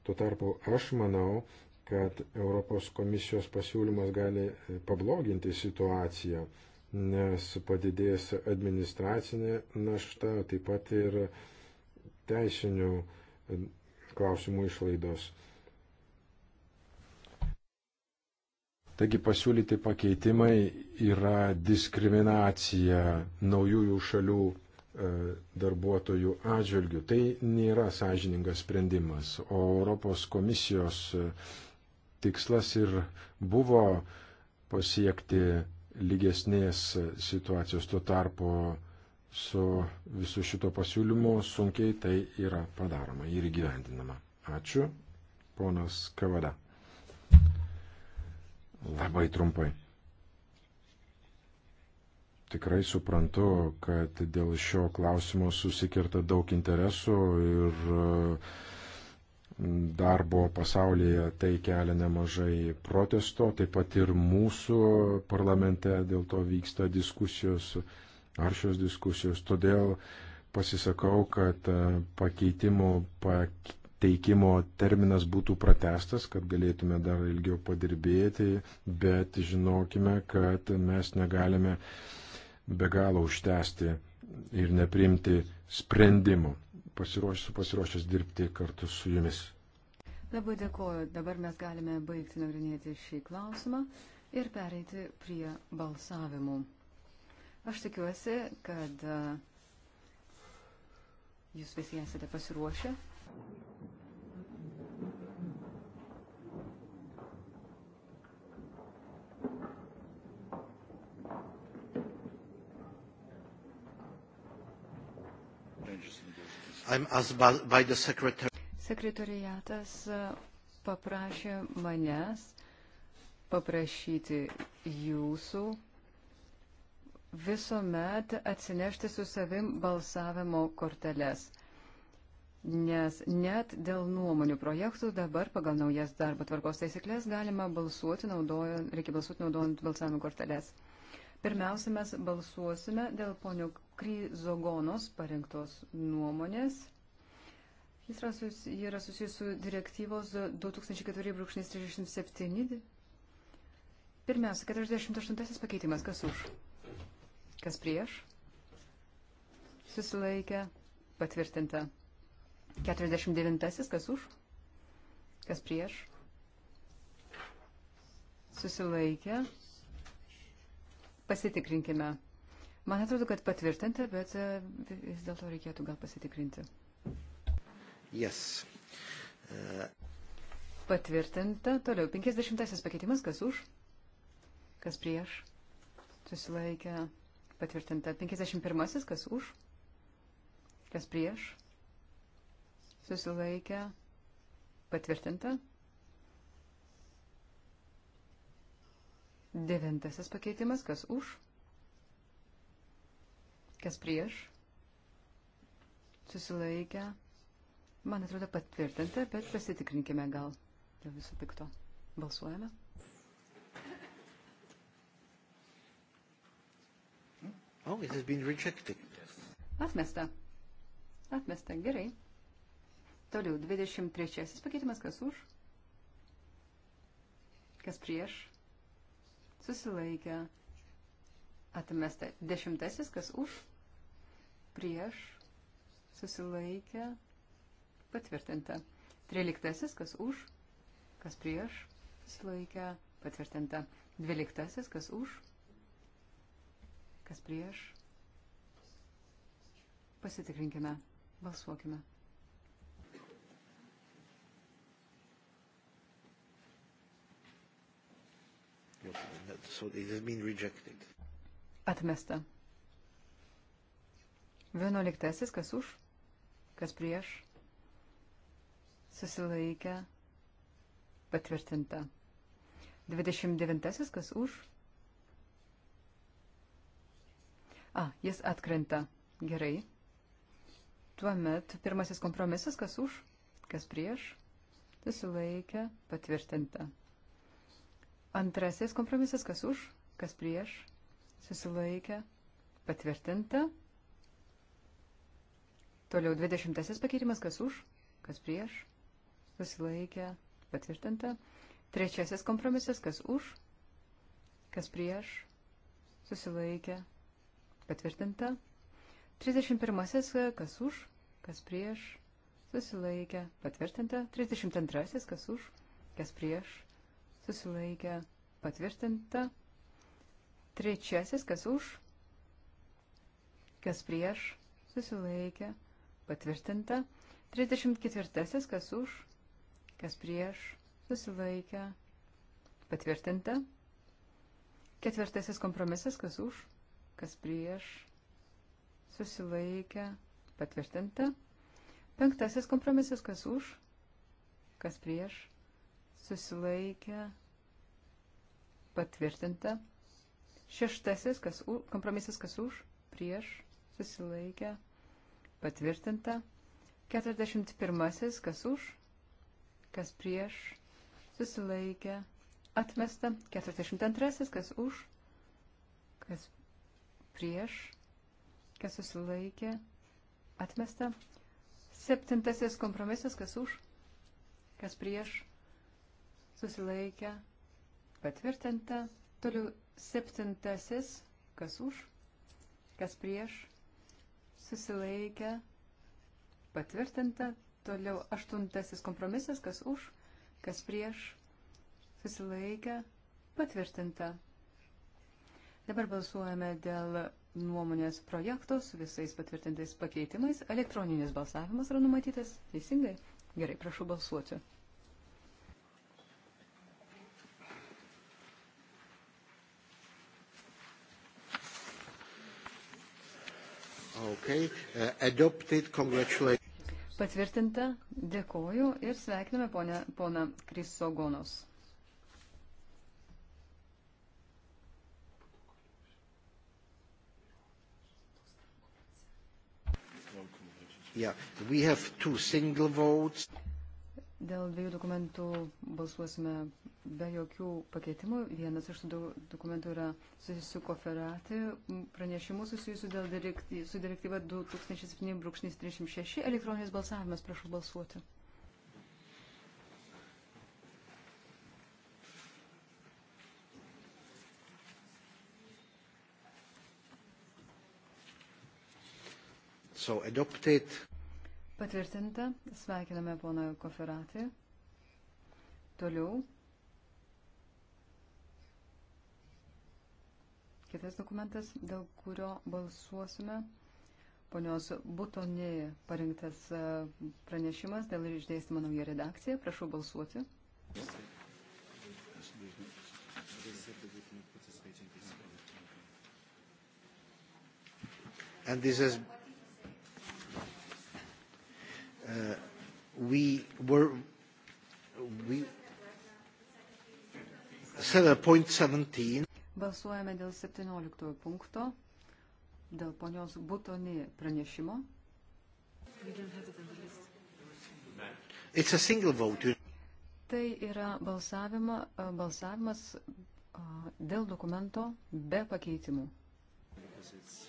Tuo tarpu aš manau, kad Europos komisijos pasiūlymas gali e, pabloginti situaciją, nes padidės administracinė našta, taip pat ir uh, teisinių e, klausimų išlaidos. Taigi pasiūlyti pakeitimai yra diskriminacija naujųjų šalių e, darbuotojų atžvilgių. Tai nėra sąžiningas sprendimas, o Europos komisijos e, tikslas ir buvo pasiekti lygesnės situacijos. Tuo tarpu su visu šito pasiūlymu sunkiai tai yra padaroma ir įgyvendinama. Ačiū, ponas Kavada. Labai trumpai. Tikrai suprantu, kad dėl šio klausimo susikirta daug interesų ir e, darbo pasaulyje tai kelia nemažai protesto, taip pat ir mūsų parlamente dėl to vyksta diskusijos aršios diskusijos. Todėl pasisakau, kad e, pakeitimų pateikimo terminas būtų pratestas, kad galėtume dar ilgiau padirbėti, bet žinokime, kad mes negalime be galo užtęsti ir neprimti sprendimų. Pasiruošęs, pasiruošęs dirbti kartu su jumis. Labai dėkoju. Dabar mes galime baigti nagrinėti šį klausimą ir pereiti prie balsavimų. Aš tikiuosi, kad e, jūs visi esate pasiruošę. Sekretariatas e, paprašė manęs paprašyti jūsų visuomet atsinešti su savim balsavimo korteles. Nes net dėl nuomonių projektų dabar pagal naujas darbo tvarkos taisyklės galima balsuoti naudojant, reikia balsuoti naudojant balsavimo korteles. Pirmiausia, mes balsuosime dėl ponio Kryzogonos parengtos nuomonės. Jis yra, sus, yra susijęs su direktyvos 2004-37. Pirmiausia, 48 pakeitimas. Kas už? Kas prieš? Susilaikė. Patvirtinta. 49. Kas už? Kas prieš? Susilaikė. Pasitikrinkime. Man atrodo, kad patvirtinta, bet e, vis dėlto reikėtų gal pasitikrinti. Yes. Uh... Patvirtinta. Toliau. 50 pakeitimas. Kas už? Kas prieš? Susilaikė. Patvirtinta 51. Kas už? Kas prieš? Susilaikę. Patvirtinta. Devintasis pakeitimas. Kas už? Kas prieš? Susilaikę. Man atrodo patvirtinta, bet pasitikrinkime gal. Dėl viso pikto. Balsuojame. Oh, it has been rejected. Atmesta. Atmesta, gerai. Toliau, 23 pakeitimas, kas už, kas prieš, susilaikę, atmesta. Dešimtasis, kas už, prieš, susilaikę, patvirtinta. Tryliktasis, kas už, kas prieš, susilaikę, patvirtinta. Dvyliktasis, kas už, kas prieš. Pasitikrinkime, balsuokime. So it has been rejected. Atmesta. Vienuoliktasis, kas už, kas prieš, susilaikę, patvirtinta. Dvidešimt devintasis, kas už, A, jis atkrenta. Gerai. Tuomet pirmasis kompromisas, kas už, kas prieš, susilaikė, patvirtinta. Antrasis kompromisas, kas už, kas prieš, susilaikė, patvirtinta. Toliau dvidešimtasis pakeitimas, kas už, kas prieš, susilaikė, patvirtinta. Trečiasis kompromisas, kas už, kas prieš, susilaikė, Patvirtinta. 31. Kas už, kas prieš, susilaikė. Patvirtinta. 32. Kas už, kas prieš, susilaikė. Patvirtinta. Trečiasis, kas už, kas prieš, susilaikė. Patvirtinta. 34. Kas už, kas prieš, susilaikė. Patvirtinta. Ketvirtasis kompromisas, kas už, kas prieš, susilaikė, patvirtinta. Penktasis kompromisas, kas už, kas prieš, susilaikė, patvirtinta. Šeštasis kas u, kompromisas, kas už, prieš, susilaikė, patvirtinta. Keturiasdešimt pirmasis, kas už, kas prieš, susilaikė, atmesta. Keturiasdešimt antrasis, kas už, kas prieš, kas susilaikė, atmesta. Septintasis kompromisas, kas už, kas prieš, susilaikė, patvirtinta. Toliau septintasis, kas už, kas prieš, susilaikė, patvirtinta. Toliau aštuntasis kompromisas, kas už, kas prieš, susilaikė, patvirtinta. Dabar balsuojame dėl nuomonės projekto su visais patvirtintais pakeitimais. Elektroninis balsavimas yra numatytas. Teisingai? Gerai, prašau balsuoti. Okay. Uh, adopted. Congratulations. Patvirtinta. Dėkoju ir sveikiname poną Krisogonos. Yeah, we have two single votes. Dėl dviejų dokumentų balsuosime be jokių pakeitimų. Vienas iš tų dokumentų yra susijusiu koferatį, pranešimu susijusiu dėl direkty, su direktyva 2007-36 elektroninis balsavimas. Prašau balsuoti. So adopted. Patvirtinta. Sveikiname poną Koferatį. Toliau. Kitas dokumentas, dėl kurio balsuosime. Ponios Butoni parinktas e, pranešimas dėl išdėstymo nauja redakcija. Prašau balsuoti. And this has uh, we were we 7.17. Balsuojame dėl 17 punkto, dėl ponios Butoni pranešimo. Tai yra balsavima, balsavimas dėl dokumento be pakeitimų. Because it's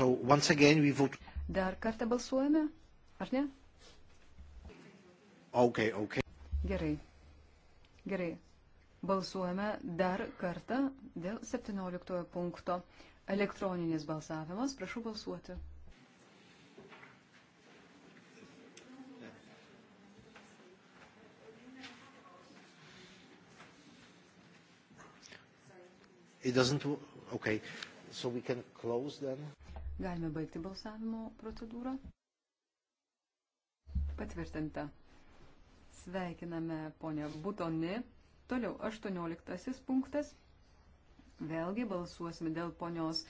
So once again we vote. Dar kartą balsuojame, ar ne? Okay, okay. Gerai. Gerai. Balsuojame dar kartą dėl 17 punkto. Elektroninis balsavimas. Prašau balsuoti. It doesn't. Okay. So we can close then. Galime baigti balsavimo procedūrą. Patvirtinta. Sveikiname ponę Butoni. Toliau 18 punktas. Vėlgi balsuosime dėl ponios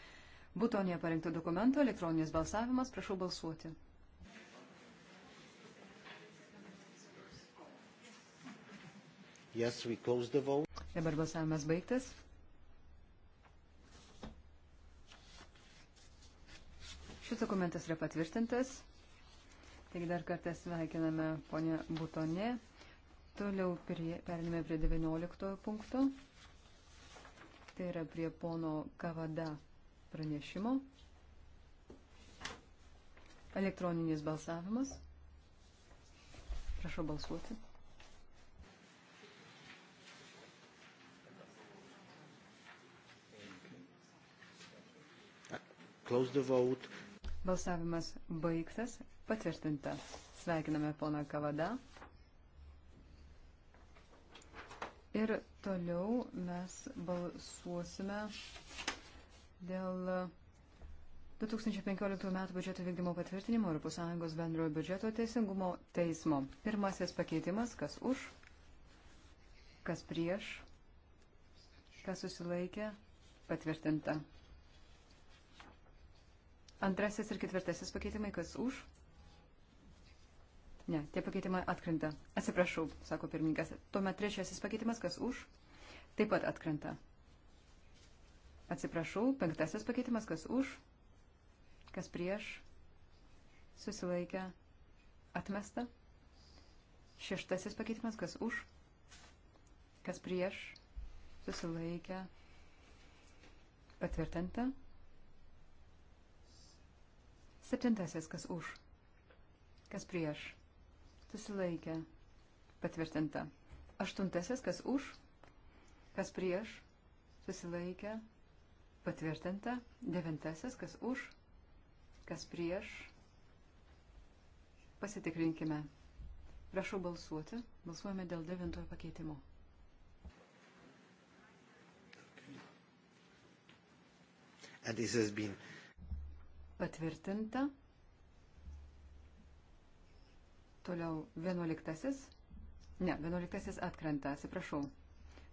Butonė parengto dokumento elektroninis balsavimas. Prašau balsuoti. Yes, Dabar balsavimas baigtas. Šis dokumentas yra patvirtintas. Taigi dar kartą sveikiname ponę Butonė. Toliau perėmėme prie 19 punkto. Tai yra prie pono Kavada pranešimo. Elektroninis balsavimas. Prašau balsuoti. Close the vote. Balsavimas baigtas, patvirtinta. Sveikiname poną Kavadą. Ir toliau mes balsuosime dėl 2015 m. biudžeto vykdymo patvirtinimo ES bendrojo biudžeto teisingumo teismo. Pirmasis pakeitimas, kas už, kas prieš, kas susilaikė, patvirtinta. Antrasis ir ketvirtasis pakeitimai, kas už? Ne, tie pakeitimai atkrenta. Atsiprašau, sako pirmininkas. Tuomet trečiasis pakeitimas, kas už? Taip pat atkrenta. Atsiprašau, penktasis pakeitimas, kas už? Kas prieš? Susilaikę. Atmesta. Šeštasis pakeitimas, kas už? Kas prieš? Susilaikę. Patvirtinta. Septintasis, kas už, kas prieš, susilaikė, patvirtinta. Aštuntasis, kas už, kas prieš, susilaikė, patvirtinta. Devintasis, kas už, kas prieš, pasitikrinkime. Prašau balsuoti, balsuojame dėl devintojo pakeitimo. And this has been patvirtinta. Toliau vienuoliktasis. Ne, vienuoliktasis atkrenta, atsiprašau.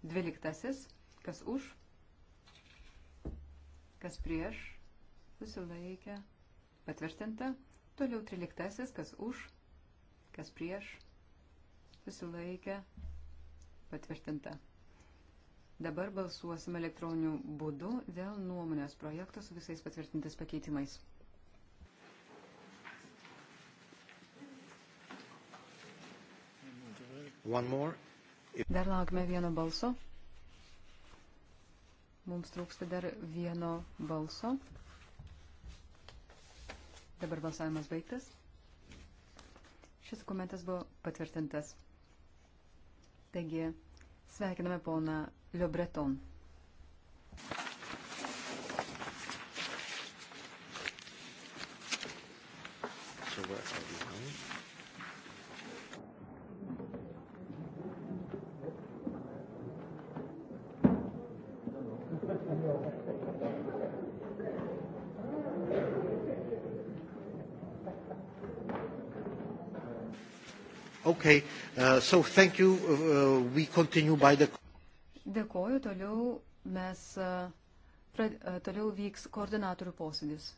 Dvyliktasis, kas už, kas prieš, susilaikė, patvirtinta. Toliau tryliktasis, kas už, kas prieš, susilaikė, patvirtinta. Dabar balsuosim elektroniniu būdu dėl nuomonės projektų su visais patvirtintais pakeitimais. Dar laukime vieno balso. Mums trūksta dar vieno balso. Dabar balsavimas baigtas. Šis dokumentas buvo patvirtintas. Taigi, sveikiname poną Liobreton. Uh, so thank you. Uh, we continue by the. Dėkoju. Toliau mes. Uh, prad, uh, toliau vyks koordinatorių posėdis.